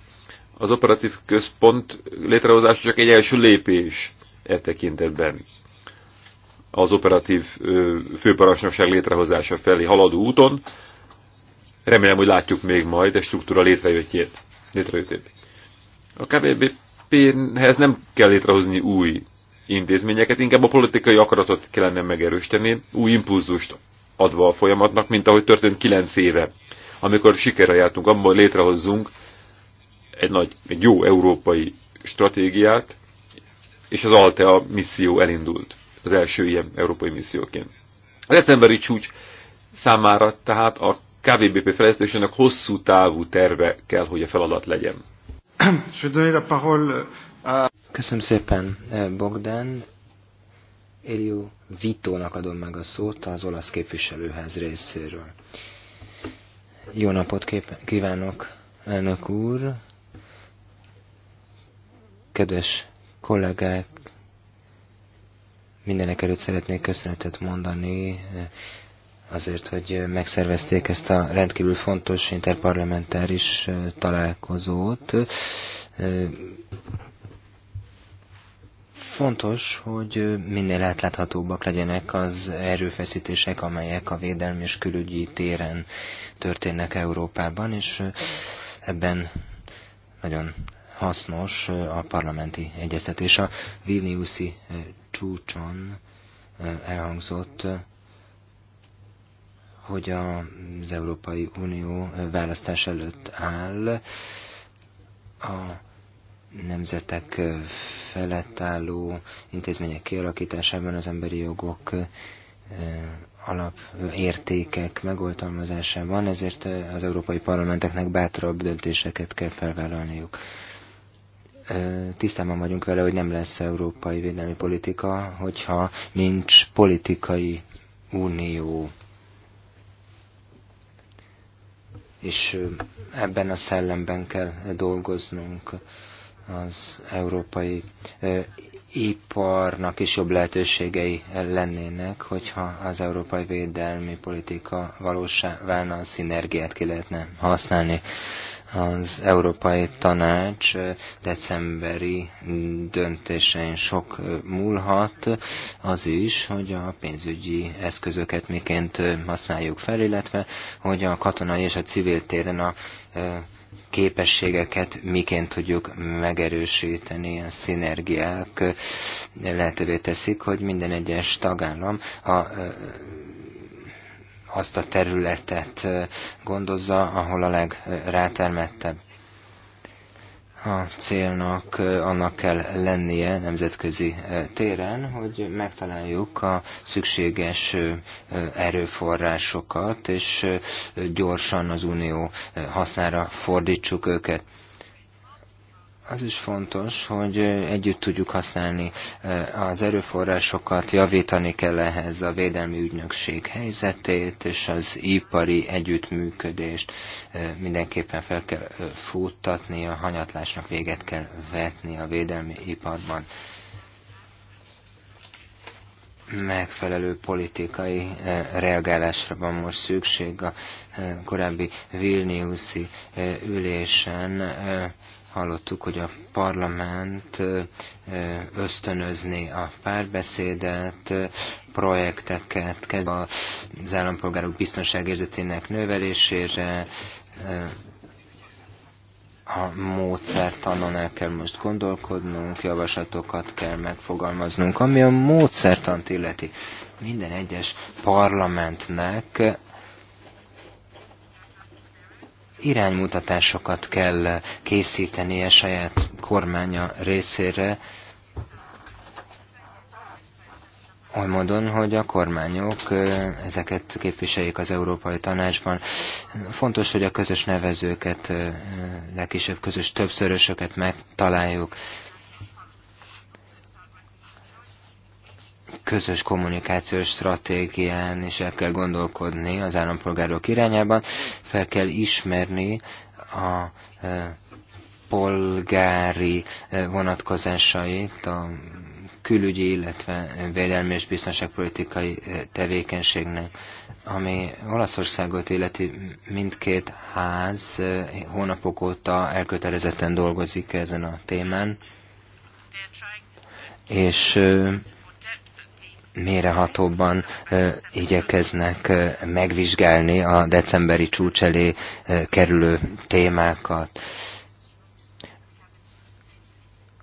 Az operatív központ létrehozása csak egy első lépés e tekintetben. Az operatív főparancsnokság létrehozása felé haladó úton. Remélem, hogy látjuk még majd a struktúra létrejöttjét. létrejöttjét. A KBBP-hez nem kell létrehozni új intézményeket, inkább a politikai akaratot kellene megerősíteni, új impulzust adva a folyamatnak, mint ahogy történt kilenc éve, amikor sikerre jártunk abban, hogy létrehozzunk egy nagy, egy jó európai stratégiát, és az Altea misszió elindult, az első ilyen európai misszióként. A decemberi csúcs számára tehát a KBBP fejlesztésének hosszú távú terve kell, hogy a feladat legyen. Köszönöm szépen, eh, Bogdan. Elio Vitónak adom meg a szót az olasz képviselőház részéről. Jó napot kívánok, elnök úr, Kedves kollégák, mindenek előtt szeretnék köszönetet mondani eh, azért, hogy megszervezték ezt a rendkívül fontos interparlamentáris eh, találkozót. Eh, fontos, hogy minél átláthatóbbak legyenek az erőfeszítések, amelyek a védelmi és külügyi téren történnek Európában, és ebben nagyon hasznos a parlamenti egyeztetés. A Vilniuszi csúcson elhangzott, hogy az Európai Unió választás előtt áll, a nemzetek felett álló intézmények kialakításában az emberi jogok alapértékek megoltalmazásában, ezért az európai parlamenteknek bátrabb döntéseket kell felvállalniuk tisztában vagyunk vele, hogy nem lesz európai védelmi politika, hogyha nincs politikai unió. És ebben a szellemben kell dolgoznunk az európai iparnak is jobb lehetőségei lennének, hogyha az európai védelmi politika valósá válna, a szinergiát ki lehetne használni. Az Európai Tanács decemberi döntésein sok múlhat az is, hogy a pénzügyi eszközöket miként használjuk fel, illetve hogy a katonai és a civil téren a képességeket miként tudjuk megerősíteni, a szinergiák lehetővé teszik, hogy minden egyes tagállam a azt a területet gondozza, ahol a legrátermettebb. A célnak annak kell lennie nemzetközi téren, hogy megtaláljuk a szükséges erőforrásokat, és gyorsan az unió hasznára fordítsuk őket az is fontos, hogy együtt tudjuk használni az erőforrásokat, javítani kell ehhez a védelmi ügynökség helyzetét, és az ipari együttműködést mindenképpen fel kell futtatni, a hanyatlásnak véget kell vetni a védelmi iparban. Megfelelő politikai reagálásra van most szükség a korábbi Vilniuszi ülésen hallottuk, hogy a parlament ösztönözni a párbeszédet, projekteket, kezdve az állampolgárok biztonságérzetének növelésére, a módszertanon el kell most gondolkodnunk, javaslatokat kell megfogalmaznunk. Ami a módszertant illeti, minden egyes parlamentnek iránymutatásokat kell készítenie saját kormánya részére, oly módon, hogy a kormányok ezeket képviseljék az Európai Tanácsban. Fontos, hogy a közös nevezőket, legkisebb közös többszörösöket megtaláljuk. közös kommunikációs stratégián is el kell gondolkodni az állampolgárok irányában, fel kell ismerni a e, polgári e, vonatkozásait a külügyi, illetve védelmi és biztonságpolitikai e, tevékenységnek, ami Olaszországot illeti mindkét ház hónapok óta elkötelezetten dolgozik ezen a témán, és mérehatóban igyekeznek megvizsgálni a decemberi csúcs elé kerülő témákat.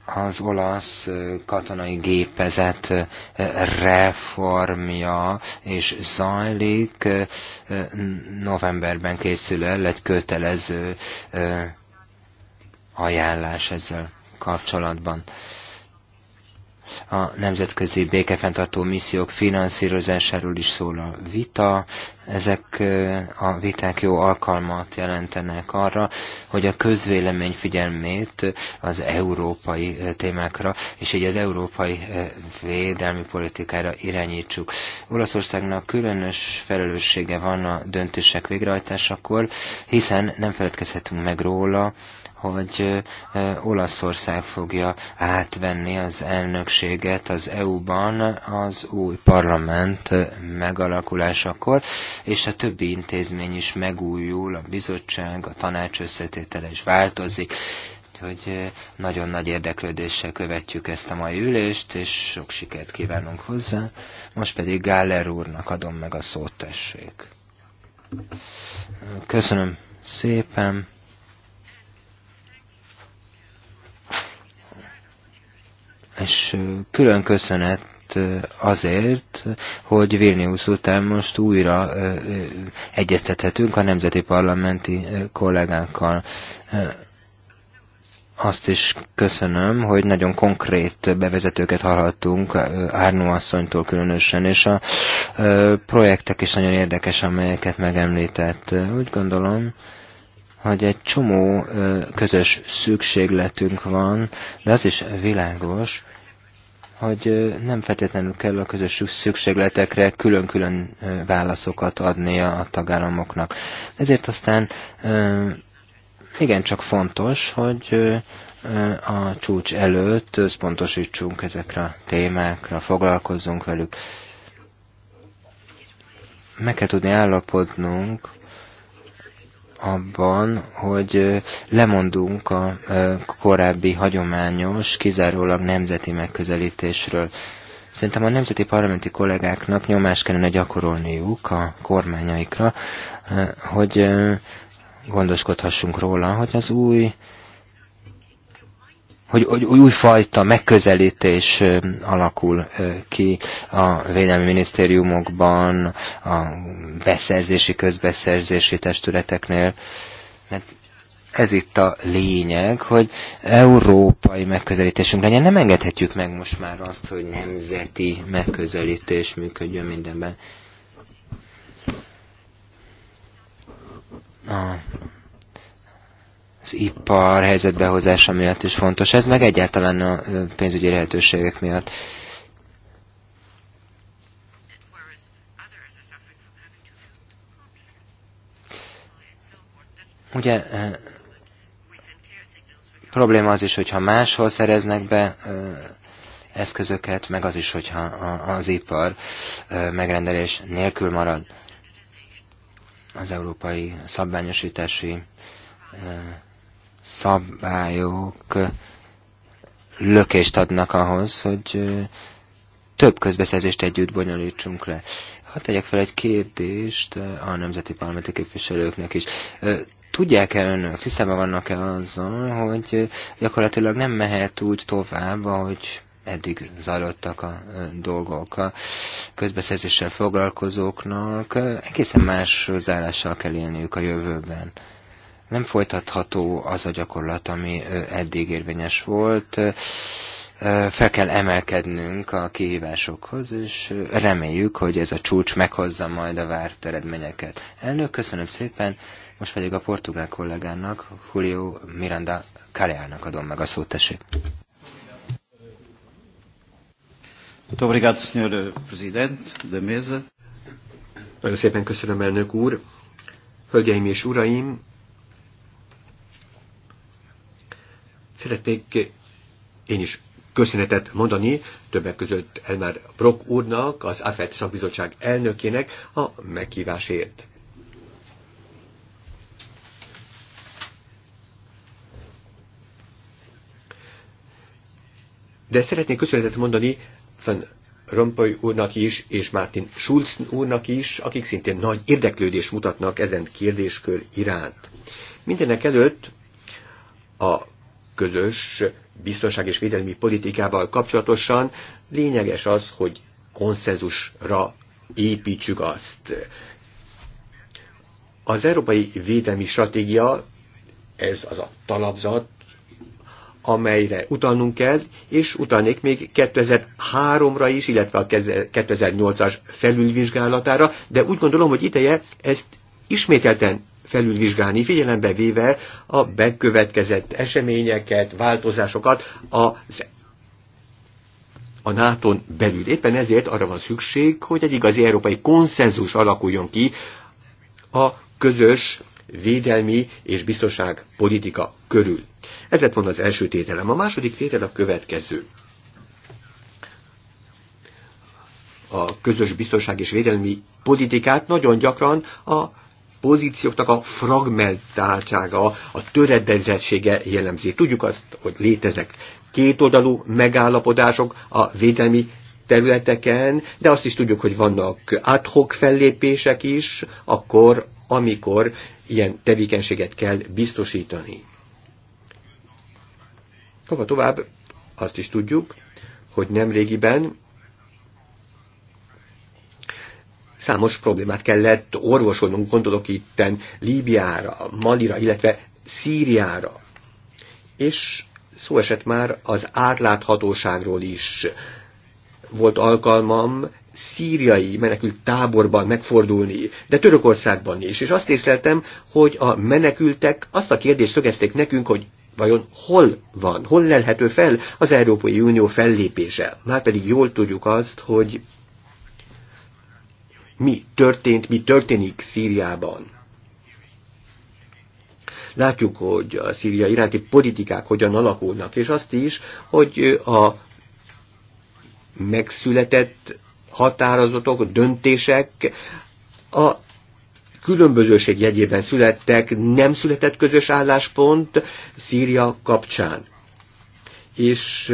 Az olasz katonai gépezet reformja és zajlik. Novemberben készül el egy kötelező ajánlás ezzel kapcsolatban a nemzetközi békefenntartó missziók finanszírozásáról is szól a vita. Ezek a viták jó alkalmat jelentenek arra, hogy a közvélemény figyelmét az európai témákra, és így az európai védelmi politikára irányítsuk. Olaszországnak különös felelőssége van a döntések végrehajtásakor, hiszen nem feledkezhetünk meg róla, hogy Olaszország fogja átvenni az elnökséget az EU-ban az új parlament megalakulásakor, és a többi intézmény is megújul, a bizottság, a tanács összetétele is változik úgyhogy nagyon nagy érdeklődéssel követjük ezt a mai ülést, és sok sikert kívánunk hozzá. Most pedig Gáller úrnak adom meg a szót, tessék. Köszönöm szépen. és külön köszönet azért, hogy Vilnius után most újra egyeztethetünk a nemzeti parlamenti kollégánkkal. Azt is köszönöm, hogy nagyon konkrét bevezetőket hallhattunk Árnó asszonytól különösen, és a projektek is nagyon érdekes, amelyeket megemlített. Úgy gondolom, hogy egy csomó közös szükségletünk van, de az is világos, hogy nem feltétlenül kell a közös szükségletekre külön-külön válaszokat adnia a tagállamoknak. Ezért aztán igencsak fontos, hogy a csúcs előtt összpontosítsunk ezekre a témákra, foglalkozzunk velük. Meg kell tudni állapodnunk abban, hogy lemondunk a korábbi hagyományos, kizárólag nemzeti megközelítésről. Szerintem a nemzeti parlamenti kollégáknak nyomás kellene gyakorolniuk a kormányaikra, hogy gondoskodhassunk róla, hogy az új hogy, hogy újfajta megközelítés alakul ki a védelmi minisztériumokban, a beszerzési, közbeszerzési testületeknél. Mert ez itt a lényeg, hogy európai megközelítésünk legyen. Nem engedhetjük meg most már azt, hogy nemzeti megközelítés működjön mindenben. A az ipar helyzetbehozása miatt is fontos ez, meg egyáltalán a pénzügyi lehetőségek miatt. Ugye probléma az is, hogyha máshol szereznek be eszközöket, meg az is, hogyha az ipar megrendelés nélkül marad az európai szabványosítási szabályok lökést adnak ahhoz, hogy több közbeszerzést együtt bonyolítsunk le. Hát tegyek fel egy kérdést a nemzeti parlamenti képviselőknek is. Tudják-e önök, tisztában vannak-e azzal, hogy gyakorlatilag nem mehet úgy tovább, ahogy eddig zajlottak a dolgok. A közbeszerzéssel foglalkozóknak egészen más zárással kell élniük a jövőben nem folytatható az a gyakorlat, ami eddig érvényes volt. Fel kell emelkednünk a kihívásokhoz, és reméljük, hogy ez a csúcs meghozza majd a várt eredményeket. Elnök, köszönöm szépen, most pedig a portugál kollégának, Julio Miranda Kaleának adom meg a szót, tessék. Eh, Nagyon szépen köszönöm, elnök úr. Hölgyeim és uraim, Szeretnék én is köszönetet mondani többek között Elmár Brock úrnak, az AFET szakbizottság elnökének a meghívásért. De szeretnék köszönetet mondani Van Rompuy úrnak is, és Martin Schulz úrnak is, akik szintén nagy érdeklődést mutatnak ezen kérdéskör iránt. Mindenek előtt a közös biztonság és védelmi politikával kapcsolatosan lényeges az, hogy konszenzusra építsük azt. Az Európai Védelmi Stratégia, ez az a talapzat, amelyre utalnunk kell, és utalnék még 2003-ra is, illetve a 2008-as felülvizsgálatára, de úgy gondolom, hogy ideje ezt ismételten felülvizsgálni, figyelembe véve a bekövetkezett eseményeket, változásokat az a nato belül. Éppen ezért arra van szükség, hogy egy igazi európai konszenzus alakuljon ki a közös védelmi és biztonság politika körül. Ez lett volna az első tételem. A második tétel a következő. A közös biztonság és védelmi politikát nagyon gyakran a pozícióknak a fragmentáltsága, a töredezettsége jellemzi. Tudjuk azt, hogy léteznek kétoldalú megállapodások a védelmi területeken, de azt is tudjuk, hogy vannak adhok fellépések is, akkor, amikor ilyen tevékenységet kell biztosítani. Hova tovább? Azt is tudjuk, hogy nemrégiben Számos problémát kellett orvosolnunk, gondolok itten Líbiára, Malira, illetve Szíriára. És szó esett már az átláthatóságról is. Volt alkalmam szíriai menekült táborban megfordulni, de Törökországban is, és azt észleltem, hogy a menekültek azt a kérdést szögezték nekünk, hogy vajon hol van, hol lelhető fel az Európai Unió fellépése. Márpedig jól tudjuk azt, hogy mi történt, mi történik Szíriában. Látjuk, hogy a Szíria iránti politikák hogyan alakulnak, és azt is, hogy a megszületett határozatok, döntések a különbözőség jegyében születtek, nem született közös álláspont Szíria kapcsán. És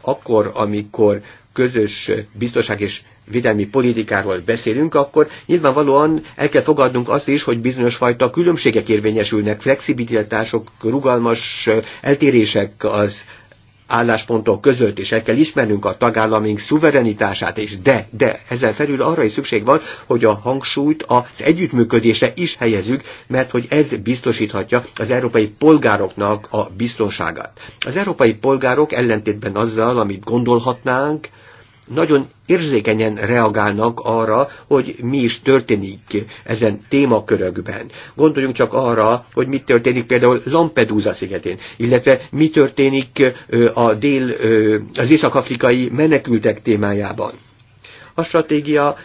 akkor, amikor közös biztonság és védelmi politikáról beszélünk, akkor nyilvánvalóan el kell fogadnunk azt is, hogy bizonyos fajta különbségek érvényesülnek, flexibilitások, rugalmas eltérések az álláspontok között, és el kell ismernünk a tagállamink szuverenitását, és de, de ezzel felül arra is szükség van, hogy a hangsúlyt az együttműködésre is helyezzük, mert hogy ez biztosíthatja az európai polgároknak a biztonságát. Az európai polgárok ellentétben azzal, amit gondolhatnánk, nagyon érzékenyen reagálnak arra, hogy mi is történik ezen témakörökben. Gondoljunk csak arra, hogy mi történik például Lampedusa szigetén, illetve mi történik a dél, az észak-afrikai menekültek témájában. A stratégia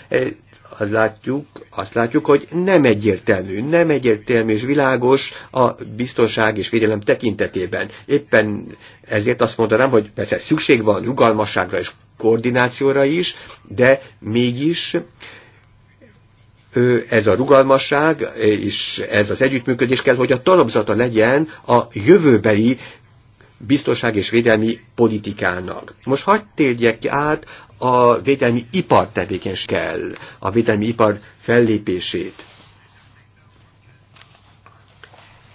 az látjuk, azt látjuk, hogy nem egyértelmű, nem egyértelmű és világos a biztonság és védelem tekintetében. Éppen ezért azt mondanám, hogy persze szükség van rugalmasságra és koordinációra is, de mégis ez a rugalmasság és ez az együttműködés kell, hogy a talapzata legyen a jövőbeli biztonság és védelmi politikának. Most hagyd térjek át a védelmi ipar tevékenys kell, a védelmi ipar fellépését.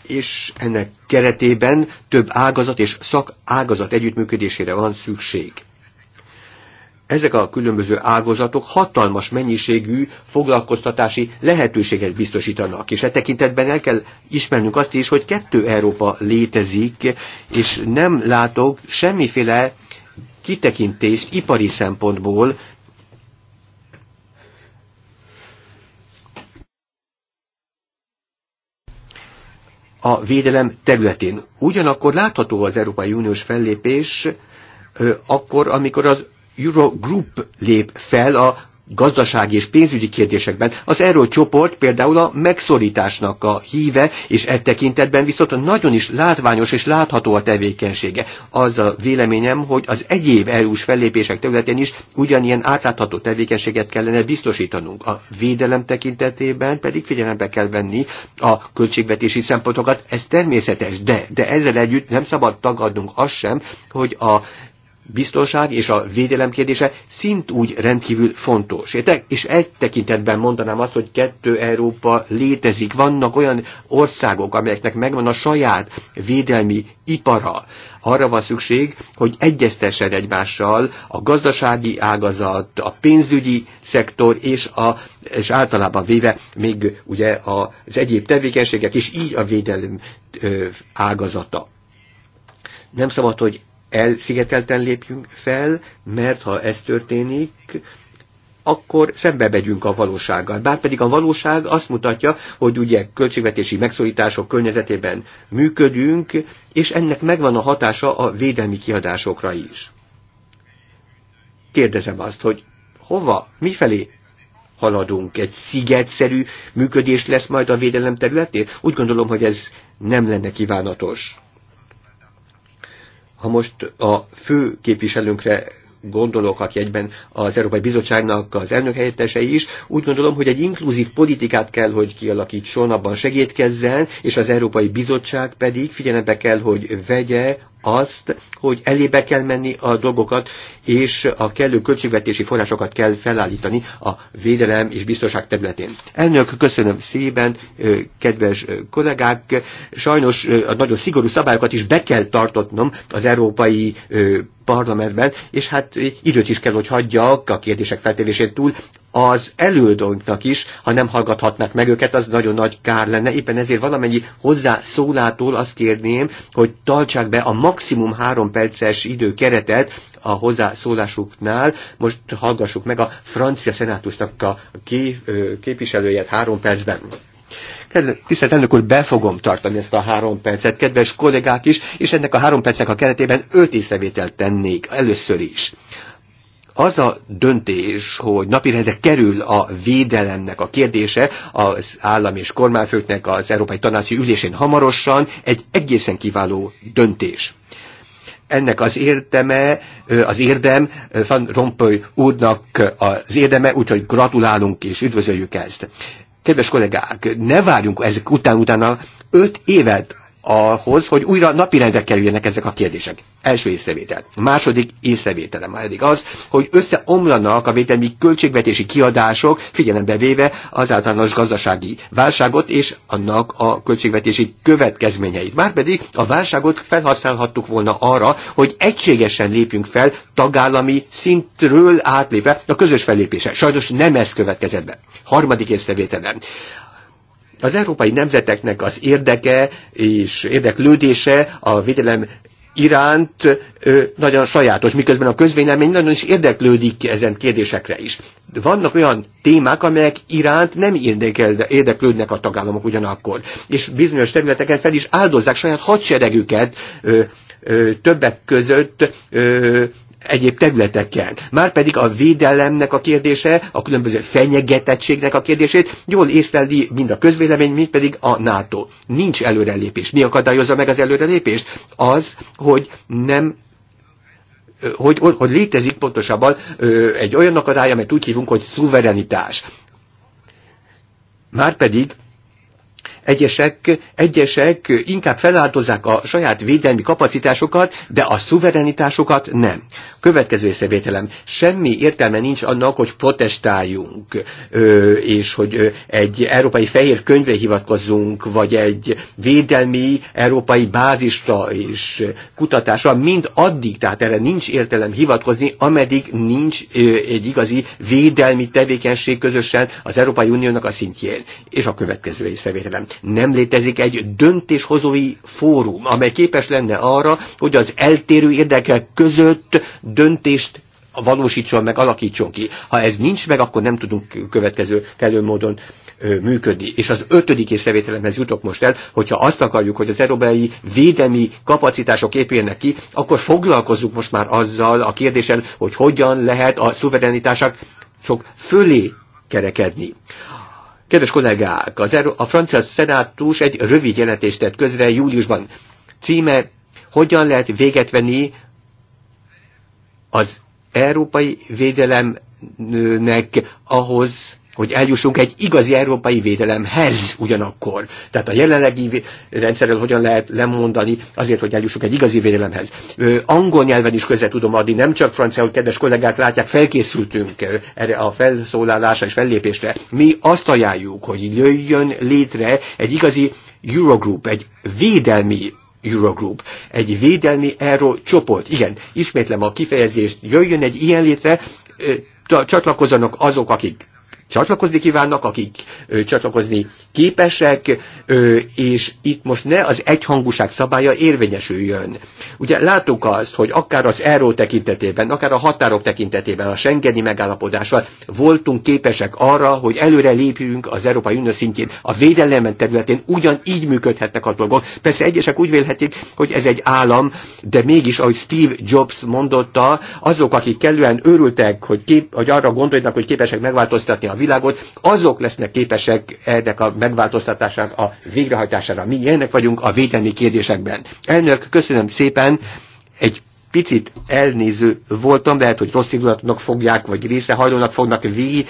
És ennek keretében több ágazat és szakágazat együttműködésére van szükség ezek a különböző ágazatok hatalmas mennyiségű foglalkoztatási lehetőséget biztosítanak. És e tekintetben el kell ismernünk azt is, hogy kettő Európa létezik, és nem látok semmiféle kitekintést ipari szempontból, a védelem területén. Ugyanakkor látható az Európai Uniós fellépés, akkor, amikor az Eurogroup lép fel a gazdasági és pénzügyi kérdésekben. Az erről csoport például a megszorításnak a híve, és e tekintetben viszont nagyon is látványos és látható a tevékenysége. Az a véleményem, hogy az egyéb EU-s fellépések területén is ugyanilyen átlátható tevékenységet kellene biztosítanunk. A védelem tekintetében pedig figyelembe kell venni a költségvetési szempontokat. Ez természetes, de, de ezzel együtt nem szabad tagadnunk azt sem, hogy a biztonság és a védelem kérdése szint úgy rendkívül fontos. És egy tekintetben mondanám azt, hogy kettő Európa létezik. Vannak olyan országok, amelyeknek megvan a saját védelmi ipara. Arra van szükség, hogy egyeztessen egymással a gazdasági ágazat, a pénzügyi szektor és, a, és általában véve még ugye az egyéb tevékenységek, és így a védelem ágazata. Nem szabad, hogy elszigetelten lépjünk fel, mert ha ez történik, akkor szembe megyünk a valósággal. Bárpedig a valóság azt mutatja, hogy ugye költségvetési megszorítások környezetében működünk, és ennek megvan a hatása a védelmi kiadásokra is. Kérdezem azt, hogy hova, mifelé haladunk? Egy szigetszerű működés lesz majd a védelem területén? Úgy gondolom, hogy ez nem lenne kívánatos. Ha most a fő képviselőnkre gondolok, aki egyben az Európai Bizottságnak az elnök helyettesei is, úgy gondolom, hogy egy inkluzív politikát kell, hogy kialakítson, abban segítkezzen, és az Európai Bizottság pedig figyelembe kell, hogy vegye azt, hogy elébe kell menni a dolgokat, és a kellő költségvetési forrásokat kell felállítani a védelem és biztonság területén. Elnök, köszönöm szépen, kedves kollégák! Sajnos a nagyon szigorú szabályokat is be kell tartotnom az európai parlamentben, és hát időt is kell, hogy hagyjak a kérdések feltevésén túl az elődóinknak is, ha nem hallgathatnak meg őket, az nagyon nagy kár lenne. Éppen ezért valamennyi hozzászólától azt kérném, hogy tartsák be a maximum három perces időkeretet a hozzászólásuknál. Most hallgassuk meg a francia szenátusnak a képviselőjét három percben. Tisztelt elnök úr, be fogom tartani ezt a három percet, kedves kollégák is, és ennek a három percnek a keretében öt észrevételt tennék először is az a döntés, hogy napirendre kerül a védelemnek a kérdése az állam és kormányfőknek az Európai Tanácsi Ülésén hamarosan egy egészen kiváló döntés ennek az érdeme, az érdem Van Rompuy úrnak az érdeme, úgyhogy gratulálunk és üdvözöljük ezt. Kedves kollégák, ne várjunk ezek után-utána öt évet ahhoz, hogy újra napirendre kerüljenek ezek a kérdések. Első észrevétel. Második észrevételem eddig az, hogy összeomlanak a védelmi költségvetési kiadások, figyelembe véve az általános gazdasági válságot és annak a költségvetési következményeit. Márpedig a válságot felhasználhattuk volna arra, hogy egységesen lépjünk fel tagállami szintről átlépve a közös fellépése. Sajnos nem ez következett be. Harmadik észrevételem. Az európai nemzeteknek az érdeke és érdeklődése a védelem iránt ö, nagyon sajátos, miközben a közvélemény nagyon is érdeklődik ezen kérdésekre is. Vannak olyan témák, amelyek iránt nem érdekel, érdeklődnek a tagállamok ugyanakkor, és bizonyos területeken fel is áldozzák saját hadseregüket, ö, ö, többek között ö, egyéb területeken. Márpedig a védelemnek a kérdése, a különböző fenyegetettségnek a kérdését jól észleli mind a közvélemény, mind pedig a NATO. Nincs előrelépés. Mi akadályozza meg az előrelépést? Az, hogy nem hogy, hogy létezik pontosabban egy olyan akadály, amit úgy hívunk, hogy szuverenitás. Márpedig Egyesek, egyesek inkább feláldozzák a saját védelmi kapacitásokat, de a szuverenitásokat nem. Következő észrevételem. Semmi értelme nincs annak, hogy protestáljunk, és hogy egy európai fehér könyvre hivatkozzunk, vagy egy védelmi európai bázisra és kutatásra, mind addig, tehát erre nincs értelem hivatkozni, ameddig nincs egy igazi védelmi tevékenység közösen az Európai Uniónak a szintjén. És a következő észrevételem nem létezik egy döntéshozói fórum, amely képes lenne arra, hogy az eltérő érdekek között döntést valósítson meg, alakítson ki. Ha ez nincs meg, akkor nem tudunk következő kellő módon működni. És az ötödik észrevételemhez jutok most el, hogyha azt akarjuk, hogy az európai védelmi kapacitások épüljenek ki, akkor foglalkozzuk most már azzal a kérdéssel, hogy hogyan lehet a szuverenitások sok fölé kerekedni. Kedves kollégák, az Euró- a francia szenátus egy rövid jelentést tett közre júliusban. Címe, hogyan lehet véget venni az európai védelemnek ahhoz, hogy eljussunk egy igazi európai védelemhez ugyanakkor. Tehát a jelenlegi rendszerrel hogyan lehet lemondani azért, hogy eljussunk egy igazi védelemhez. Ö, angol nyelven is közel tudom adni, nem csak franciául, kedves kollégák, látják, felkészültünk erre a felszólalásra és fellépésre. Mi azt ajánljuk, hogy jöjjön létre egy igazi Eurogroup, egy védelmi Eurogroup, egy védelmi euró csoport. Igen, ismétlem a kifejezést, jöjjön egy ilyen létre, csatlakozzanak azok, akik csatlakozni kívánnak, akik ö, csatlakozni képesek, ö, és itt most ne az egyhangúság szabálya érvényesüljön. Ugye látok azt, hogy akár az ERO tekintetében, akár a határok tekintetében, a Schengeni megállapodással voltunk képesek arra, hogy előre lépjünk az Európai Unió szintjén. A védelem területén ugyan így működhetnek a dolgok. Persze egyesek úgy vélhetik, hogy ez egy állam, de mégis, ahogy Steve Jobs mondotta, azok, akik kellően örültek, hogy, kép, hogy arra gondolnak, hogy képesek megváltoztatni a a világot, azok lesznek képesek ennek a megváltoztatására, a végrehajtására. Mi ilyenek vagyunk a védelmi kérdésekben. Elnök, köszönöm szépen, egy picit elnéző voltam, lehet, hogy rossz indulatnak fogják, vagy részehajlónak fognak véli,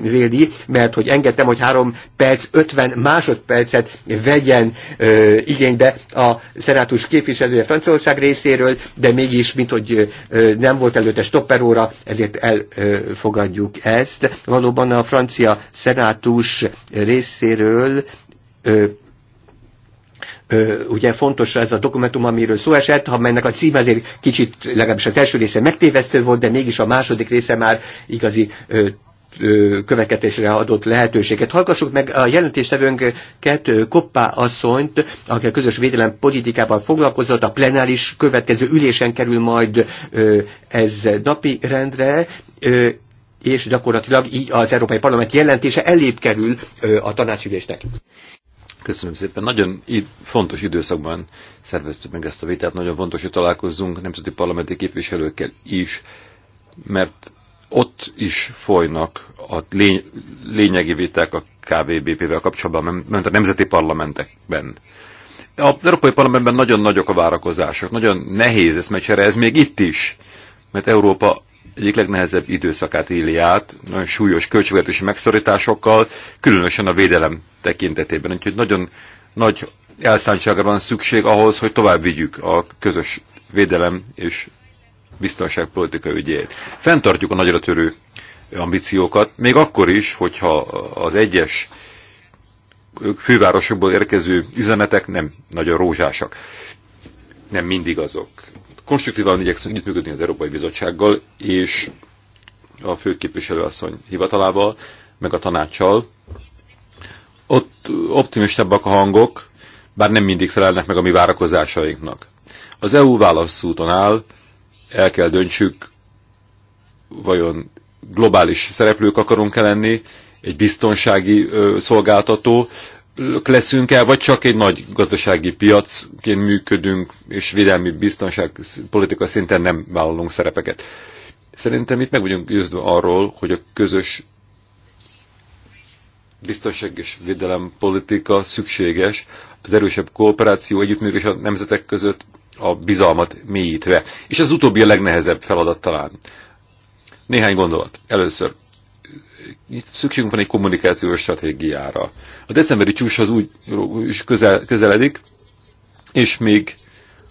véli, mert hogy engedtem, hogy 3 perc, 50 másodpercet vegyen ö, igénybe a szenátus képviselője Franciaország részéről, de mégis, mint hogy ö, nem volt előtte stopperóra, ezért elfogadjuk ezt. Valóban a francia szenátus részéről ö, ugye fontos ez a dokumentum, amiről szó esett, ha mennek a cím azért kicsit, legalábbis az első része megtévesztő volt, de mégis a második része már igazi következésre adott lehetőséget. Hallgassuk meg a jelentéstevőnket, Koppá asszonyt, aki a közös védelem politikával foglalkozott, a plenáris következő ülésen kerül majd ez napi rendre, és gyakorlatilag így az Európai Parlament jelentése elébb kerül a tanácsülésnek. Köszönöm szépen. Nagyon fontos időszakban szerveztük meg ezt a vitát. Nagyon fontos, hogy találkozzunk nemzeti parlamenti képviselőkkel is, mert ott is folynak a lény lényegi viták a KVBP-vel kapcsolatban, mert a nemzeti parlamentekben. A Európai Parlamentben nagyon nagyok a várakozások, nagyon nehéz ezt mecsere, ez még itt is, mert Európa egyik legnehezebb időszakát éli át, nagyon súlyos költségvetési megszorításokkal, különösen a védelem tekintetében. Úgyhogy nagyon nagy elszántságra van szükség ahhoz, hogy tovább vigyük a közös védelem és biztonságpolitika ügyét. Fentartjuk a nagyra törő ambíciókat, még akkor is, hogyha az egyes fővárosokból érkező üzenetek nem nagyon rózsásak. Nem mindig azok konstruktívan igyekszünk együttműködni az Európai Bizottsággal és a főképviselőasszony hivatalával, meg a tanácssal. Ott optimistabbak a hangok, bár nem mindig felelnek meg a mi várakozásainknak. Az EU válaszúton áll, el kell döntsük, vajon globális szereplők akarunk-e lenni, egy biztonsági szolgáltató, leszünk el, vagy csak egy nagy gazdasági piacként működünk, és védelmi biztonság politika szinten nem vállalunk szerepeket. Szerintem itt meg vagyunk győzve arról, hogy a közös biztonság és védelem politika szükséges, az erősebb kooperáció együttműködés a nemzetek között a bizalmat mélyítve. És ez utóbbi a legnehezebb feladat talán. Néhány gondolat. Először szükségünk van egy kommunikációs stratégiára. A decemberi csúcshoz úgy is közel, közeledik, és még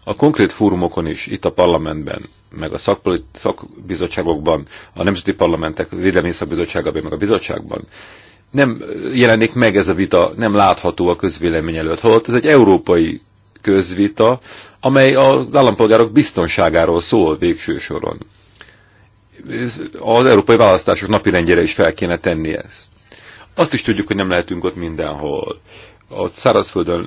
a konkrét fórumokon is, itt a parlamentben, meg a szakbizottságokban, a nemzeti parlamentek védelmi szakbizottságában, meg a bizottságban, nem jelenik meg ez a vita, nem látható a közvélemény előtt. Holott ez egy európai közvita, amely az állampolgárok biztonságáról szól végső soron az európai választások napirendjére is fel kéne tenni ezt. Azt is tudjuk, hogy nem lehetünk ott mindenhol. Ott szárazföldön,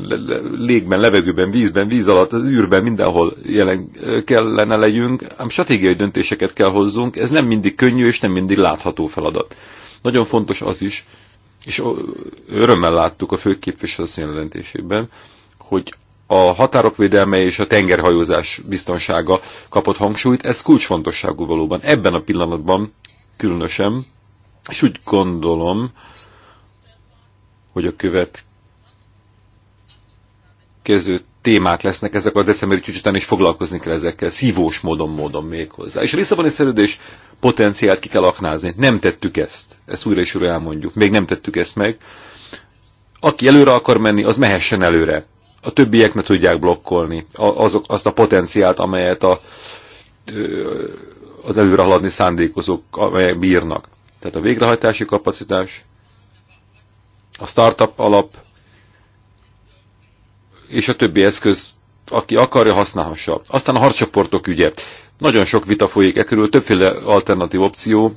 légben, levegőben, vízben, víz alatt, az űrben, mindenhol jelen kellene legyünk, ám stratégiai döntéseket kell hozzunk, ez nem mindig könnyű és nem mindig látható feladat. Nagyon fontos az is, és örömmel láttuk a főképviselő jelentésében, hogy a határok védelme és a tengerhajózás biztonsága kapott hangsúlyt, ez kulcsfontosságú valóban. Ebben a pillanatban különösen, és úgy gondolom, hogy a következő témák lesznek ezek a decemberi csúcs után, és foglalkozni kell ezekkel szívós módon, módon még hozzá. És a Lisszaboni szerződés potenciált ki kell aknázni. Nem tettük ezt. Ezt újra és újra elmondjuk. Még nem tettük ezt meg. Aki előre akar menni, az mehessen előre a többiek meg tudják blokkolni azok, azt a potenciált, amelyet a, az előre haladni szándékozók amelyek bírnak. Tehát a végrehajtási kapacitás, a startup alap, és a többi eszköz, aki akarja, használhassa. Aztán a harcsoportok ügye. Nagyon sok vita folyik e körül, többféle alternatív opció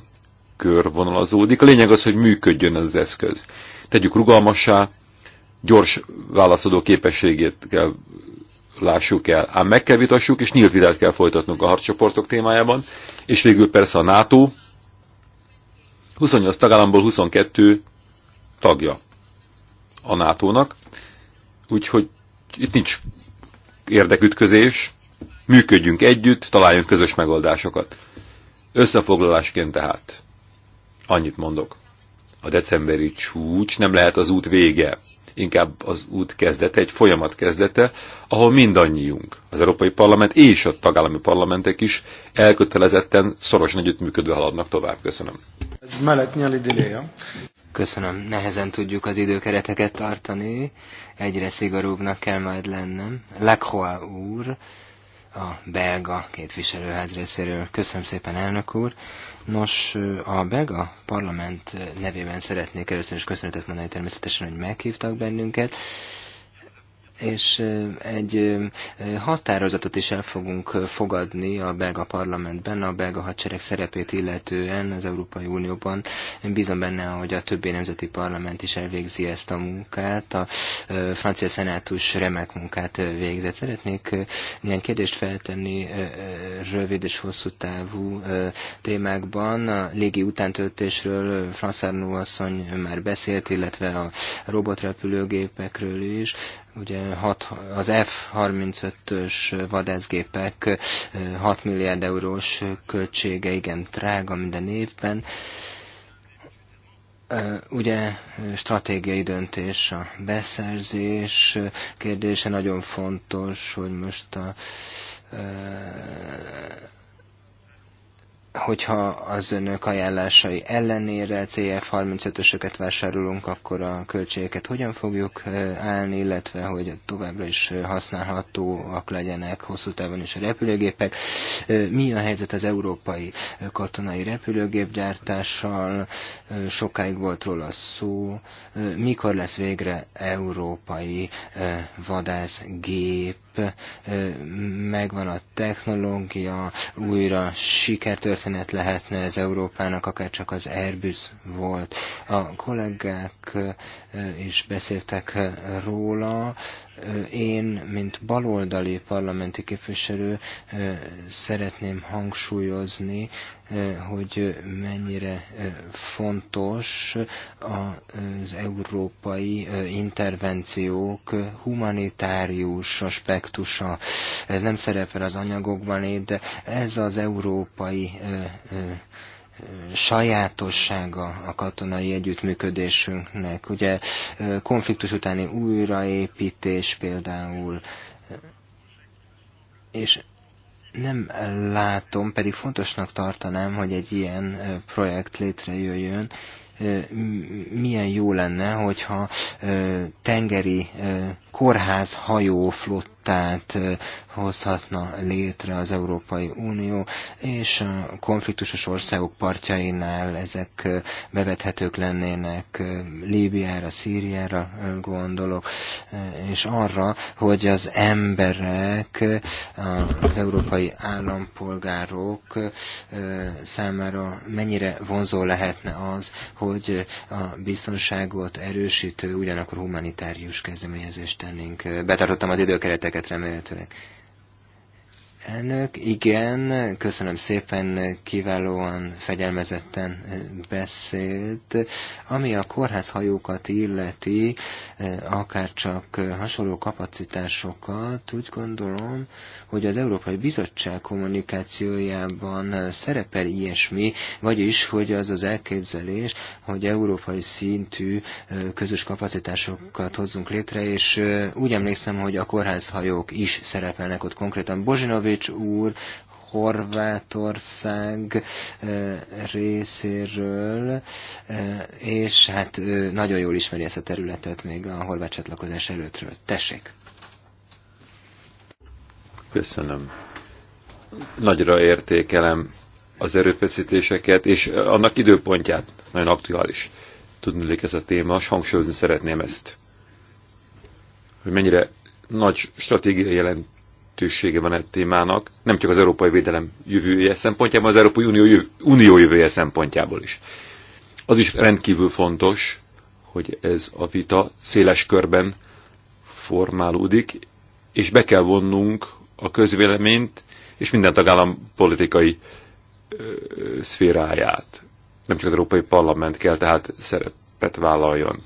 körvonalazódik. A lényeg az, hogy működjön ez az eszköz. Tegyük rugalmassá, gyors válaszadó képességét kell lássuk el. Ám meg kell vitassuk, és nyílt vitát kell folytatnunk a harcsoportok témájában. És végül persze a NATO 28 tagállamból 22 tagja a NATO-nak, úgyhogy itt nincs érdekütközés, működjünk együtt, találjunk közös megoldásokat. Összefoglalásként tehát annyit mondok. A decemberi csúcs nem lehet az út vége inkább az út kezdete, egy folyamat kezdete, ahol mindannyiunk, az Európai Parlament és a tagállami parlamentek is elkötelezetten, szorosan együttműködve haladnak tovább. Köszönöm. Köszönöm. Nehezen tudjuk az időkereteket tartani. Egyre szigorúbbnak kell majd lennem. Lacroix úr, a belga képviselőház részéről. Köszönöm szépen, elnök úr. Nos, a belga parlament nevében szeretnék először is köszönetet mondani természetesen, hogy meghívtak bennünket, és egy határozatot is el fogunk fogadni a belga parlamentben, a belga hadsereg szerepét illetően az Európai Unióban. Én bízom benne, hogy a többi nemzeti parlament is elvégzi ezt a munkát. A francia szenátus remek munkát végzett. Szeretnék néhány kérdést feltenni rövid és hosszú távú témákban. A légi utántöltésről François asszony már beszélt, illetve a robotrepülőgépekről is ugye hat, az F-35-ös vadászgépek 6 milliárd eurós költsége igen drága minden évben. Ugye stratégiai döntés a beszerzés kérdése nagyon fontos, hogy most a hogyha az önök ajánlásai ellenére CF35-ösöket vásárolunk, akkor a költségeket hogyan fogjuk eh, állni, illetve hogy továbbra is használhatóak legyenek hosszú távon is a repülőgépek. Eh, mi a helyzet az európai eh, katonai repülőgépgyártással? Sokáig volt róla szó. Mikor lesz végre európai vadászgép? Eh, megvan a technológia, újra sikertörténet lehetne ez Európának, akár csak az Airbus volt. A kollégák eh, is beszéltek eh, róla, én, mint baloldali parlamenti képviselő szeretném hangsúlyozni, Eh, hogy mennyire eh, fontos az európai eh, intervenciók humanitárius aspektusa. Ez nem szerepel az anyagokban, de ez az európai sajátossága a katonai együttműködésünknek. Ugye konfliktus utáni újraépítés például, és nem látom, pedig fontosnak tartanám, hogy egy ilyen projekt létrejöjjön. Milyen jó lenne, hogyha tengeri kórház hajóflottát hozhatna létre az Európai Unió, és a konfliktusos országok partjainál ezek bevethetők lennének Líbiára, Szíriára gondolok, és arra, hogy az emberek, az európai állampolgárok számára mennyire vonzó lehetne az, hogy a biztonságot erősítő, ugyanakkor humanitárius kezdeményezést tennénk. Betartottam az időkereteket remélhetőleg. Elnök, igen, köszönöm szépen, kiválóan, fegyelmezetten beszélt. Ami a kórházhajókat illeti, akár csak hasonló kapacitásokat, úgy gondolom, hogy az Európai Bizottság kommunikációjában szerepel ilyesmi, vagyis, hogy az az elképzelés, hogy európai szintű közös kapacitásokat hozzunk létre, és úgy emlékszem, hogy a kórházhajók is szerepelnek ott konkrétan. Bozsinovi Sefcovics úr Horvátország eh, részéről, eh, és hát nagyon jól ismeri ezt a területet még a horvát csatlakozás előttről. Tessék! Köszönöm. Nagyra értékelem az erőfeszítéseket, és annak időpontját nagyon aktuális. Tudnék ez a téma, és hangsúlyozni szeretném ezt. Hogy mennyire nagy stratégiai jelent jelentősége van egy témának, nem csak az európai védelem jövője szempontjából, az Európai Unió, jöv, Unió jövője szempontjából is. Az is rendkívül fontos, hogy ez a vita széles körben formálódik, és be kell vonnunk a közvéleményt és minden tagállam politikai ö, szféráját. Nem csak az Európai Parlament kell tehát szerepet vállaljon.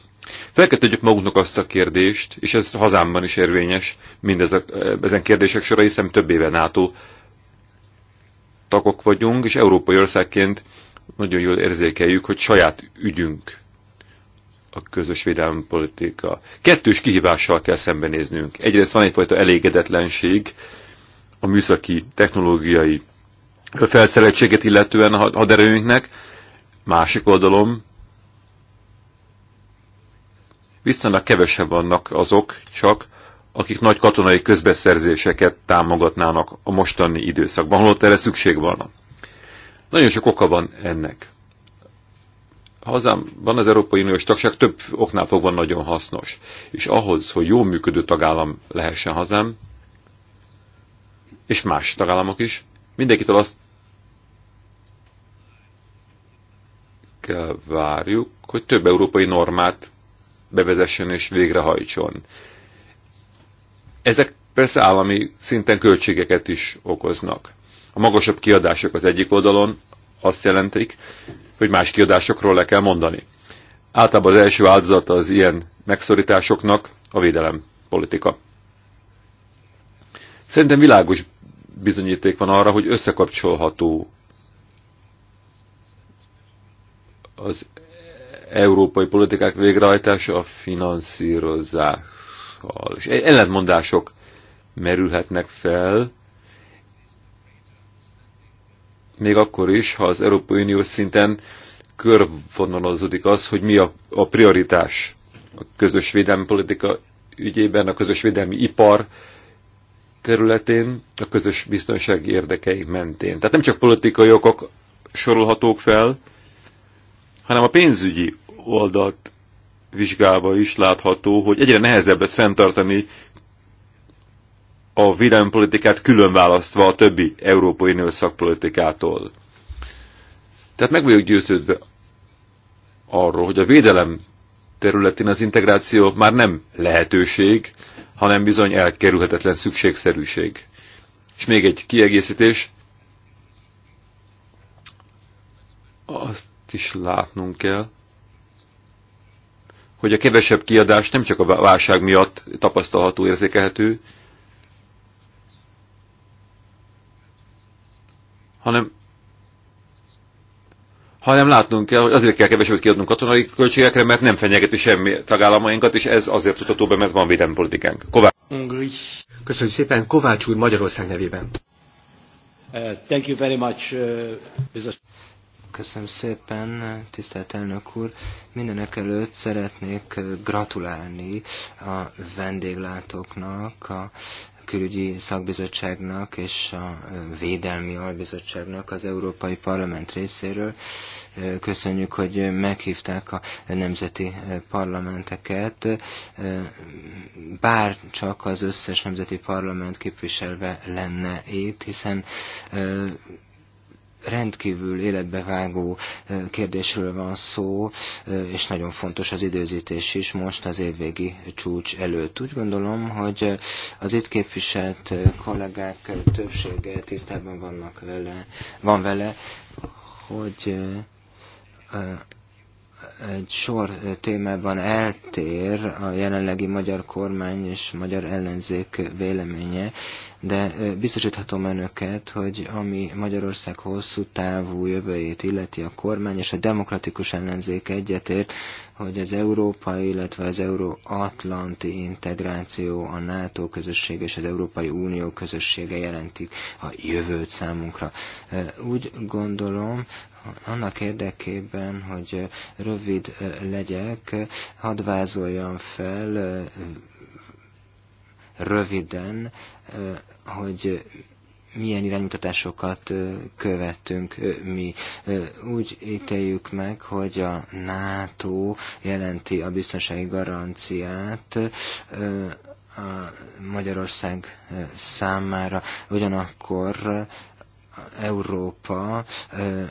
Fel kell magunknak azt a kérdést, és ez hazámban is érvényes, mindez a, ezen kérdések sorra, hiszen több éve NATO tagok vagyunk, és európai országként nagyon jól érzékeljük, hogy saját ügyünk a közös védelmi politika. Kettős kihívással kell szembenéznünk. Egyrészt van egyfajta elégedetlenség a műszaki, technológiai felszereltséget illetően a haderőnknek, másik oldalon viszonylag kevesebb vannak azok csak, akik nagy katonai közbeszerzéseket támogatnának a mostani időszakban, holott erre szükség van. Nagyon sok oka van ennek. Hazámban az Európai Uniós tagság több oknál fogva nagyon hasznos. És ahhoz, hogy jó működő tagállam lehessen hazám, és más tagállamok is, mindenkitől azt kell várjuk, hogy több európai normát bevezessen és végrehajtson. Ezek persze állami szinten költségeket is okoznak. A magasabb kiadások az egyik oldalon azt jelentik, hogy más kiadásokról le kell mondani. Általában az első áldozata az ilyen megszorításoknak a védelem politika. Szerintem világos bizonyíték van arra, hogy összekapcsolható az európai politikák végrehajtása a finanszírozással. És e- ellentmondások merülhetnek fel, még akkor is, ha az Európai Unió szinten körvonalazódik az, hogy mi a, a prioritás a közös védelmi politika ügyében, a közös védelmi ipar területén, a közös biztonsági érdekeik mentén. Tehát nem csak politikai okok sorolhatók fel, hanem a pénzügyi oldalt vizsgálva is látható, hogy egyre nehezebb lesz fenntartani a politikát különválasztva a többi Európai Unió szakpolitikától. Tehát meg vagyok győződve arról, hogy a védelem területén az integráció már nem lehetőség, hanem bizony elkerülhetetlen szükségszerűség. És még egy kiegészítés. Azt is látnunk kell, hogy a kevesebb kiadás nem csak a válság miatt tapasztalható, érzékelhető, hanem, hanem látnunk kell, hogy azért kell kevesebbet kiadnunk katonai költségekre, mert nem fenyegeti semmi tagállamainkat, és ez azért tudható be, mert van védelmi politikánk. Kovács. Köszönjük szépen, Kovács úr Magyarország nevében. Uh, thank you very much, uh, Köszönöm szépen, tisztelt elnök úr. Mindenek előtt szeretnék gratulálni a vendéglátóknak, a külügyi szakbizottságnak és a védelmi albizottságnak az Európai Parlament részéről. Köszönjük, hogy meghívták a nemzeti parlamenteket, bár csak az összes nemzeti parlament képviselve lenne itt, hiszen rendkívül életbevágó kérdésről van szó, és nagyon fontos az időzítés is most az évvégi csúcs előtt. Úgy gondolom, hogy az itt képviselt kollégák többsége tisztában vannak vele, van vele, hogy egy sor témában eltér a jelenlegi magyar kormány és magyar ellenzék véleménye, de biztosíthatom önöket, hogy ami Magyarország hosszú távú jövőjét illeti a kormány és a demokratikus ellenzék egyetért, hogy az európai, illetve az euróatlanti integráció, a NATO közösség és az Európai Unió közössége jelentik a jövőt számunkra. Úgy gondolom, annak érdekében, hogy rövid legyek, hadd vázoljam fel röviden, hogy milyen iránymutatásokat követünk mi. Úgy ítéljük meg, hogy a NATO jelenti a biztonsági garanciát a Magyarország számára. Ugyanakkor Európa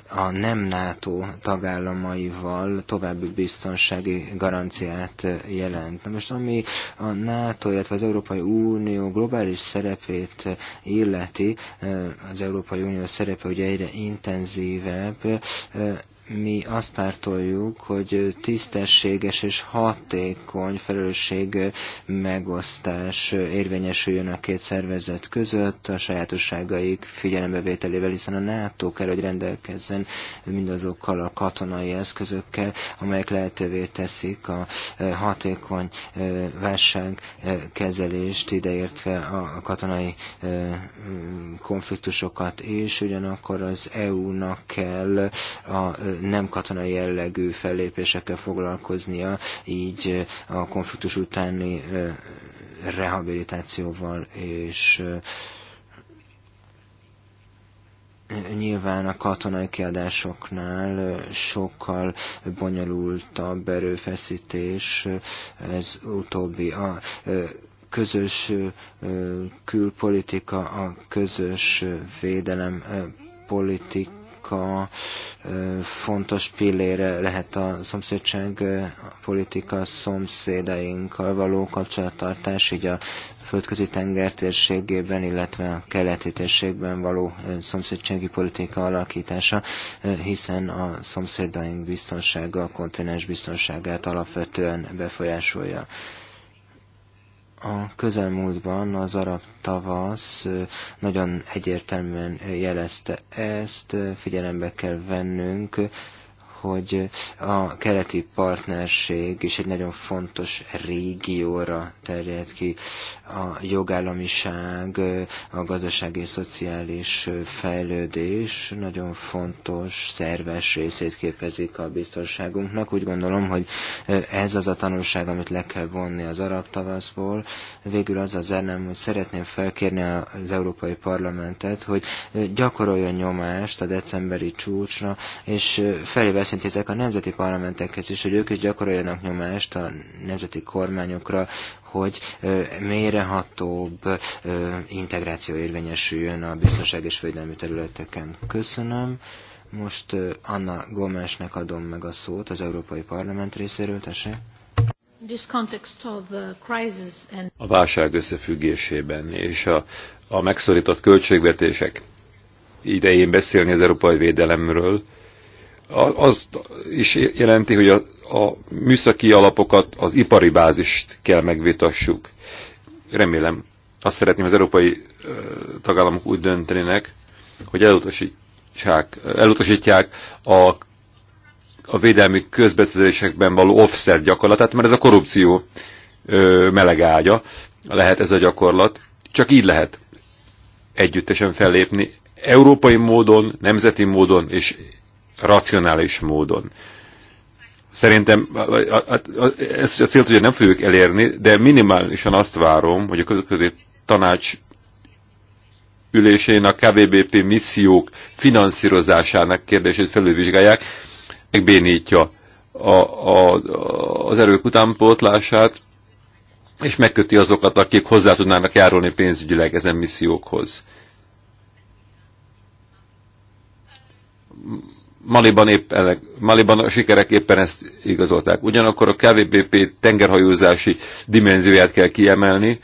a nem NATO tagállamaival további biztonsági garanciát jelent. Na most ami a NATO, illetve az Európai Unió globális szerepét illeti, az Európai Unió szerepe ugye egyre intenzívebb, mi azt pártoljuk, hogy tisztességes és hatékony felelősség megosztás érvényesüljön a két szervezet között, a sajátosságaik figyelembevételével, hiszen a NATO kell, hogy rendelkezzen mindazokkal a katonai eszközökkel, amelyek lehetővé teszik a hatékony válságkezelést, ideértve a katonai konfliktusokat is, ugyanakkor az EU-nak kell a nem katonai jellegű fellépésekkel foglalkoznia, így a konfliktus utáni rehabilitációval és nyilván a katonai kiadásoknál sokkal bonyolultabb erőfeszítés ez utóbbi. A közös külpolitika, a közös védelem politika, a fontos pillére lehet a szomszédság politika szomszédainkkal való kapcsolattartás, így a földközi tenger térségében, illetve a keleti térségben való szomszédsági politika alakítása, hiszen a szomszédaink biztonsága a kontinens biztonságát alapvetően befolyásolja. A közelmúltban az arab tavasz nagyon egyértelműen jelezte ezt, figyelembe kell vennünk hogy a keleti partnerség is egy nagyon fontos régióra terjed ki. A jogállamiság, a gazdasági és szociális fejlődés nagyon fontos, szerves részét képezik a biztonságunknak. Úgy gondolom, hogy ez az a tanulság, amit le kell vonni az arab tavaszból. Végül az az nem, hogy szeretném felkérni az Európai Parlamentet, hogy gyakoroljon nyomást a decemberi csúcsra, és felhívja azt ezek a nemzeti parlamentekhez is, hogy ők is gyakoroljanak nyomást a nemzeti kormányokra, hogy mélyrehatóbb integráció érvényesüljön a biztonság és védelmi területeken. Köszönöm. Most Anna Gomesnek adom meg a szót az Európai Parlament részéről, tessék. Uh, a válság összefüggésében és a, a megszorított költségvetések idején beszélni az európai védelemről, az is jelenti, hogy a, a műszaki alapokat, az ipari bázist kell megvitassuk. Remélem, azt szeretném, az európai tagállamok úgy döntenének, hogy elutasítsák, elutasítják a, a védelmi közbeszerzésekben való offset gyakorlatát, mert ez a korrupció ö, melegágya, lehet ez a gyakorlat. Csak így lehet együttesen fellépni, európai módon, nemzeti módon és racionális módon. Szerintem ezt a célt ugye nem fogjuk elérni, de minimálisan azt várom, hogy a közöközi tanács ülésén a KBBP missziók finanszírozásának kérdését felülvizsgálják, megbénítja a, a, az erők utánpótlását, és megköti azokat, akik hozzá tudnának járulni pénzügyileg ezen missziókhoz. Maliban, épp, Maliban a sikerek éppen ezt igazolták. Ugyanakkor a KVBP tengerhajózási dimenzióját kell kiemelni,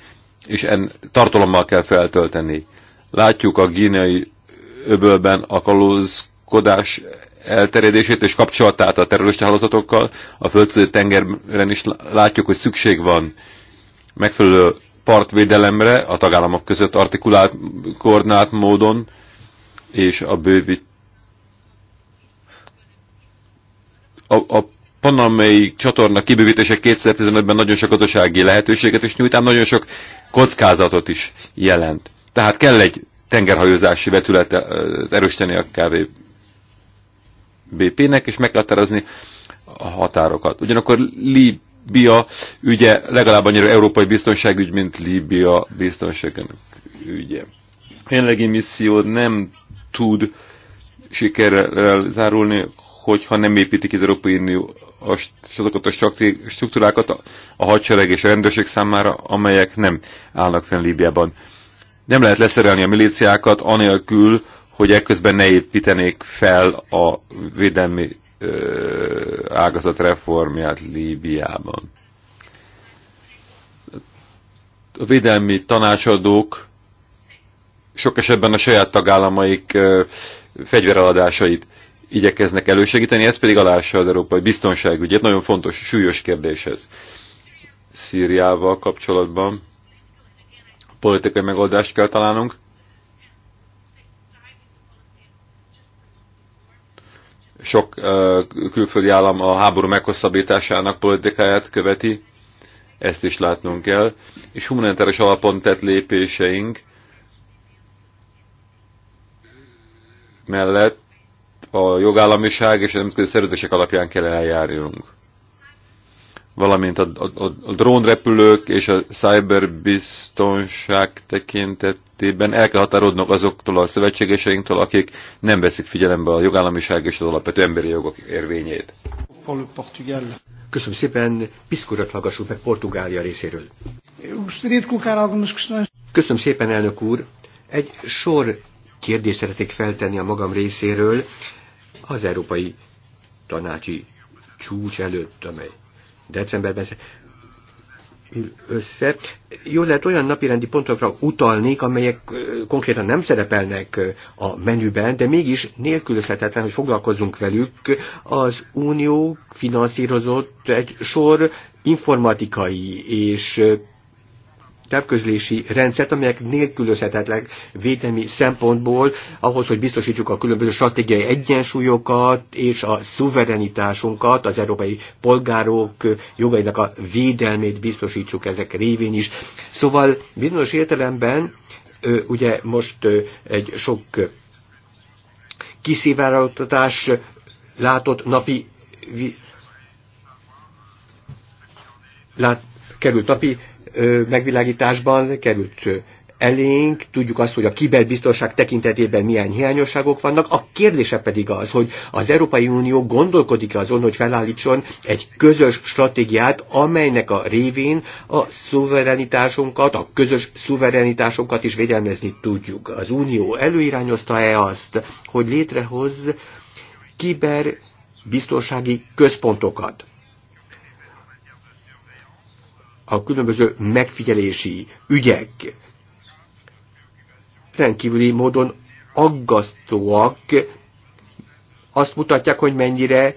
és en tartalommal kell feltölteni. Látjuk a gínai öbölben a kalózkodás elterjedését és kapcsolatát a terrorista hálózatokkal. A földszerű tengerben is látjuk, hogy szükség van megfelelő partvédelemre, a tagállamok között artikulált, koordinált módon, és a bővít a, a panamai csatorna kibővítése 2015-ben nagyon sok gazdasági lehetőséget is nyújt, ám nagyon sok kockázatot is jelent. Tehát kell egy tengerhajózási vetülete erősíteni a kvbp BP-nek, és meg kell a határokat. Ugyanakkor Líbia ügye legalább annyira európai biztonságügy, mint Líbia biztonságának ügye. A jelenlegi misszió nem tud sikerrel zárulni, hogyha nem építik az Európai Unió azokat a struktúrákat a hadsereg és a rendőrség számára, amelyek nem állnak fenn Líbiában. Nem lehet leszerelni a milíciákat, anélkül, hogy ekközben ne építenék fel a védelmi ágazat reformját Líbiában. A védelmi tanácsadók sok esetben a saját tagállamaik ö, fegyvereladásait igyekeznek elősegíteni, ez pedig alássa az európai biztonságügyet, nagyon fontos, súlyos kérdés ez Szíriával kapcsolatban politikai megoldást kell találnunk. Sok külföldi állam a háború meghosszabbításának politikáját követi, ezt is látnunk kell, és humanitáros alapon tett lépéseink mellett a jogállamiság és a nemzetközi szerződések alapján kell eljárjunk. Valamint a, a, a, a drónrepülők és a cyberbiztonság tekintetében el kell határodnunk azoktól a szövetségeseinktől, akik nem veszik figyelembe a jogállamiság és az alapvető emberi jogok érvényét. Köszönöm szépen, piszkurat hallgassuk meg Portugália részéről. Köszönöm szépen, elnök úr. Egy sor kérdést szeretnék feltenni a magam részéről, az európai tanácsi csúcs előtt, amely decemberben ül össze. Jó lehet olyan napirendi pontokra utalnék, amelyek konkrétan nem szerepelnek a menüben, de mégis nélkülözhetetlen, hogy foglalkozzunk velük. Az Unió finanszírozott egy sor informatikai és távközlési rendszert, amelyek nélkülözhetetlen védelmi szempontból ahhoz, hogy biztosítsuk a különböző stratégiai egyensúlyokat és a szuverenitásunkat, az európai polgárok jogainak a védelmét biztosítsuk ezek révén is. Szóval bizonyos értelemben ugye most egy sok kiszivárogtatás látott napi lát, került napi megvilágításban került elénk, tudjuk azt, hogy a kiberbiztonság tekintetében milyen hiányosságok vannak, a kérdése pedig az, hogy az Európai Unió gondolkodik-e azon, hogy felállítson egy közös stratégiát, amelynek a révén a szuverenitásunkat, a közös szuverenitásunkat is védelmezni tudjuk. Az Unió előirányozta-e azt, hogy létrehoz kiberbiztonsági központokat? a különböző megfigyelési ügyek rendkívüli módon aggasztóak, azt mutatják, hogy mennyire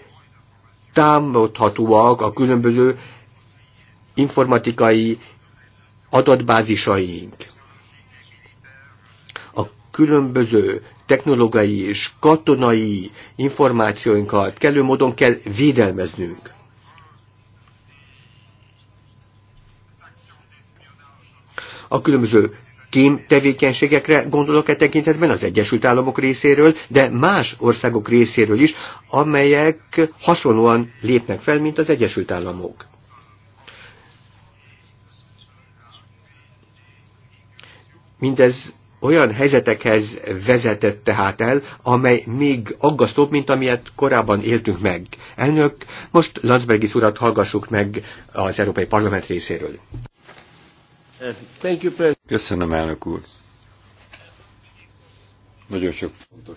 támadhatóak a különböző informatikai adatbázisaink. A különböző technológiai és katonai információinkat kellő módon kell védelmeznünk. a különböző kém tevékenységekre gondolok e tekintetben az Egyesült Államok részéről, de más országok részéről is, amelyek hasonlóan lépnek fel, mint az Egyesült Államok. Mindez olyan helyzetekhez vezetett tehát el, amely még aggasztóbb, mint amilyet korábban éltünk meg. Elnök, most Landsbergis urat hallgassuk meg az Európai Parlament részéről. Köszönöm, elnök úr. Nagyon sok fontos.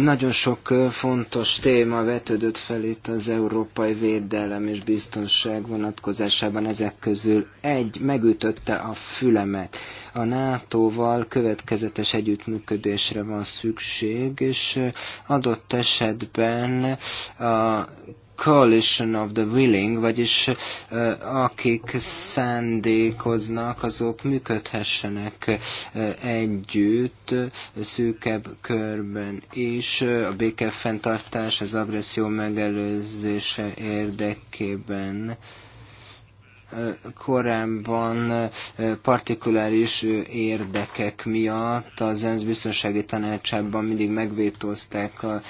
Nagyon sok fontos téma vetődött fel itt az európai védelem és biztonság vonatkozásában ezek közül. Egy megütötte a fülemet. A NATO-val következetes együttműködésre van szükség, és adott esetben a coalition of the willing, vagyis akik szándékoznak, azok működhessenek együtt, szűkebb körben is. A békefenntartás az agresszió megelőzése érdekében korábban partikuláris érdekek miatt az ENSZ biztonsági tanácsában mindig megvétózták a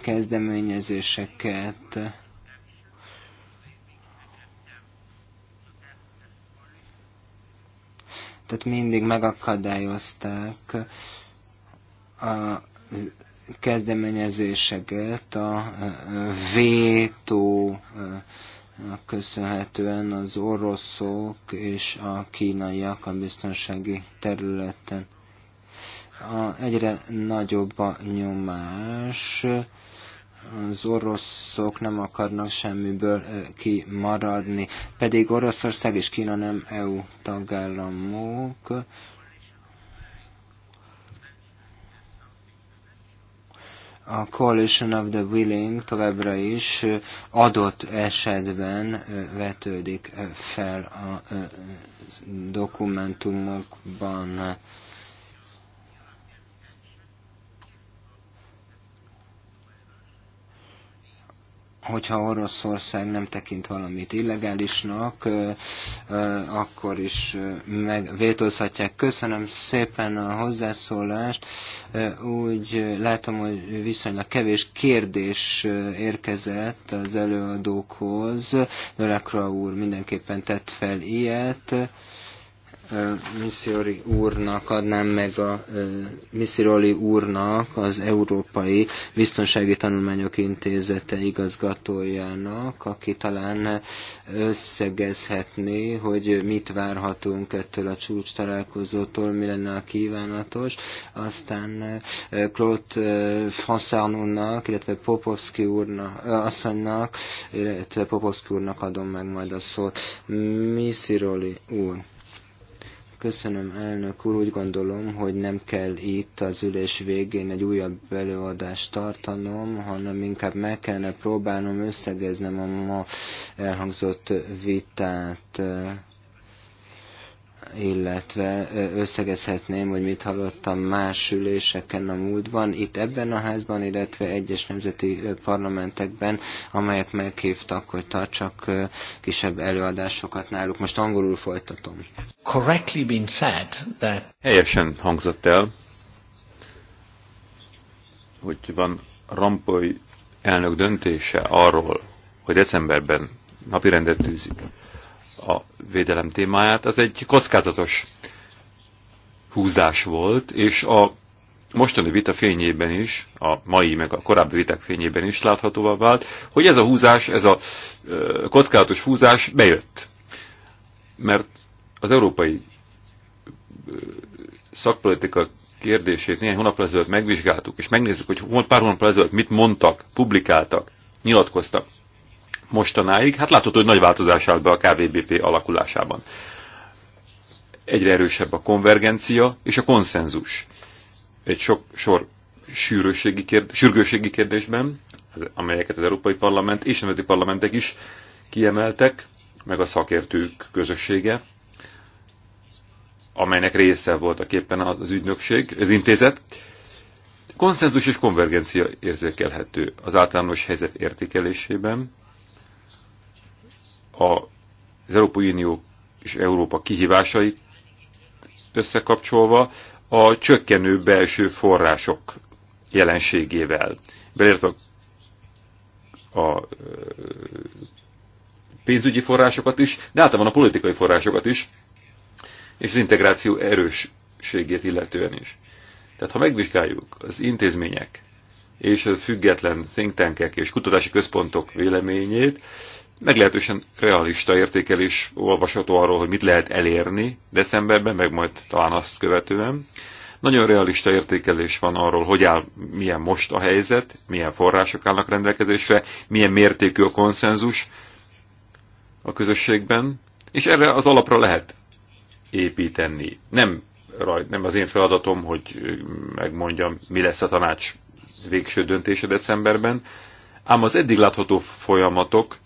kezdeményezéseket tehát mindig megakadályozták a kezdeményezéseket a vétó köszönhetően az oroszok és a kínaiak a biztonsági területen. A egyre nagyobb a nyomás, az oroszok nem akarnak semmiből kimaradni. Pedig Oroszország és Kína nem EU tagállamok. A Coalition of the Willing továbbra is adott esetben vetődik fel a dokumentumokban. hogyha Oroszország nem tekint valamit illegálisnak, akkor is megvétózhatják. Köszönöm szépen a hozzászólást. Úgy látom, hogy viszonylag kevés kérdés érkezett az előadókhoz. Nörekra úr mindenképpen tett fel ilyet. Missziori úrnak adnám meg a Misszioli úrnak az Európai Biztonsági Tanulmányok Intézete igazgatójának, aki talán összegezhetné, hogy mit várhatunk ettől a csúcs találkozótól, mi lenne a kívánatos. Aztán Claude Fassarnónak, illetve Popovski úrnak, asszonynak, illetve Popovski úrnak adom meg majd a szót. Misszioli úr. Köszönöm, elnök úr. Úgy gondolom, hogy nem kell itt az ülés végén egy újabb előadást tartanom, hanem inkább meg kellene próbálnom összegeznem a ma elhangzott vitát illetve összegezhetném, hogy mit hallottam más üléseken a múltban, itt ebben a házban, illetve egyes nemzeti parlamentekben, amelyek meghívtak, hogy tartsak kisebb előadásokat náluk. Most angolul folytatom. Correctly been said that... Helyesen hangzott el, hogy van Rampoly elnök döntése arról, hogy decemberben napirendet tűzik a védelem témáját, az egy kockázatos húzás volt, és a mostani vita fényében is, a mai meg a korábbi viták fényében is láthatóvá vált, hogy ez a húzás, ez a kockázatos húzás bejött. Mert az európai szakpolitika kérdését néhány hónap ezelőtt megvizsgáltuk, és megnézzük, hogy pár hónap ezelőtt mit mondtak, publikáltak, nyilatkoztak mostanáig, hát látható, hogy nagy változás állt be a KVBP alakulásában. Egyre erősebb a konvergencia és a konszenzus. Egy sok sor sűrűségi kérdés, sürgőségi kérdésben, amelyeket az Európai Parlament és nemzeti parlamentek is kiemeltek, meg a szakértők közössége, amelynek része voltak éppen az ügynökség, az intézet. Konszenzus és konvergencia érzékelhető az általános helyzet értékelésében, az Európai Unió és Európa kihívásai összekapcsolva a csökkenő belső források jelenségével, beleértve a, a pénzügyi forrásokat is, de általában a politikai forrásokat is, és az integráció erősségét illetően is. Tehát ha megvizsgáljuk az intézmények és a független think tankek és kutatási központok véleményét, meglehetősen realista értékelés olvasható arról, hogy mit lehet elérni decemberben, meg majd talán azt követően. Nagyon realista értékelés van arról, hogy áll, milyen most a helyzet, milyen források állnak rendelkezésre, milyen mértékű a konszenzus a közösségben, és erre az alapra lehet építeni. Nem, rajt, nem az én feladatom, hogy megmondjam, mi lesz a tanács végső döntése decemberben, ám az eddig látható folyamatok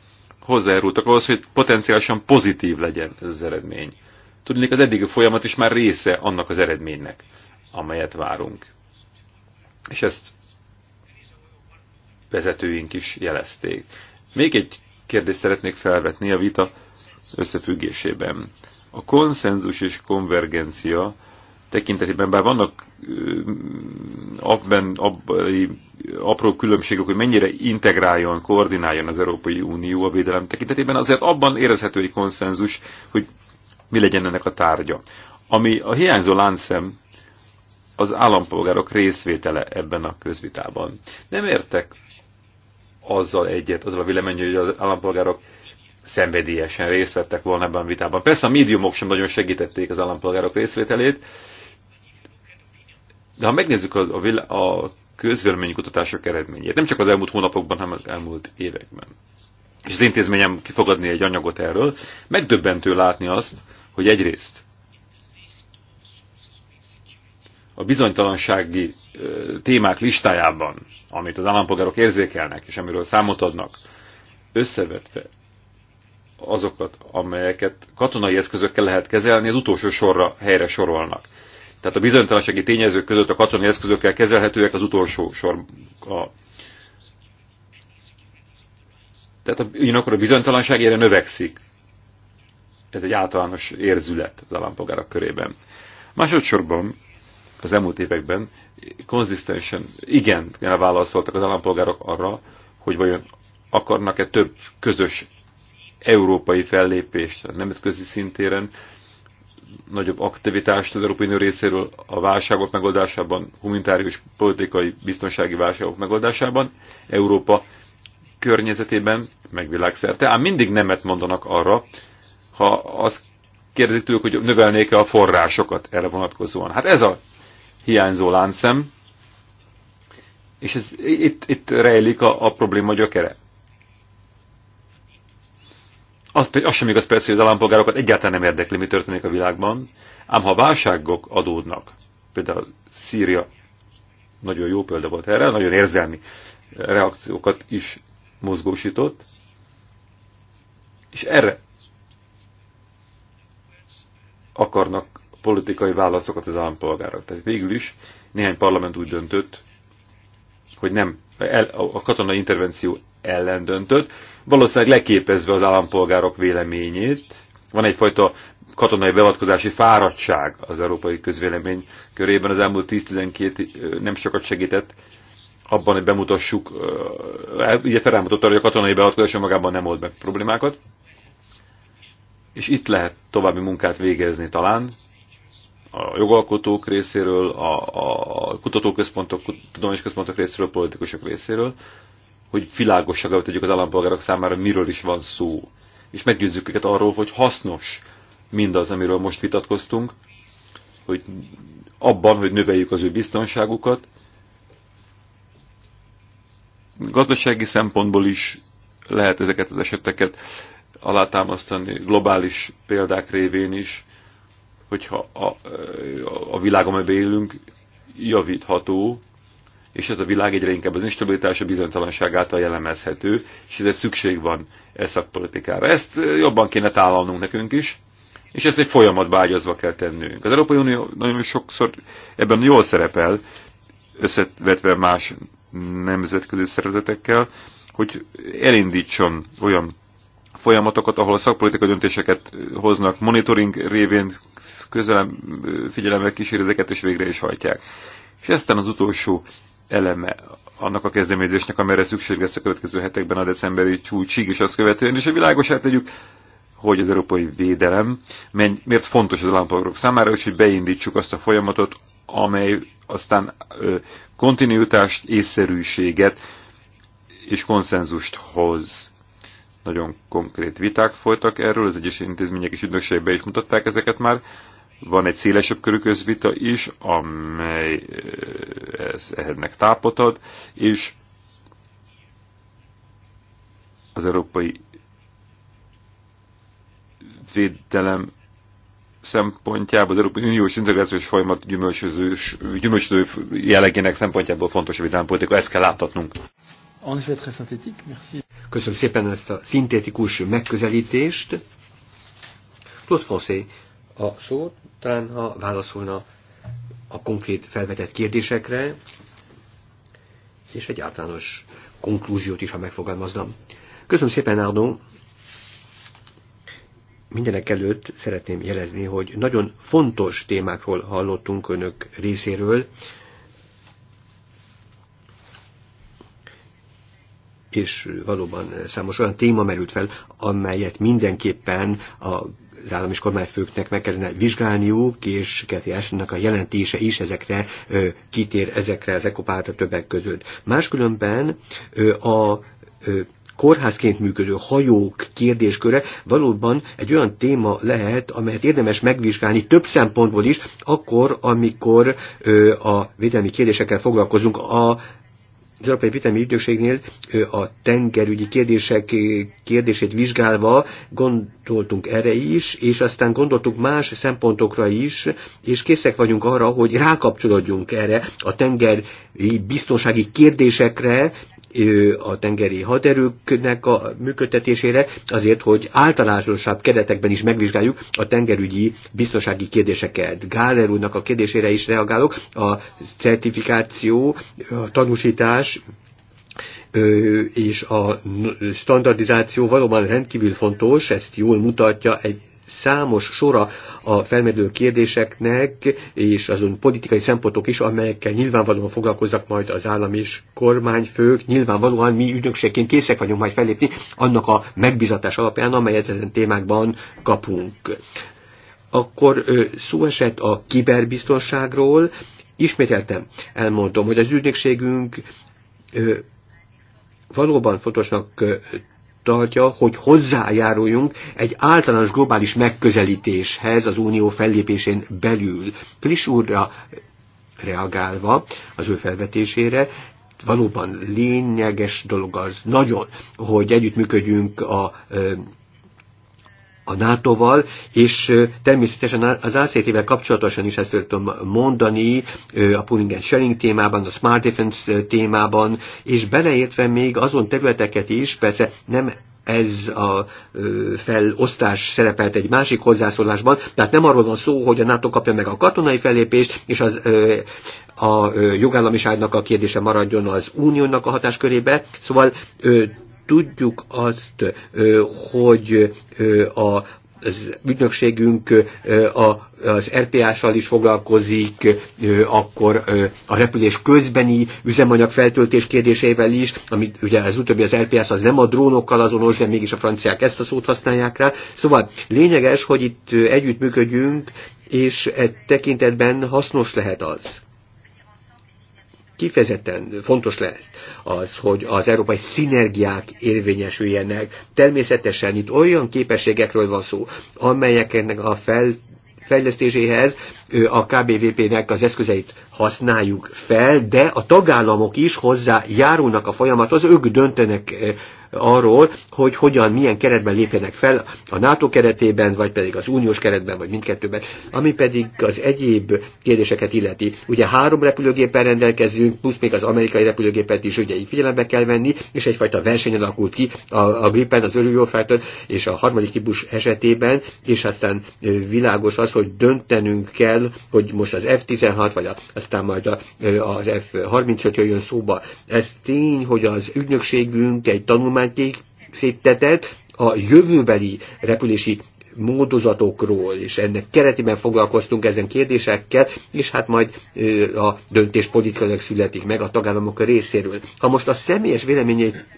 hozzájárultak ahhoz, hogy potenciálisan pozitív legyen ez az eredmény. Tudnék, az eddigi folyamat is már része annak az eredménynek, amelyet várunk. És ezt vezetőink is jelezték. Még egy kérdést szeretnék felvetni a vita összefüggésében. A konszenzus és konvergencia tekintetében, bár vannak abban, abban apró különbségek, hogy mennyire integráljon, koordináljon az Európai Unió a védelem tekintetében, azért abban érezhető egy konszenzus, hogy mi legyen ennek a tárgya. Ami a hiányzó láncszem az állampolgárok részvétele ebben a közvitában. Nem értek azzal egyet, azzal a vélemény, hogy az állampolgárok szenvedélyesen részt vettek volna ebben a vitában. Persze a médiumok sem nagyon segítették az állampolgárok részvételét, de ha megnézzük a, a, a közvéleménykutatások eredményét, nem csak az elmúlt hónapokban, hanem az elmúlt években, és az intézményem kifogadni egy anyagot erről, megdöbbentő látni azt, hogy egyrészt a bizonytalansági témák listájában, amit az állampolgárok érzékelnek, és amiről számot adnak, összevetve azokat, amelyeket katonai eszközökkel lehet kezelni, az utolsó sorra helyre sorolnak. Tehát a bizonytalansági tényezők között a katonai eszközökkel kezelhetőek az utolsó sor. A... Tehát a, ugyanakkor a bizonytalanság erre növekszik. Ez egy általános érzület az állampolgárok körében. Másodszorban az elmúlt években konzisztensen igen válaszoltak az állampolgárok arra, hogy vajon akarnak-e több közös európai fellépést a nemzetközi szintéren, nagyobb aktivitást az Európai Unió részéről a válságok megoldásában, humanitárius politikai biztonsági válságok megoldásában, Európa környezetében, meg világszerte, ám mindig nemet mondanak arra, ha azt kérdezik tőlük, hogy növelnék-e a forrásokat erre vonatkozóan. Hát ez a hiányzó láncem, és ez, itt, itt rejlik a, a probléma gyökere. Az, az sem igaz persze, hogy az állampolgárokat egyáltalán nem érdekli, mi történik a világban, ám ha válságok adódnak, például Szíria nagyon jó példa volt erre, nagyon érzelmi reakciókat is mozgósított, és erre akarnak politikai válaszokat az állampolgárok. Tehát végül is néhány parlament úgy döntött, hogy nem, a katonai intervenció ellen döntött, valószínűleg leképezve az állampolgárok véleményét. Van egyfajta katonai beavatkozási fáradtság az európai közvélemény körében az elmúlt 10-12 nem sokat segített abban, hogy bemutassuk, ugye felrámutatott arra, hogy a katonai beavatkozás magában nem old meg problémákat, és itt lehet további munkát végezni talán, a jogalkotók részéről, a, a kutatóközpontok, tudományos központok részéről, a politikusok részéről, hogy világosabbá tegyük az állampolgárok számára, miről is van szó. És meggyőzzük őket arról, hogy hasznos mindaz, amiről most vitatkoztunk, hogy abban, hogy növeljük az ő biztonságukat, gazdasági szempontból is lehet ezeket az eseteket alátámasztani, globális példák révén is, hogyha a, a világon, amiben élünk, javítható, és ez a világ egyre inkább az instabilitás, a bizonytalanság által jellemezhető, és ez szükség van e szakpolitikára. Ezt jobban kéne tálalnunk nekünk is, és ezt egy folyamat bágyazva kell tennünk. Az Európai Unió nagyon sokszor ebben jól szerepel, összevetve más nemzetközi szervezetekkel, hogy elindítson olyan folyamatokat, ahol a szakpolitikai döntéseket hoznak, monitoring révén közelem figyelemmel kíséri és végre is hajtják. És aztán az utolsó eleme annak a kezdeményezésnek, amelyre szükség lesz a következő hetekben a decemberi csúcsig, és azt követően, és a világosát tegyük, hogy az európai védelem, miért fontos az állampolgárok számára, és hogy beindítsuk azt a folyamatot, amely aztán kontinuitást, észszerűséget és konszenzust hoz. Nagyon konkrét viták folytak erről, az egyes intézmények és ügynökségbe is mutatták ezeket már, van egy szélesebb körű közvita is, amely eh, ez, ennek tápot ad, és az európai védelem szempontjából, az Európai Uniós integrációs folyamat gyümölcsöző, jellegének szempontjából fontos a vidámpolitika, ezt kell láthatnunk. Köszönöm szépen ezt a szintetikus megközelítést. Claude Foncé a szót, talán ha válaszolna a konkrét felvetett kérdésekre, és egy általános konklúziót is, ha megfogalmaznám. Köszönöm szépen, Árdó! Mindenek előtt szeretném jelezni, hogy nagyon fontos témákról hallottunk önök részéről, és valóban számos olyan téma merült fel, amelyet mindenképpen a az állam és kormányfőknek meg kellene vizsgálniuk, és Kathy Ashtonnak a jelentése is ezekre ö, kitér, ezekre az ekopártra többek között. Máskülönben ö, a ö, kórházként működő hajók kérdésköre valóban egy olyan téma lehet, amelyet érdemes megvizsgálni több szempontból is, akkor, amikor ö, a védelmi kérdésekkel foglalkozunk, a az Európai Védelmi Ügynökségnél a tengerügyi kérdések kérdését vizsgálva gondoltunk erre is, és aztán gondoltunk más szempontokra is, és készek vagyunk arra, hogy rákapcsolódjunk erre a tengeri biztonsági kérdésekre, a tengeri haderőknek a működtetésére, azért, hogy általánosabb keretekben is megvizsgáljuk a tengerügyi biztonsági kérdéseket. Gáler úrnak a kérdésére is reagálok, a certifikáció, a tanúsítás, és a standardizáció valóban rendkívül fontos, ezt jól mutatja egy számos sora a felmerülő kérdéseknek, és azon politikai szempontok is, amelyekkel nyilvánvalóan foglalkoznak majd az állam és kormányfők. Nyilvánvalóan mi ügynökségként készek vagyunk majd fellépni annak a megbizatás alapján, amelyet ezen témákban kapunk. Akkor szó esett a kiberbiztonságról. Ismételtem, elmondom, hogy az ügynökségünk valóban fontosnak tartja, hogy hozzájáruljunk egy általános globális megközelítéshez az unió fellépésén belül. Friss úrra reagálva az ő felvetésére, valóban lényeges dolog az nagyon, hogy együttműködjünk a a NATO-val, és természetesen az ACT-vel kapcsolatosan is ezt tudom mondani a pooling and sharing témában, a smart defense témában, és beleértve még azon területeket is, persze nem ez a felosztás szerepelt egy másik hozzászólásban, tehát nem arról van szó, hogy a NATO kapja meg a katonai fellépést, és az, a jogállamiságnak a kérdése maradjon az uniónak a hatáskörébe, szóval tudjuk azt, hogy a az ügynökségünk az RPA-sal is foglalkozik, akkor a repülés közbeni üzemanyag feltöltés kérdésével is, amit ugye az utóbbi az rpa az nem a drónokkal azonos, de mégis a franciák ezt a szót használják rá. Szóval lényeges, hogy itt együttműködjünk, és egy tekintetben hasznos lehet az kifejezetten fontos lesz az, hogy az európai szinergiák érvényesüljenek. Természetesen itt olyan képességekről van szó, amelyeknek a fel, fejlesztéséhez a KBVP-nek az eszközeit használjuk fel, de a tagállamok is hozzá járulnak a folyamathoz, ők döntenek arról, hogy hogyan, milyen keretben lépjenek fel a NATO keretében, vagy pedig az uniós keretben, vagy mindkettőben, ami pedig az egyéb kérdéseket illeti. Ugye három repülőgéppel rendelkezünk, plusz még az amerikai repülőgépet is ugye így figyelembe kell venni, és egyfajta verseny alakult ki a, a Gripen, az Örüljófáton és a harmadik típus esetében, és aztán világos az, hogy döntenünk kell, hogy most az F-16, vagy a, aztán majd a, az F-35 jön szóba. Ez tény, hogy az ügynökségünk egy tanulmány tanulmányt készítetett a jövőbeli repülési módozatokról, és ennek keretében foglalkoztunk ezen kérdésekkel, és hát majd a döntés politikailag születik meg a tagállamok részéről. Ha most a személyes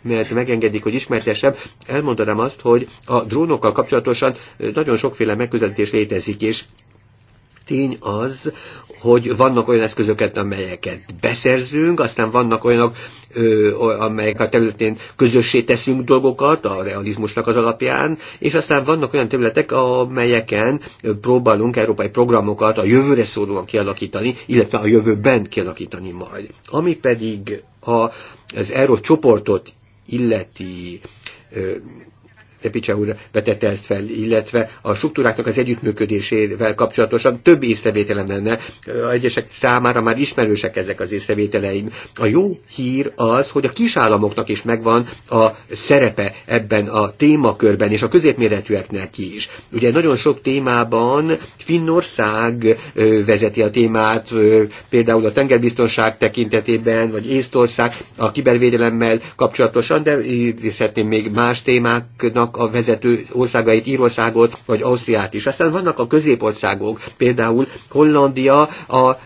mert megengedik, hogy ismertesebb elmondanám azt, hogy a drónokkal kapcsolatosan nagyon sokféle megközelítés létezik, és Tény az, hogy vannak olyan eszközöket, amelyeket beszerzünk, aztán vannak olyanok, ö, amelyek a területén közössé teszünk dolgokat a realizmusnak az alapján, és aztán vannak olyan területek, amelyeken próbálunk európai programokat a jövőre szólóan kialakítani, illetve a jövőben kialakítani majd. Ami pedig a, az Euró csoportot illeti ö, Lepicsa úr vetette ezt fel, illetve a struktúráknak az együttműködésével kapcsolatosan több észrevételem lenne. Egyesek számára már ismerősek ezek az észrevételeim. A jó hír az, hogy a kisállamoknak is megvan a szerepe ebben a témakörben, és a középméretűeknek is. Ugye nagyon sok témában Finnország vezeti a témát, például a tengerbiztonság tekintetében, vagy Észtország a kibervédelemmel kapcsolatosan, de szeretném még más témáknak Európának a vezető országait, Írországot vagy Ausztriát is. Aztán vannak a középországok, például Hollandia a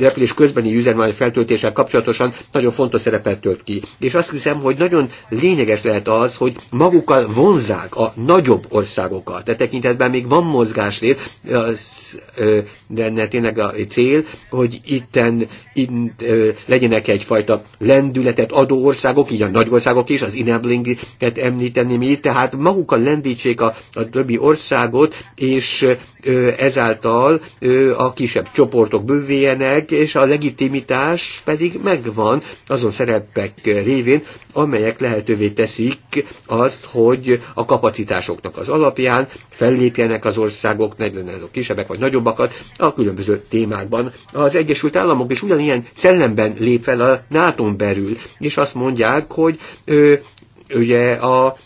repülés közbeni üzemanyag feltöltéssel kapcsolatosan nagyon fontos szerepet tölt ki. És azt hiszem, hogy nagyon lényeges lehet az, hogy magukkal vonzák a nagyobb országokat. E tekintetben még van mozgástér, de tényleg a cél, hogy itten, itt legyenek egyfajta lendületet adó országok, így a nagy országok is, az enablinget említeni, itt, tehát magukkal lendítsék a, a többi országot, és ezáltal a kisebb csoportok bővéjenek, és a legitimitás pedig megvan azon szerepek révén, amelyek lehetővé teszik azt, hogy a kapacitásoknak az alapján fellépjenek az országok, legyen azok kisebbek vagy nagyobbakat a különböző témákban. Az Egyesült Államok is ugyanilyen szellemben lép fel a nato belül, és azt mondják, hogy ö, ugye a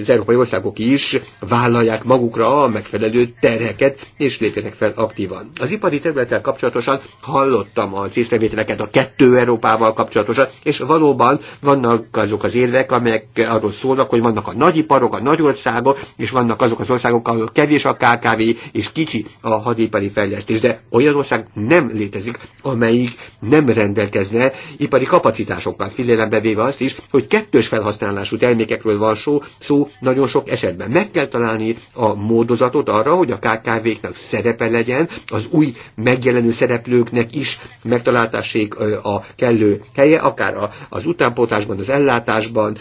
az európai országok is vállalják magukra a megfelelő terheket, és lépjenek fel aktívan. Az ipari területtel kapcsolatosan hallottam az észrevételeket a kettő Európával kapcsolatosan, és valóban vannak azok az érvek, amelyek arról szólnak, hogy vannak a nagyiparok, a nagyországok, és vannak azok az országok, ahol kevés a KKV, és kicsi a hadipari fejlesztés, de olyan ország nem létezik, amelyik nem rendelkezne ipari kapacitásokkal, figyelembe véve azt is, hogy kettős felhasználású termékekről van szó, szó nagyon sok esetben. Meg kell találni a módozatot arra, hogy a KKV-knak szerepe legyen, az új megjelenő szereplőknek is megtaláltassék a kellő helye, akár az utánpótlásban, az ellátásban,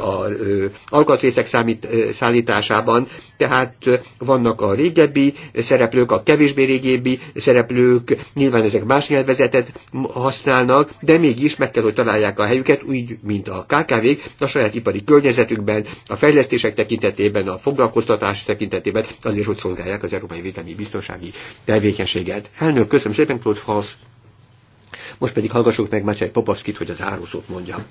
a alkatrészek számít, szállításában. Tehát vannak a régebbi szereplők, a kevésbé régebbi szereplők, nyilván ezek más nyelvezetet használnak, de mégis meg kell, hogy találják a helyüket, úgy, mint a KKV-k, a saját ipari környezetükben, a fejlesztések tekintetében, a foglalkoztatás tekintetében, azért, hogy szolgálják az európai védelmi biztonsági tevékenységet. Elnök, köszönöm szépen, Claude Fasz. Most pedig hallgassuk meg Mácsai Popaszkit, hogy az árószót mondja.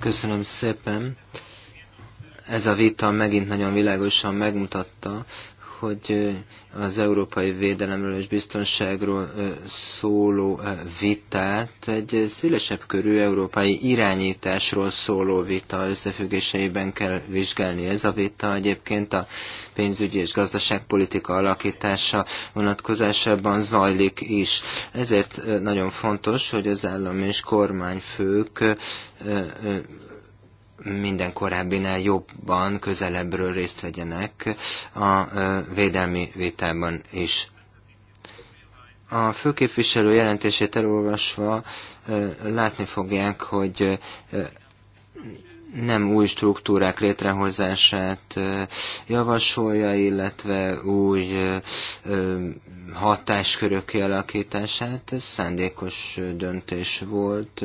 Köszönöm szépen. Ez a vita megint nagyon világosan megmutatta, hogy az európai védelemről és biztonságról szóló vitát egy szélesebb körű európai irányításról szóló vita összefüggéseiben kell vizsgálni. Ez a vita egyébként a pénzügyi és gazdaságpolitika alakítása vonatkozásában zajlik is. Ezért nagyon fontos, hogy az állam és kormányfők minden korábbinál jobban, közelebbről részt vegyenek a védelmi vitában is. A főképviselő jelentését elolvasva látni fogják, hogy nem új struktúrák létrehozását javasolja, illetve új hatáskörök kialakítását. Ez szándékos döntés volt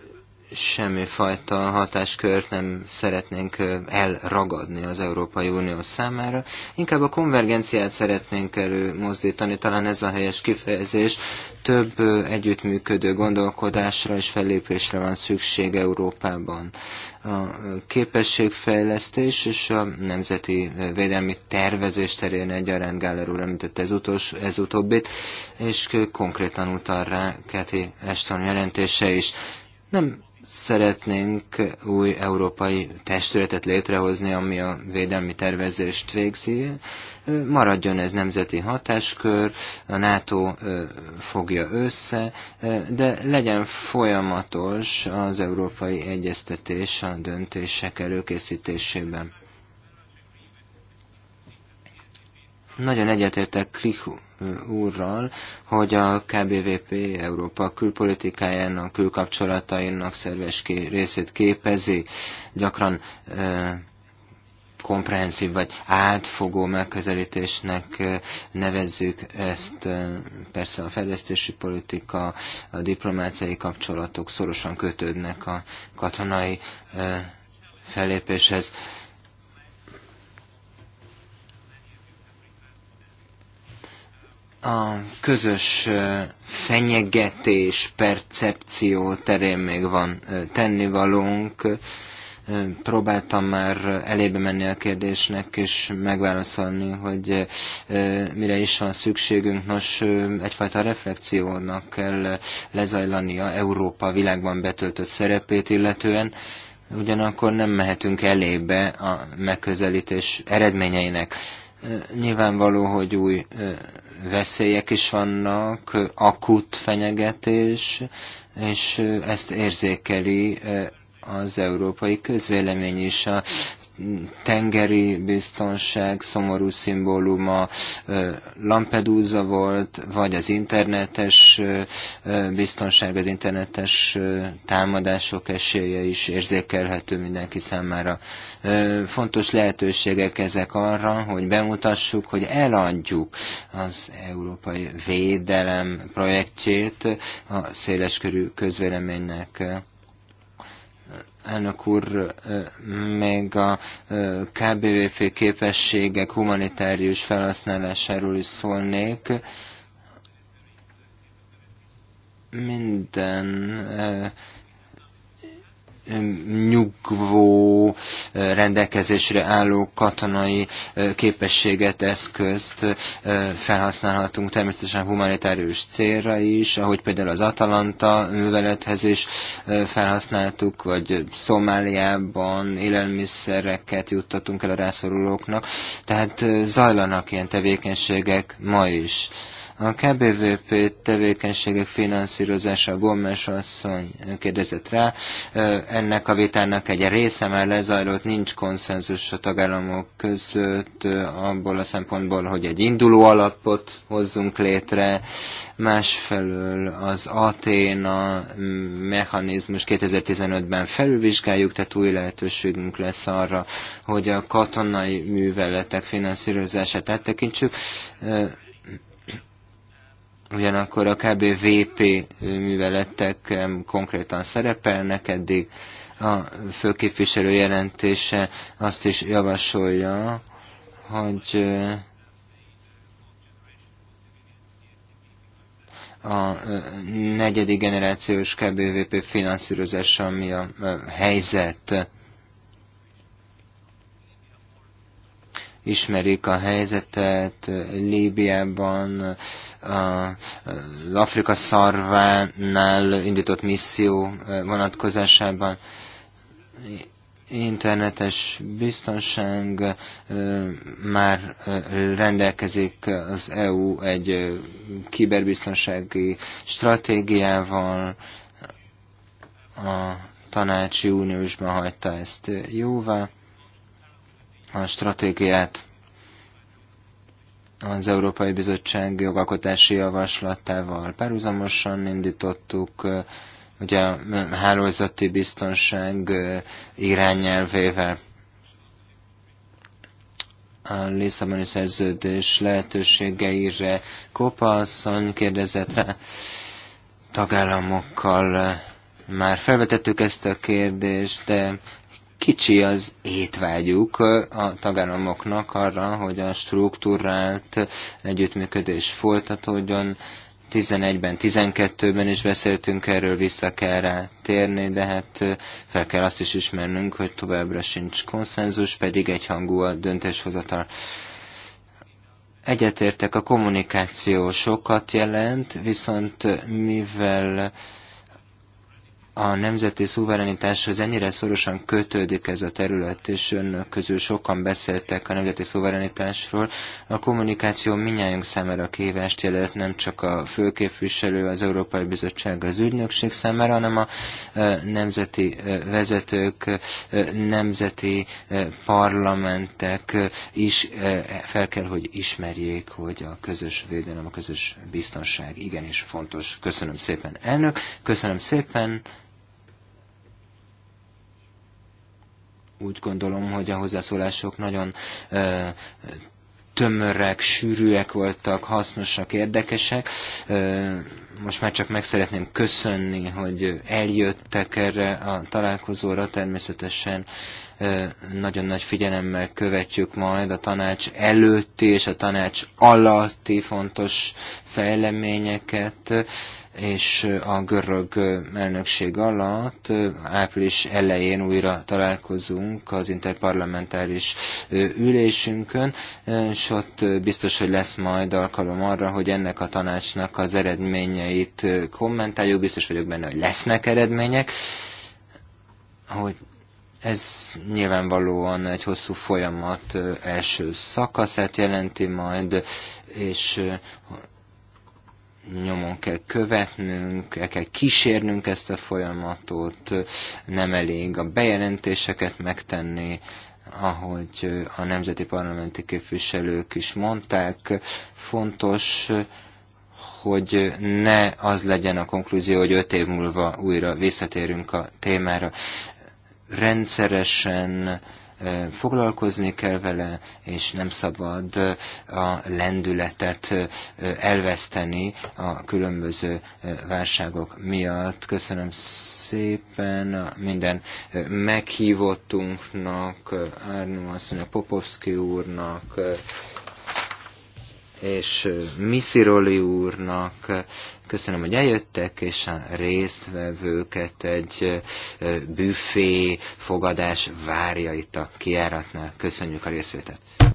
semmifajta hatáskört nem szeretnénk elragadni az Európai Unió számára. Inkább a konvergenciát szeretnénk előmozdítani, talán ez a helyes kifejezés. Több együttműködő gondolkodásra és fellépésre van szükség Európában. A képességfejlesztés és a nemzeti védelmi tervezés terén egyaránt Gáler úr említette ez, utolsó, ez utóbbit, és konkrétan utal rá Keti Eston jelentése is. Nem szeretnénk új európai testületet létrehozni, ami a védelmi tervezést végzi. Maradjon ez nemzeti hatáskör, a NATO fogja össze, de legyen folyamatos az európai egyeztetés a döntések előkészítésében. Nagyon egyetértek Klich úrral, hogy a KBVP Európa külpolitikájának, külkapcsolatainak szerves részét képezi, gyakran komprehenszív vagy átfogó megközelítésnek nevezzük ezt. Persze a fejlesztési politika, a diplomáciai kapcsolatok szorosan kötődnek a katonai fellépéshez. a közös fenyegetés percepció terén még van tennivalónk. Próbáltam már elébe menni a kérdésnek, és megválaszolni, hogy mire is van szükségünk. Nos, egyfajta reflexiónak kell lezajlania Európa világban betöltött szerepét illetően, ugyanakkor nem mehetünk elébe a megközelítés eredményeinek Nyilvánvaló, hogy új veszélyek is vannak, akut fenyegetés, és ezt érzékeli az európai közvélemény is. A tengeri biztonság szomorú szimbóluma Lampedusa volt, vagy az internetes biztonság, az internetes támadások esélye is érzékelhető mindenki számára. Fontos lehetőségek ezek arra, hogy bemutassuk, hogy eladjuk az európai védelem projektjét a széleskörű közvéleménynek Elnök úr, még a KBVP képességek humanitárius felhasználásáról is szólnék. Minden nyugvó eh, rendelkezésre álló katonai eh, képességet, eszközt eh, felhasználhatunk természetesen humanitárius célra is, ahogy például az Atalanta művelethez is felhasználtuk, vagy Szomáliában élelmiszereket juttatunk el a rászorulóknak, tehát zajlanak ilyen tevékenységek ma is. A KBVP tevékenységek finanszírozása, Gomes asszony kérdezett rá, ennek a vitának egy része már lezajlott, nincs konszenzus a tagállamok között abból a szempontból, hogy egy induló alapot hozzunk létre, másfelől az Aténa mechanizmus 2015-ben felülvizsgáljuk, tehát új lehetőségünk lesz arra, hogy a katonai műveletek finanszírozását áttekintsük Ugyanakkor a KBVP műveletek konkrétan szerepelnek eddig. A főképviselő jelentése azt is javasolja, hogy a negyedik generációs KBVP finanszírozása mi a helyzet. ismerik a helyzetet Líbiában, az Afrika szarvánál indított misszió vonatkozásában internetes biztonság már rendelkezik az EU egy kiberbiztonsági stratégiával, a tanácsi uniósban hagyta ezt jóvá a stratégiát az Európai Bizottság jogalkotási javaslatával párhuzamosan indítottuk, ugye a hálózati biztonság irányelvével. A Lisszaboni szerződés lehetőségeire Kopa asszony kérdezett rá, tagállamokkal már felvetettük ezt a kérdést, de kicsi az étvágyuk a tagállamoknak arra, hogy a struktúrált együttműködés folytatódjon. 11-ben, 12-ben is beszéltünk erről, vissza kell rá térni, de hát fel kell azt is ismernünk, hogy továbbra sincs konszenzus, pedig egyhangú a döntéshozatal. Egyetértek, a kommunikáció sokat jelent, viszont mivel a nemzeti szuverenitáshoz ennyire szorosan kötődik ez a terület, és önök közül sokan beszéltek a nemzeti szuverenitásról. A kommunikáció minnyájunk számára kihívást jelent nem csak a főképviselő, az Európai Bizottság, az ügynökség számára, hanem a e, nemzeti e, vezetők, e, nemzeti parlamentek is fel kell, hogy ismerjék, hogy a közös védelem, a közös biztonság igenis fontos. Köszönöm szépen, elnök, köszönöm szépen, úgy gondolom, hogy a hozzászólások nagyon tömörek, sűrűek voltak, hasznosak, érdekesek. Most már csak meg szeretném köszönni, hogy eljöttek erre a találkozóra. Természetesen nagyon nagy figyelemmel követjük majd a tanács előtti és a tanács alatti fontos fejleményeket és a görög elnökség alatt április elején újra találkozunk az interparlamentáris ülésünkön, és ott biztos, hogy lesz majd alkalom arra, hogy ennek a tanácsnak az eredményeit kommentáljuk, biztos vagyok benne, hogy lesznek eredmények, hogy ez nyilvánvalóan egy hosszú folyamat első szakaszát jelenti majd, és nyomon kell követnünk, el kell kísérnünk ezt a folyamatot, nem elég a bejelentéseket megtenni, ahogy a nemzeti parlamenti képviselők is mondták, fontos, hogy ne az legyen a konklúzió, hogy öt év múlva újra visszatérünk a témára. Rendszeresen foglalkozni kell vele, és nem szabad a lendületet elveszteni a különböző válságok miatt. Köszönöm szépen minden meghívottunknak, Árnó asszony, Popovszki úrnak, és Missziroli úrnak. Köszönöm, hogy eljöttek, és a résztvevőket egy büfé fogadás várja itt a kiáratnál. Köszönjük a részvételt!